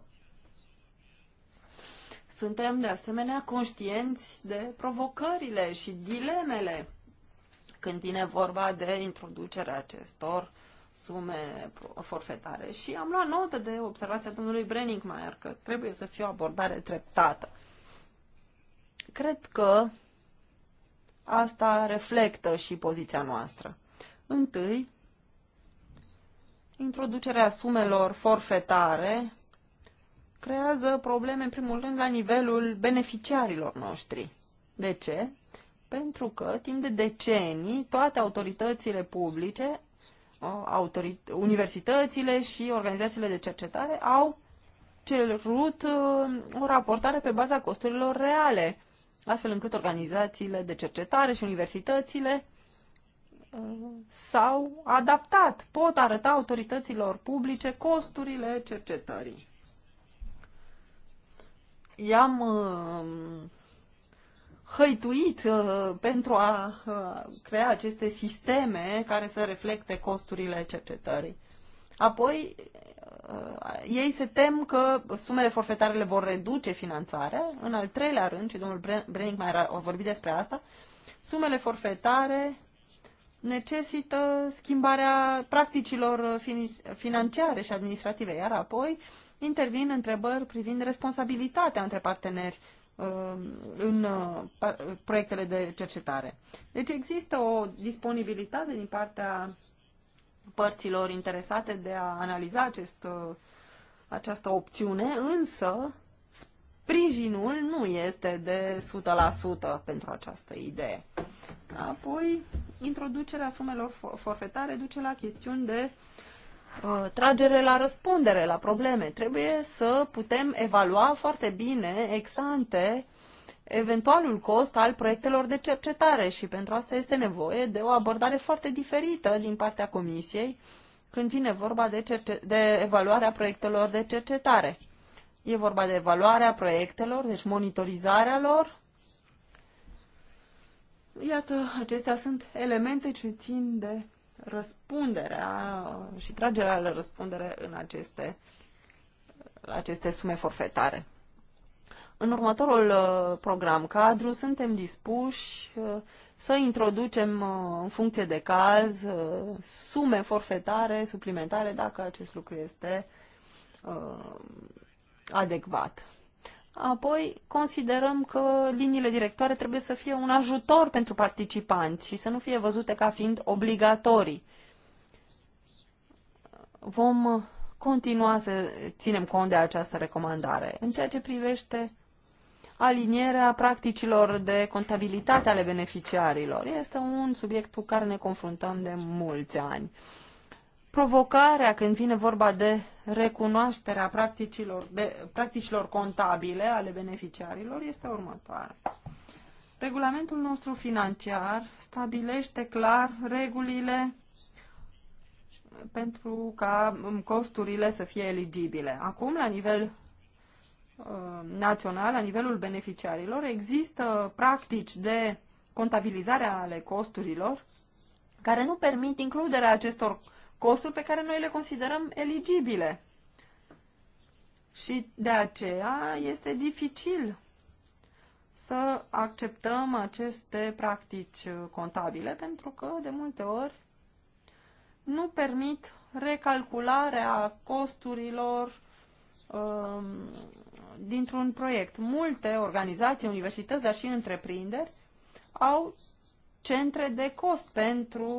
suntem de asemenea conștienți de provocările și dilemele când vine vorba de introducerea acestor sume forfetare. Și am luat notă de observația domnului Brenningmeier că trebuie să fie o abordare treptată. Cred că asta reflectă și poziția noastră. Întâi, introducerea sumelor forfetare creează probleme, în primul rând, la nivelul beneficiarilor noștri. De ce? Pentru că, timp de decenii, toate autoritățile publice, universitățile și organizațiile de cercetare au cerut uh, o raportare pe baza costurilor reale, astfel încât organizațiile de cercetare și universitățile s-au adaptat, pot arăta autorităților publice costurile cercetării. I-am uh, hăituit uh, pentru a uh, crea aceste sisteme care să reflecte costurile cercetării. Apoi, ei se tem că sumele forfetare le vor reduce finanțarea. În al treilea rând, și domnul Brenic mai a vorbit despre asta, sumele forfetare necesită schimbarea practicilor financiare și administrative, iar apoi intervin întrebări privind responsabilitatea între parteneri um, în uh, proiectele de cercetare. Deci există o disponibilitate din partea părților interesate de a analiza acest, uh, această opțiune, însă sprijinul nu este de 100% pentru această idee. Apoi, introducerea sumelor forfetare duce la chestiuni de uh, tragere la răspundere, la probleme. Trebuie să putem evalua foarte bine, exante, eventualul cost al proiectelor de cercetare și pentru asta este nevoie de o abordare foarte diferită din partea Comisiei când vine vorba de, cerce- de evaluarea proiectelor de cercetare. E vorba de evaluarea proiectelor, deci monitorizarea lor. Iată, acestea sunt elemente ce țin de răspunderea și tragerea la răspundere în aceste, aceste sume forfetare. În următorul uh, program cadru suntem dispuși uh, să introducem uh, în funcție de caz sume forfetare suplimentare dacă acest lucru este adecvat. Apoi considerăm că liniile directoare trebuie să fie un ajutor pentru participanți și să nu fie văzute ca fiind obligatorii. Vom continua să ținem cont de această recomandare. În ceea ce privește alinierea practicilor de contabilitate ale beneficiarilor, este un subiect cu care ne confruntăm de mulți ani provocarea când vine vorba de recunoașterea practicilor, de, practicilor contabile ale beneficiarilor este următoarea. Regulamentul nostru financiar stabilește clar regulile pentru ca costurile să fie eligibile. Acum, la nivel uh, național, la nivelul beneficiarilor, există practici de contabilizare ale costurilor care nu permit includerea acestor uh, costuri pe care noi le considerăm eligibile. Și de aceea este dificil să acceptăm aceste practici contabile, pentru că de multe ori nu permit recalcularea costurilor um, dintr-un proiect. Multe organizații, universități, dar și întreprinderi au centre de cost pentru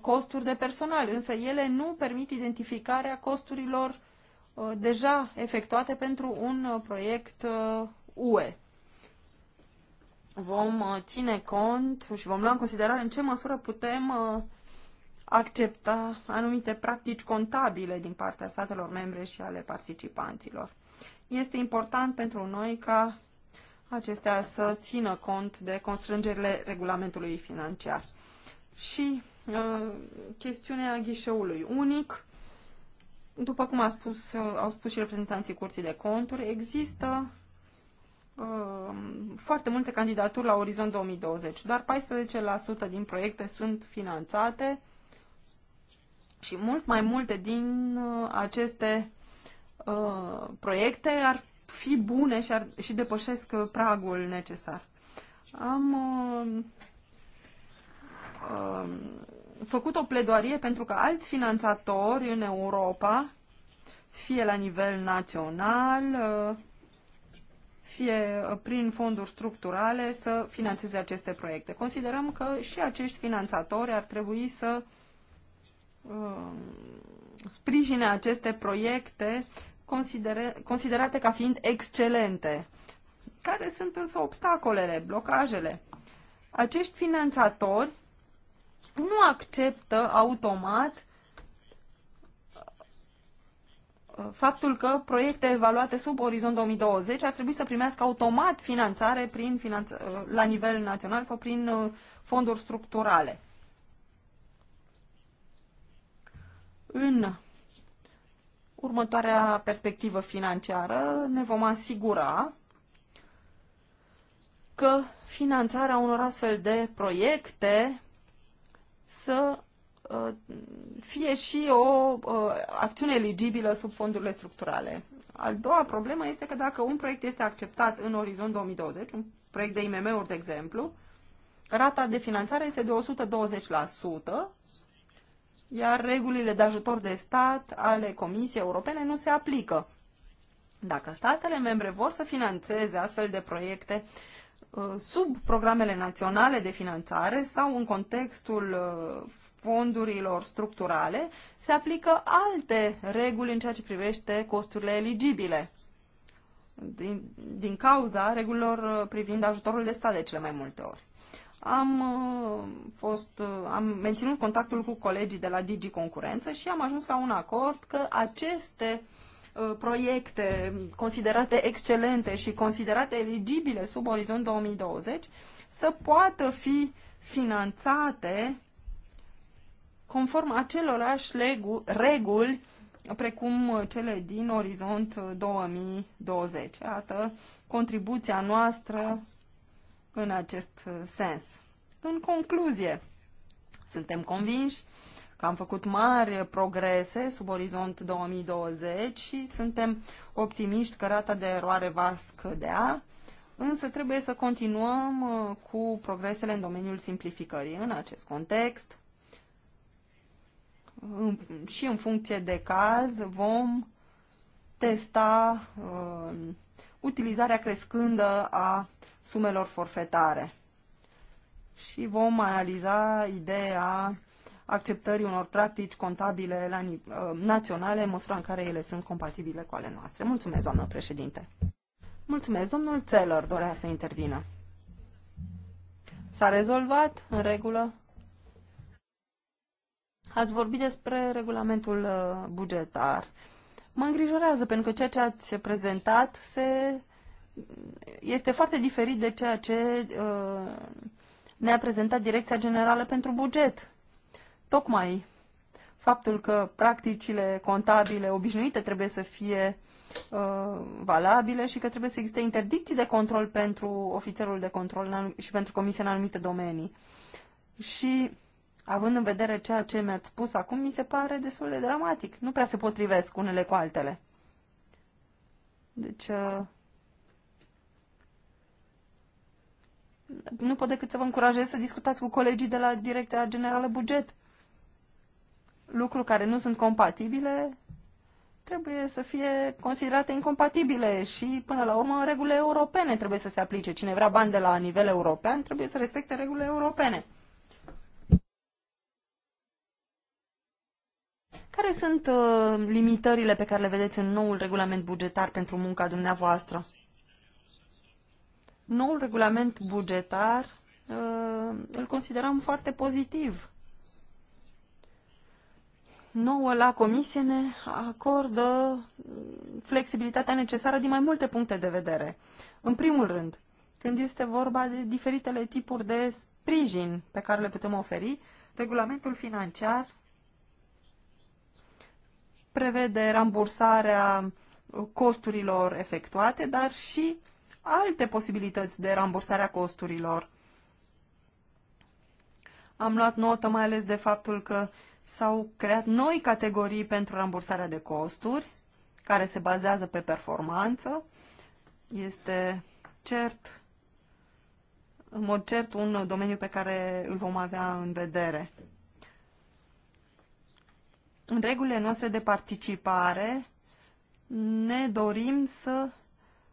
costuri de personal, însă ele nu permit identificarea costurilor uh, deja efectuate pentru un uh, proiect UE. Uh, vom ține cont și vom lua în considerare în ce măsură putem accepta anumite practici contabile din partea statelor membre și ale participanților. Este important pentru noi ca acestea să țină cont de constrângerile regulamentului financiar. Și Uh, chestiunea ghișeului unic. După cum a spus, uh, au spus și reprezentanții Curții de Conturi, există uh, foarte multe candidaturi la Orizont 2020. Doar 14% din proiecte sunt finanțate și mult mai multe din uh, aceste proiecte ar fi bune și, ar, și depășesc pragul necesar. Am uh, uh, făcut o pledoarie pentru că alți finanțatori în Europa, fie la nivel național, fie prin fonduri structurale, să finanțeze aceste proiecte. Considerăm că și acești finanțatori ar trebui să um, sprijine aceste proiecte considerate ca fiind excelente. Care sunt însă obstacolele, blocajele? Acești finanțatori nu acceptă automat uh, faptul că proiecte evaluate sub orizont 2020 ar trebui să primească automat finanțare prin finanț uh, la nivel național sau prin uh, fonduri structurale. În următoarea perspectivă financiară ne vom asigura că finanțarea unor astfel de proiecte să uh, fie și o uh, acțiune eligibilă sub fondurile structurale. Al doua problemă este că dacă un proiect este acceptat în orizont 2020, un proiect de IMM-uri, de exemplu, rata de finanțare este de 120%, iar regulile de ajutor de stat ale Comisiei Europene nu se aplică. Dacă statele membre vor să financeze astfel de proiecte Uh, sub programele naționale de finanțare sau în contextul uh, fondurilor structurale, se aplică alte reguli în ceea ce privește costurile eligibile. Din, din cauza regulilor uh, privind ajutorul de stat de cele mai multe ori. Am, fost, am menținut contactul cu colegii de la Digi Concurență și am ajuns la un acord că aceste uh, Uh, proiecte considerate excelente și considerate eligibile sub orizont 2020 să poată fi finanțate conform acelorași reguli precum cele din orizont 2020. Iată contribuția noastră în acest sens. În concluzie, suntem convinși că am făcut mari progrese sub orizont 2020 și suntem optimiști că rata de eroare va scădea, însă trebuie să continuăm uh, cu progresele în domeniul simplificării. În acest context și în funcție de caz vom testa uh, utilizarea crescândă a sumelor forfetare și vom analiza ideea acceptării unor practici contabile la, uh, naționale, în măsura în care ele sunt compatibile cu ale noastre. Mulțumesc, doamnă președinte. Mulțumesc, domnul Țelor dorea să intervină. S-a rezolvat în regulă? Ați vorbit despre regulamentul uh, bugetar. Mă îngrijorează pentru că ceea ce ați prezentat se... este foarte diferit de ceea ce uh, ne-a prezentat Direcția Generală pentru Buget tocmai faptul că practicile contabile obișnuite trebuie să fie uh, valabile și că trebuie să existe interdicții de control pentru ofițerul de control și pentru comisia în anumite domenii. Și având în vedere ceea ce mi-ați spus acum, mi se pare destul de dramatic. Nu prea se potrivesc unele cu altele. Deci, uh, nu pot decât să vă încurajez să discutați cu colegii de la Direcția Generală Buget lucruri care nu sunt compatibile trebuie să fie considerate incompatibile și, până la urmă, regulile europene trebuie să se aplice. Cine vrea bani de la nivel european trebuie să respecte regulile europene. Care sunt uh, limitările pe care le vedeți în noul regulament bugetar pentru munca dumneavoastră? Noul regulament bugetar uh, îl considerăm foarte pozitiv nouă la comisie ne acordă flexibilitatea necesară din mai multe puncte de vedere. În primul rând, când este vorba de diferitele tipuri de sprijin pe care le putem oferi, regulamentul financiar prevede rambursarea costurilor efectuate, dar și alte posibilități de rambursare a costurilor. Am luat notă mai ales de faptul că S-au creat noi categorii pentru rambursarea de costuri, care se bazează pe performanță. Este cert, în mod cert, un domeniu pe care îl vom avea în vedere. În regulile noastre de participare ne dorim să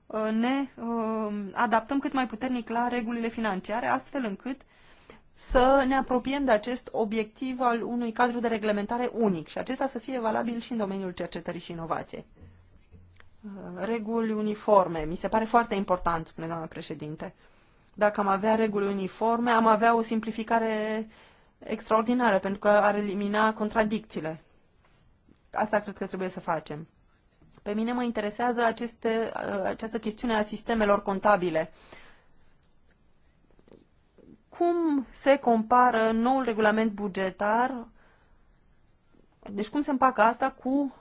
uh, ne uh, adaptăm cât mai puternic la regulile financiare, astfel încât să ne apropiem de acest obiectiv al unui cadru de reglementare unic și acesta să fie valabil și în domeniul cercetării și inovației. Uh, reguli uniforme. Mi se pare foarte important, spune doamna președinte. Dacă am avea reguli uniforme, am avea o simplificare extraordinară, pentru că ar elimina contradicțiile. Asta cred că trebuie să facem. Pe mine mă interesează aceste, uh, această chestiune a sistemelor contabile. Uh, cum se compară noul regulament bugetar, deci cum se împacă asta cu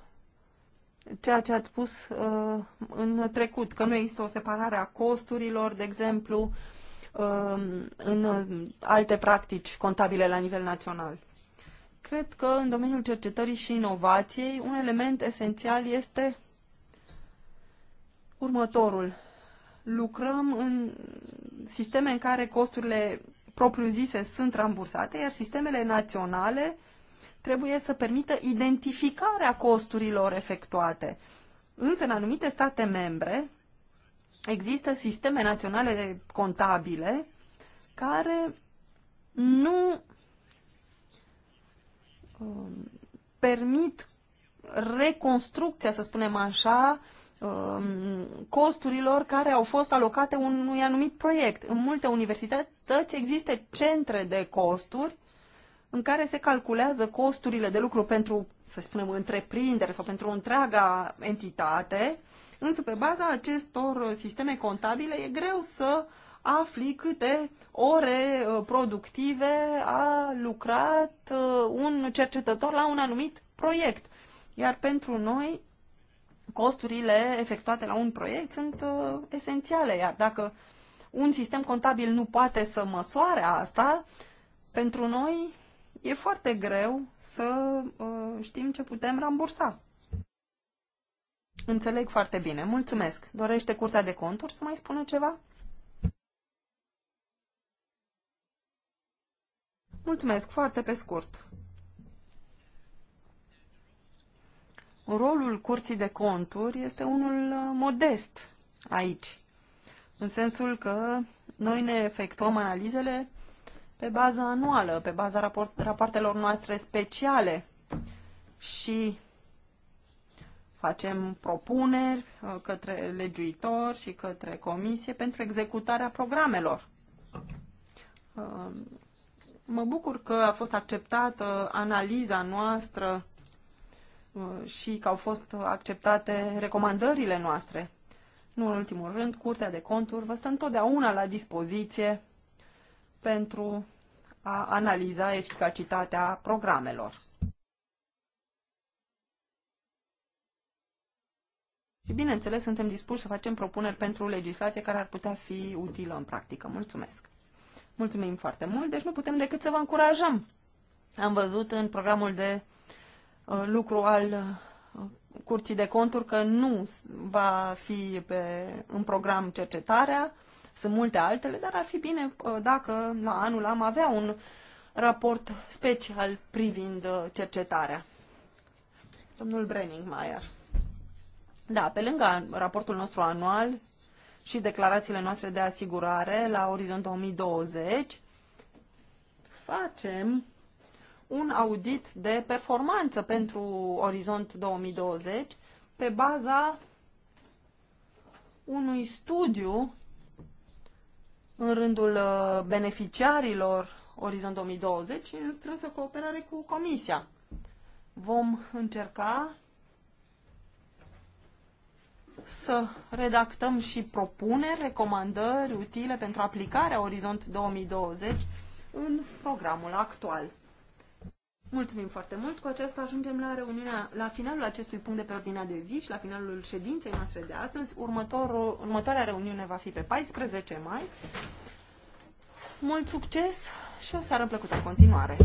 ceea ce ați spus uh, în trecut, că nu există o separare a costurilor, de exemplu, uh, în alte practici contabile la nivel național. Cred că în domeniul cercetării și inovației un element esențial este următorul. Lucrăm în sisteme în care costurile propriu-zise sunt rambursate, iar sistemele naționale trebuie să permită identificarea costurilor efectuate. Însă, în anumite state membre, există sisteme naționale contabile care nu um, permit reconstrucția, să spunem așa, Um, costurilor care au fost alocate unui anumit proiect. În multe universități există centre de costuri în care se calculează costurile de lucru pentru, să spunem, întreprindere sau pentru o întreaga entitate, însă pe baza acestor sisteme contabile e greu să afli câte ore uh, productive a lucrat uh, un cercetător la un anumit proiect. Iar pentru noi costurile efectuate la un proiect sunt uh, esențiale, iar dacă un sistem contabil nu poate să măsoare asta, pentru noi e foarte greu să uh, știm ce putem rambursa. Înțeleg foarte bine. Mulțumesc. Dorește Curtea de Conturi să mai spună ceva? Mulțumesc. Foarte pe scurt. rolul curții de conturi este unul uh, modest aici, în sensul că noi ne efectuăm analizele pe bază anuală, pe baza rapoartelor noastre speciale și facem propuneri uh, către legiuitor și către comisie pentru executarea programelor. Uh, mă bucur că a fost acceptată analiza noastră Uh, și că au fost acceptate recomandările noastre. Nu în ultimul rând, Curtea de Conturi vă stă întotdeauna la dispoziție pentru a analiza eficacitatea programelor. Și bineînțeles, suntem dispuși să facem propuneri pentru legislație care ar putea fi utilă în practică. Mulțumesc! Mulțumim foarte mult, deci nu putem decât să vă încurajăm. Am văzut în programul de Uh, lucru al uh, Curții de Conturi că nu va fi pe, în program cercetarea, sunt multe altele, dar ar fi bine uh, dacă la anul am avea un raport special privind cercetarea. Domnul Brenning Mayer. Da, pe lângă raportul nostru anual și declarațiile noastre de asigurare la Orizont 2020, facem un audit de performanță pentru Orizont 2020 pe baza unui studiu în rândul uh, beneficiarilor Orizont 2020 în strânsă cooperare cu Comisia. Vom încerca să redactăm și propuneri, recomandări utile pentru aplicarea Orizont 2020 în programul actual. Mulțumim foarte mult. Cu aceasta ajungem la reuniunea, la finalul acestui punct de pe ordinea de zi și la finalul ședinței noastre de astăzi. Următorul, următoarea reuniune va fi pe 14 mai. Mult succes și o seară plăcută în continuare!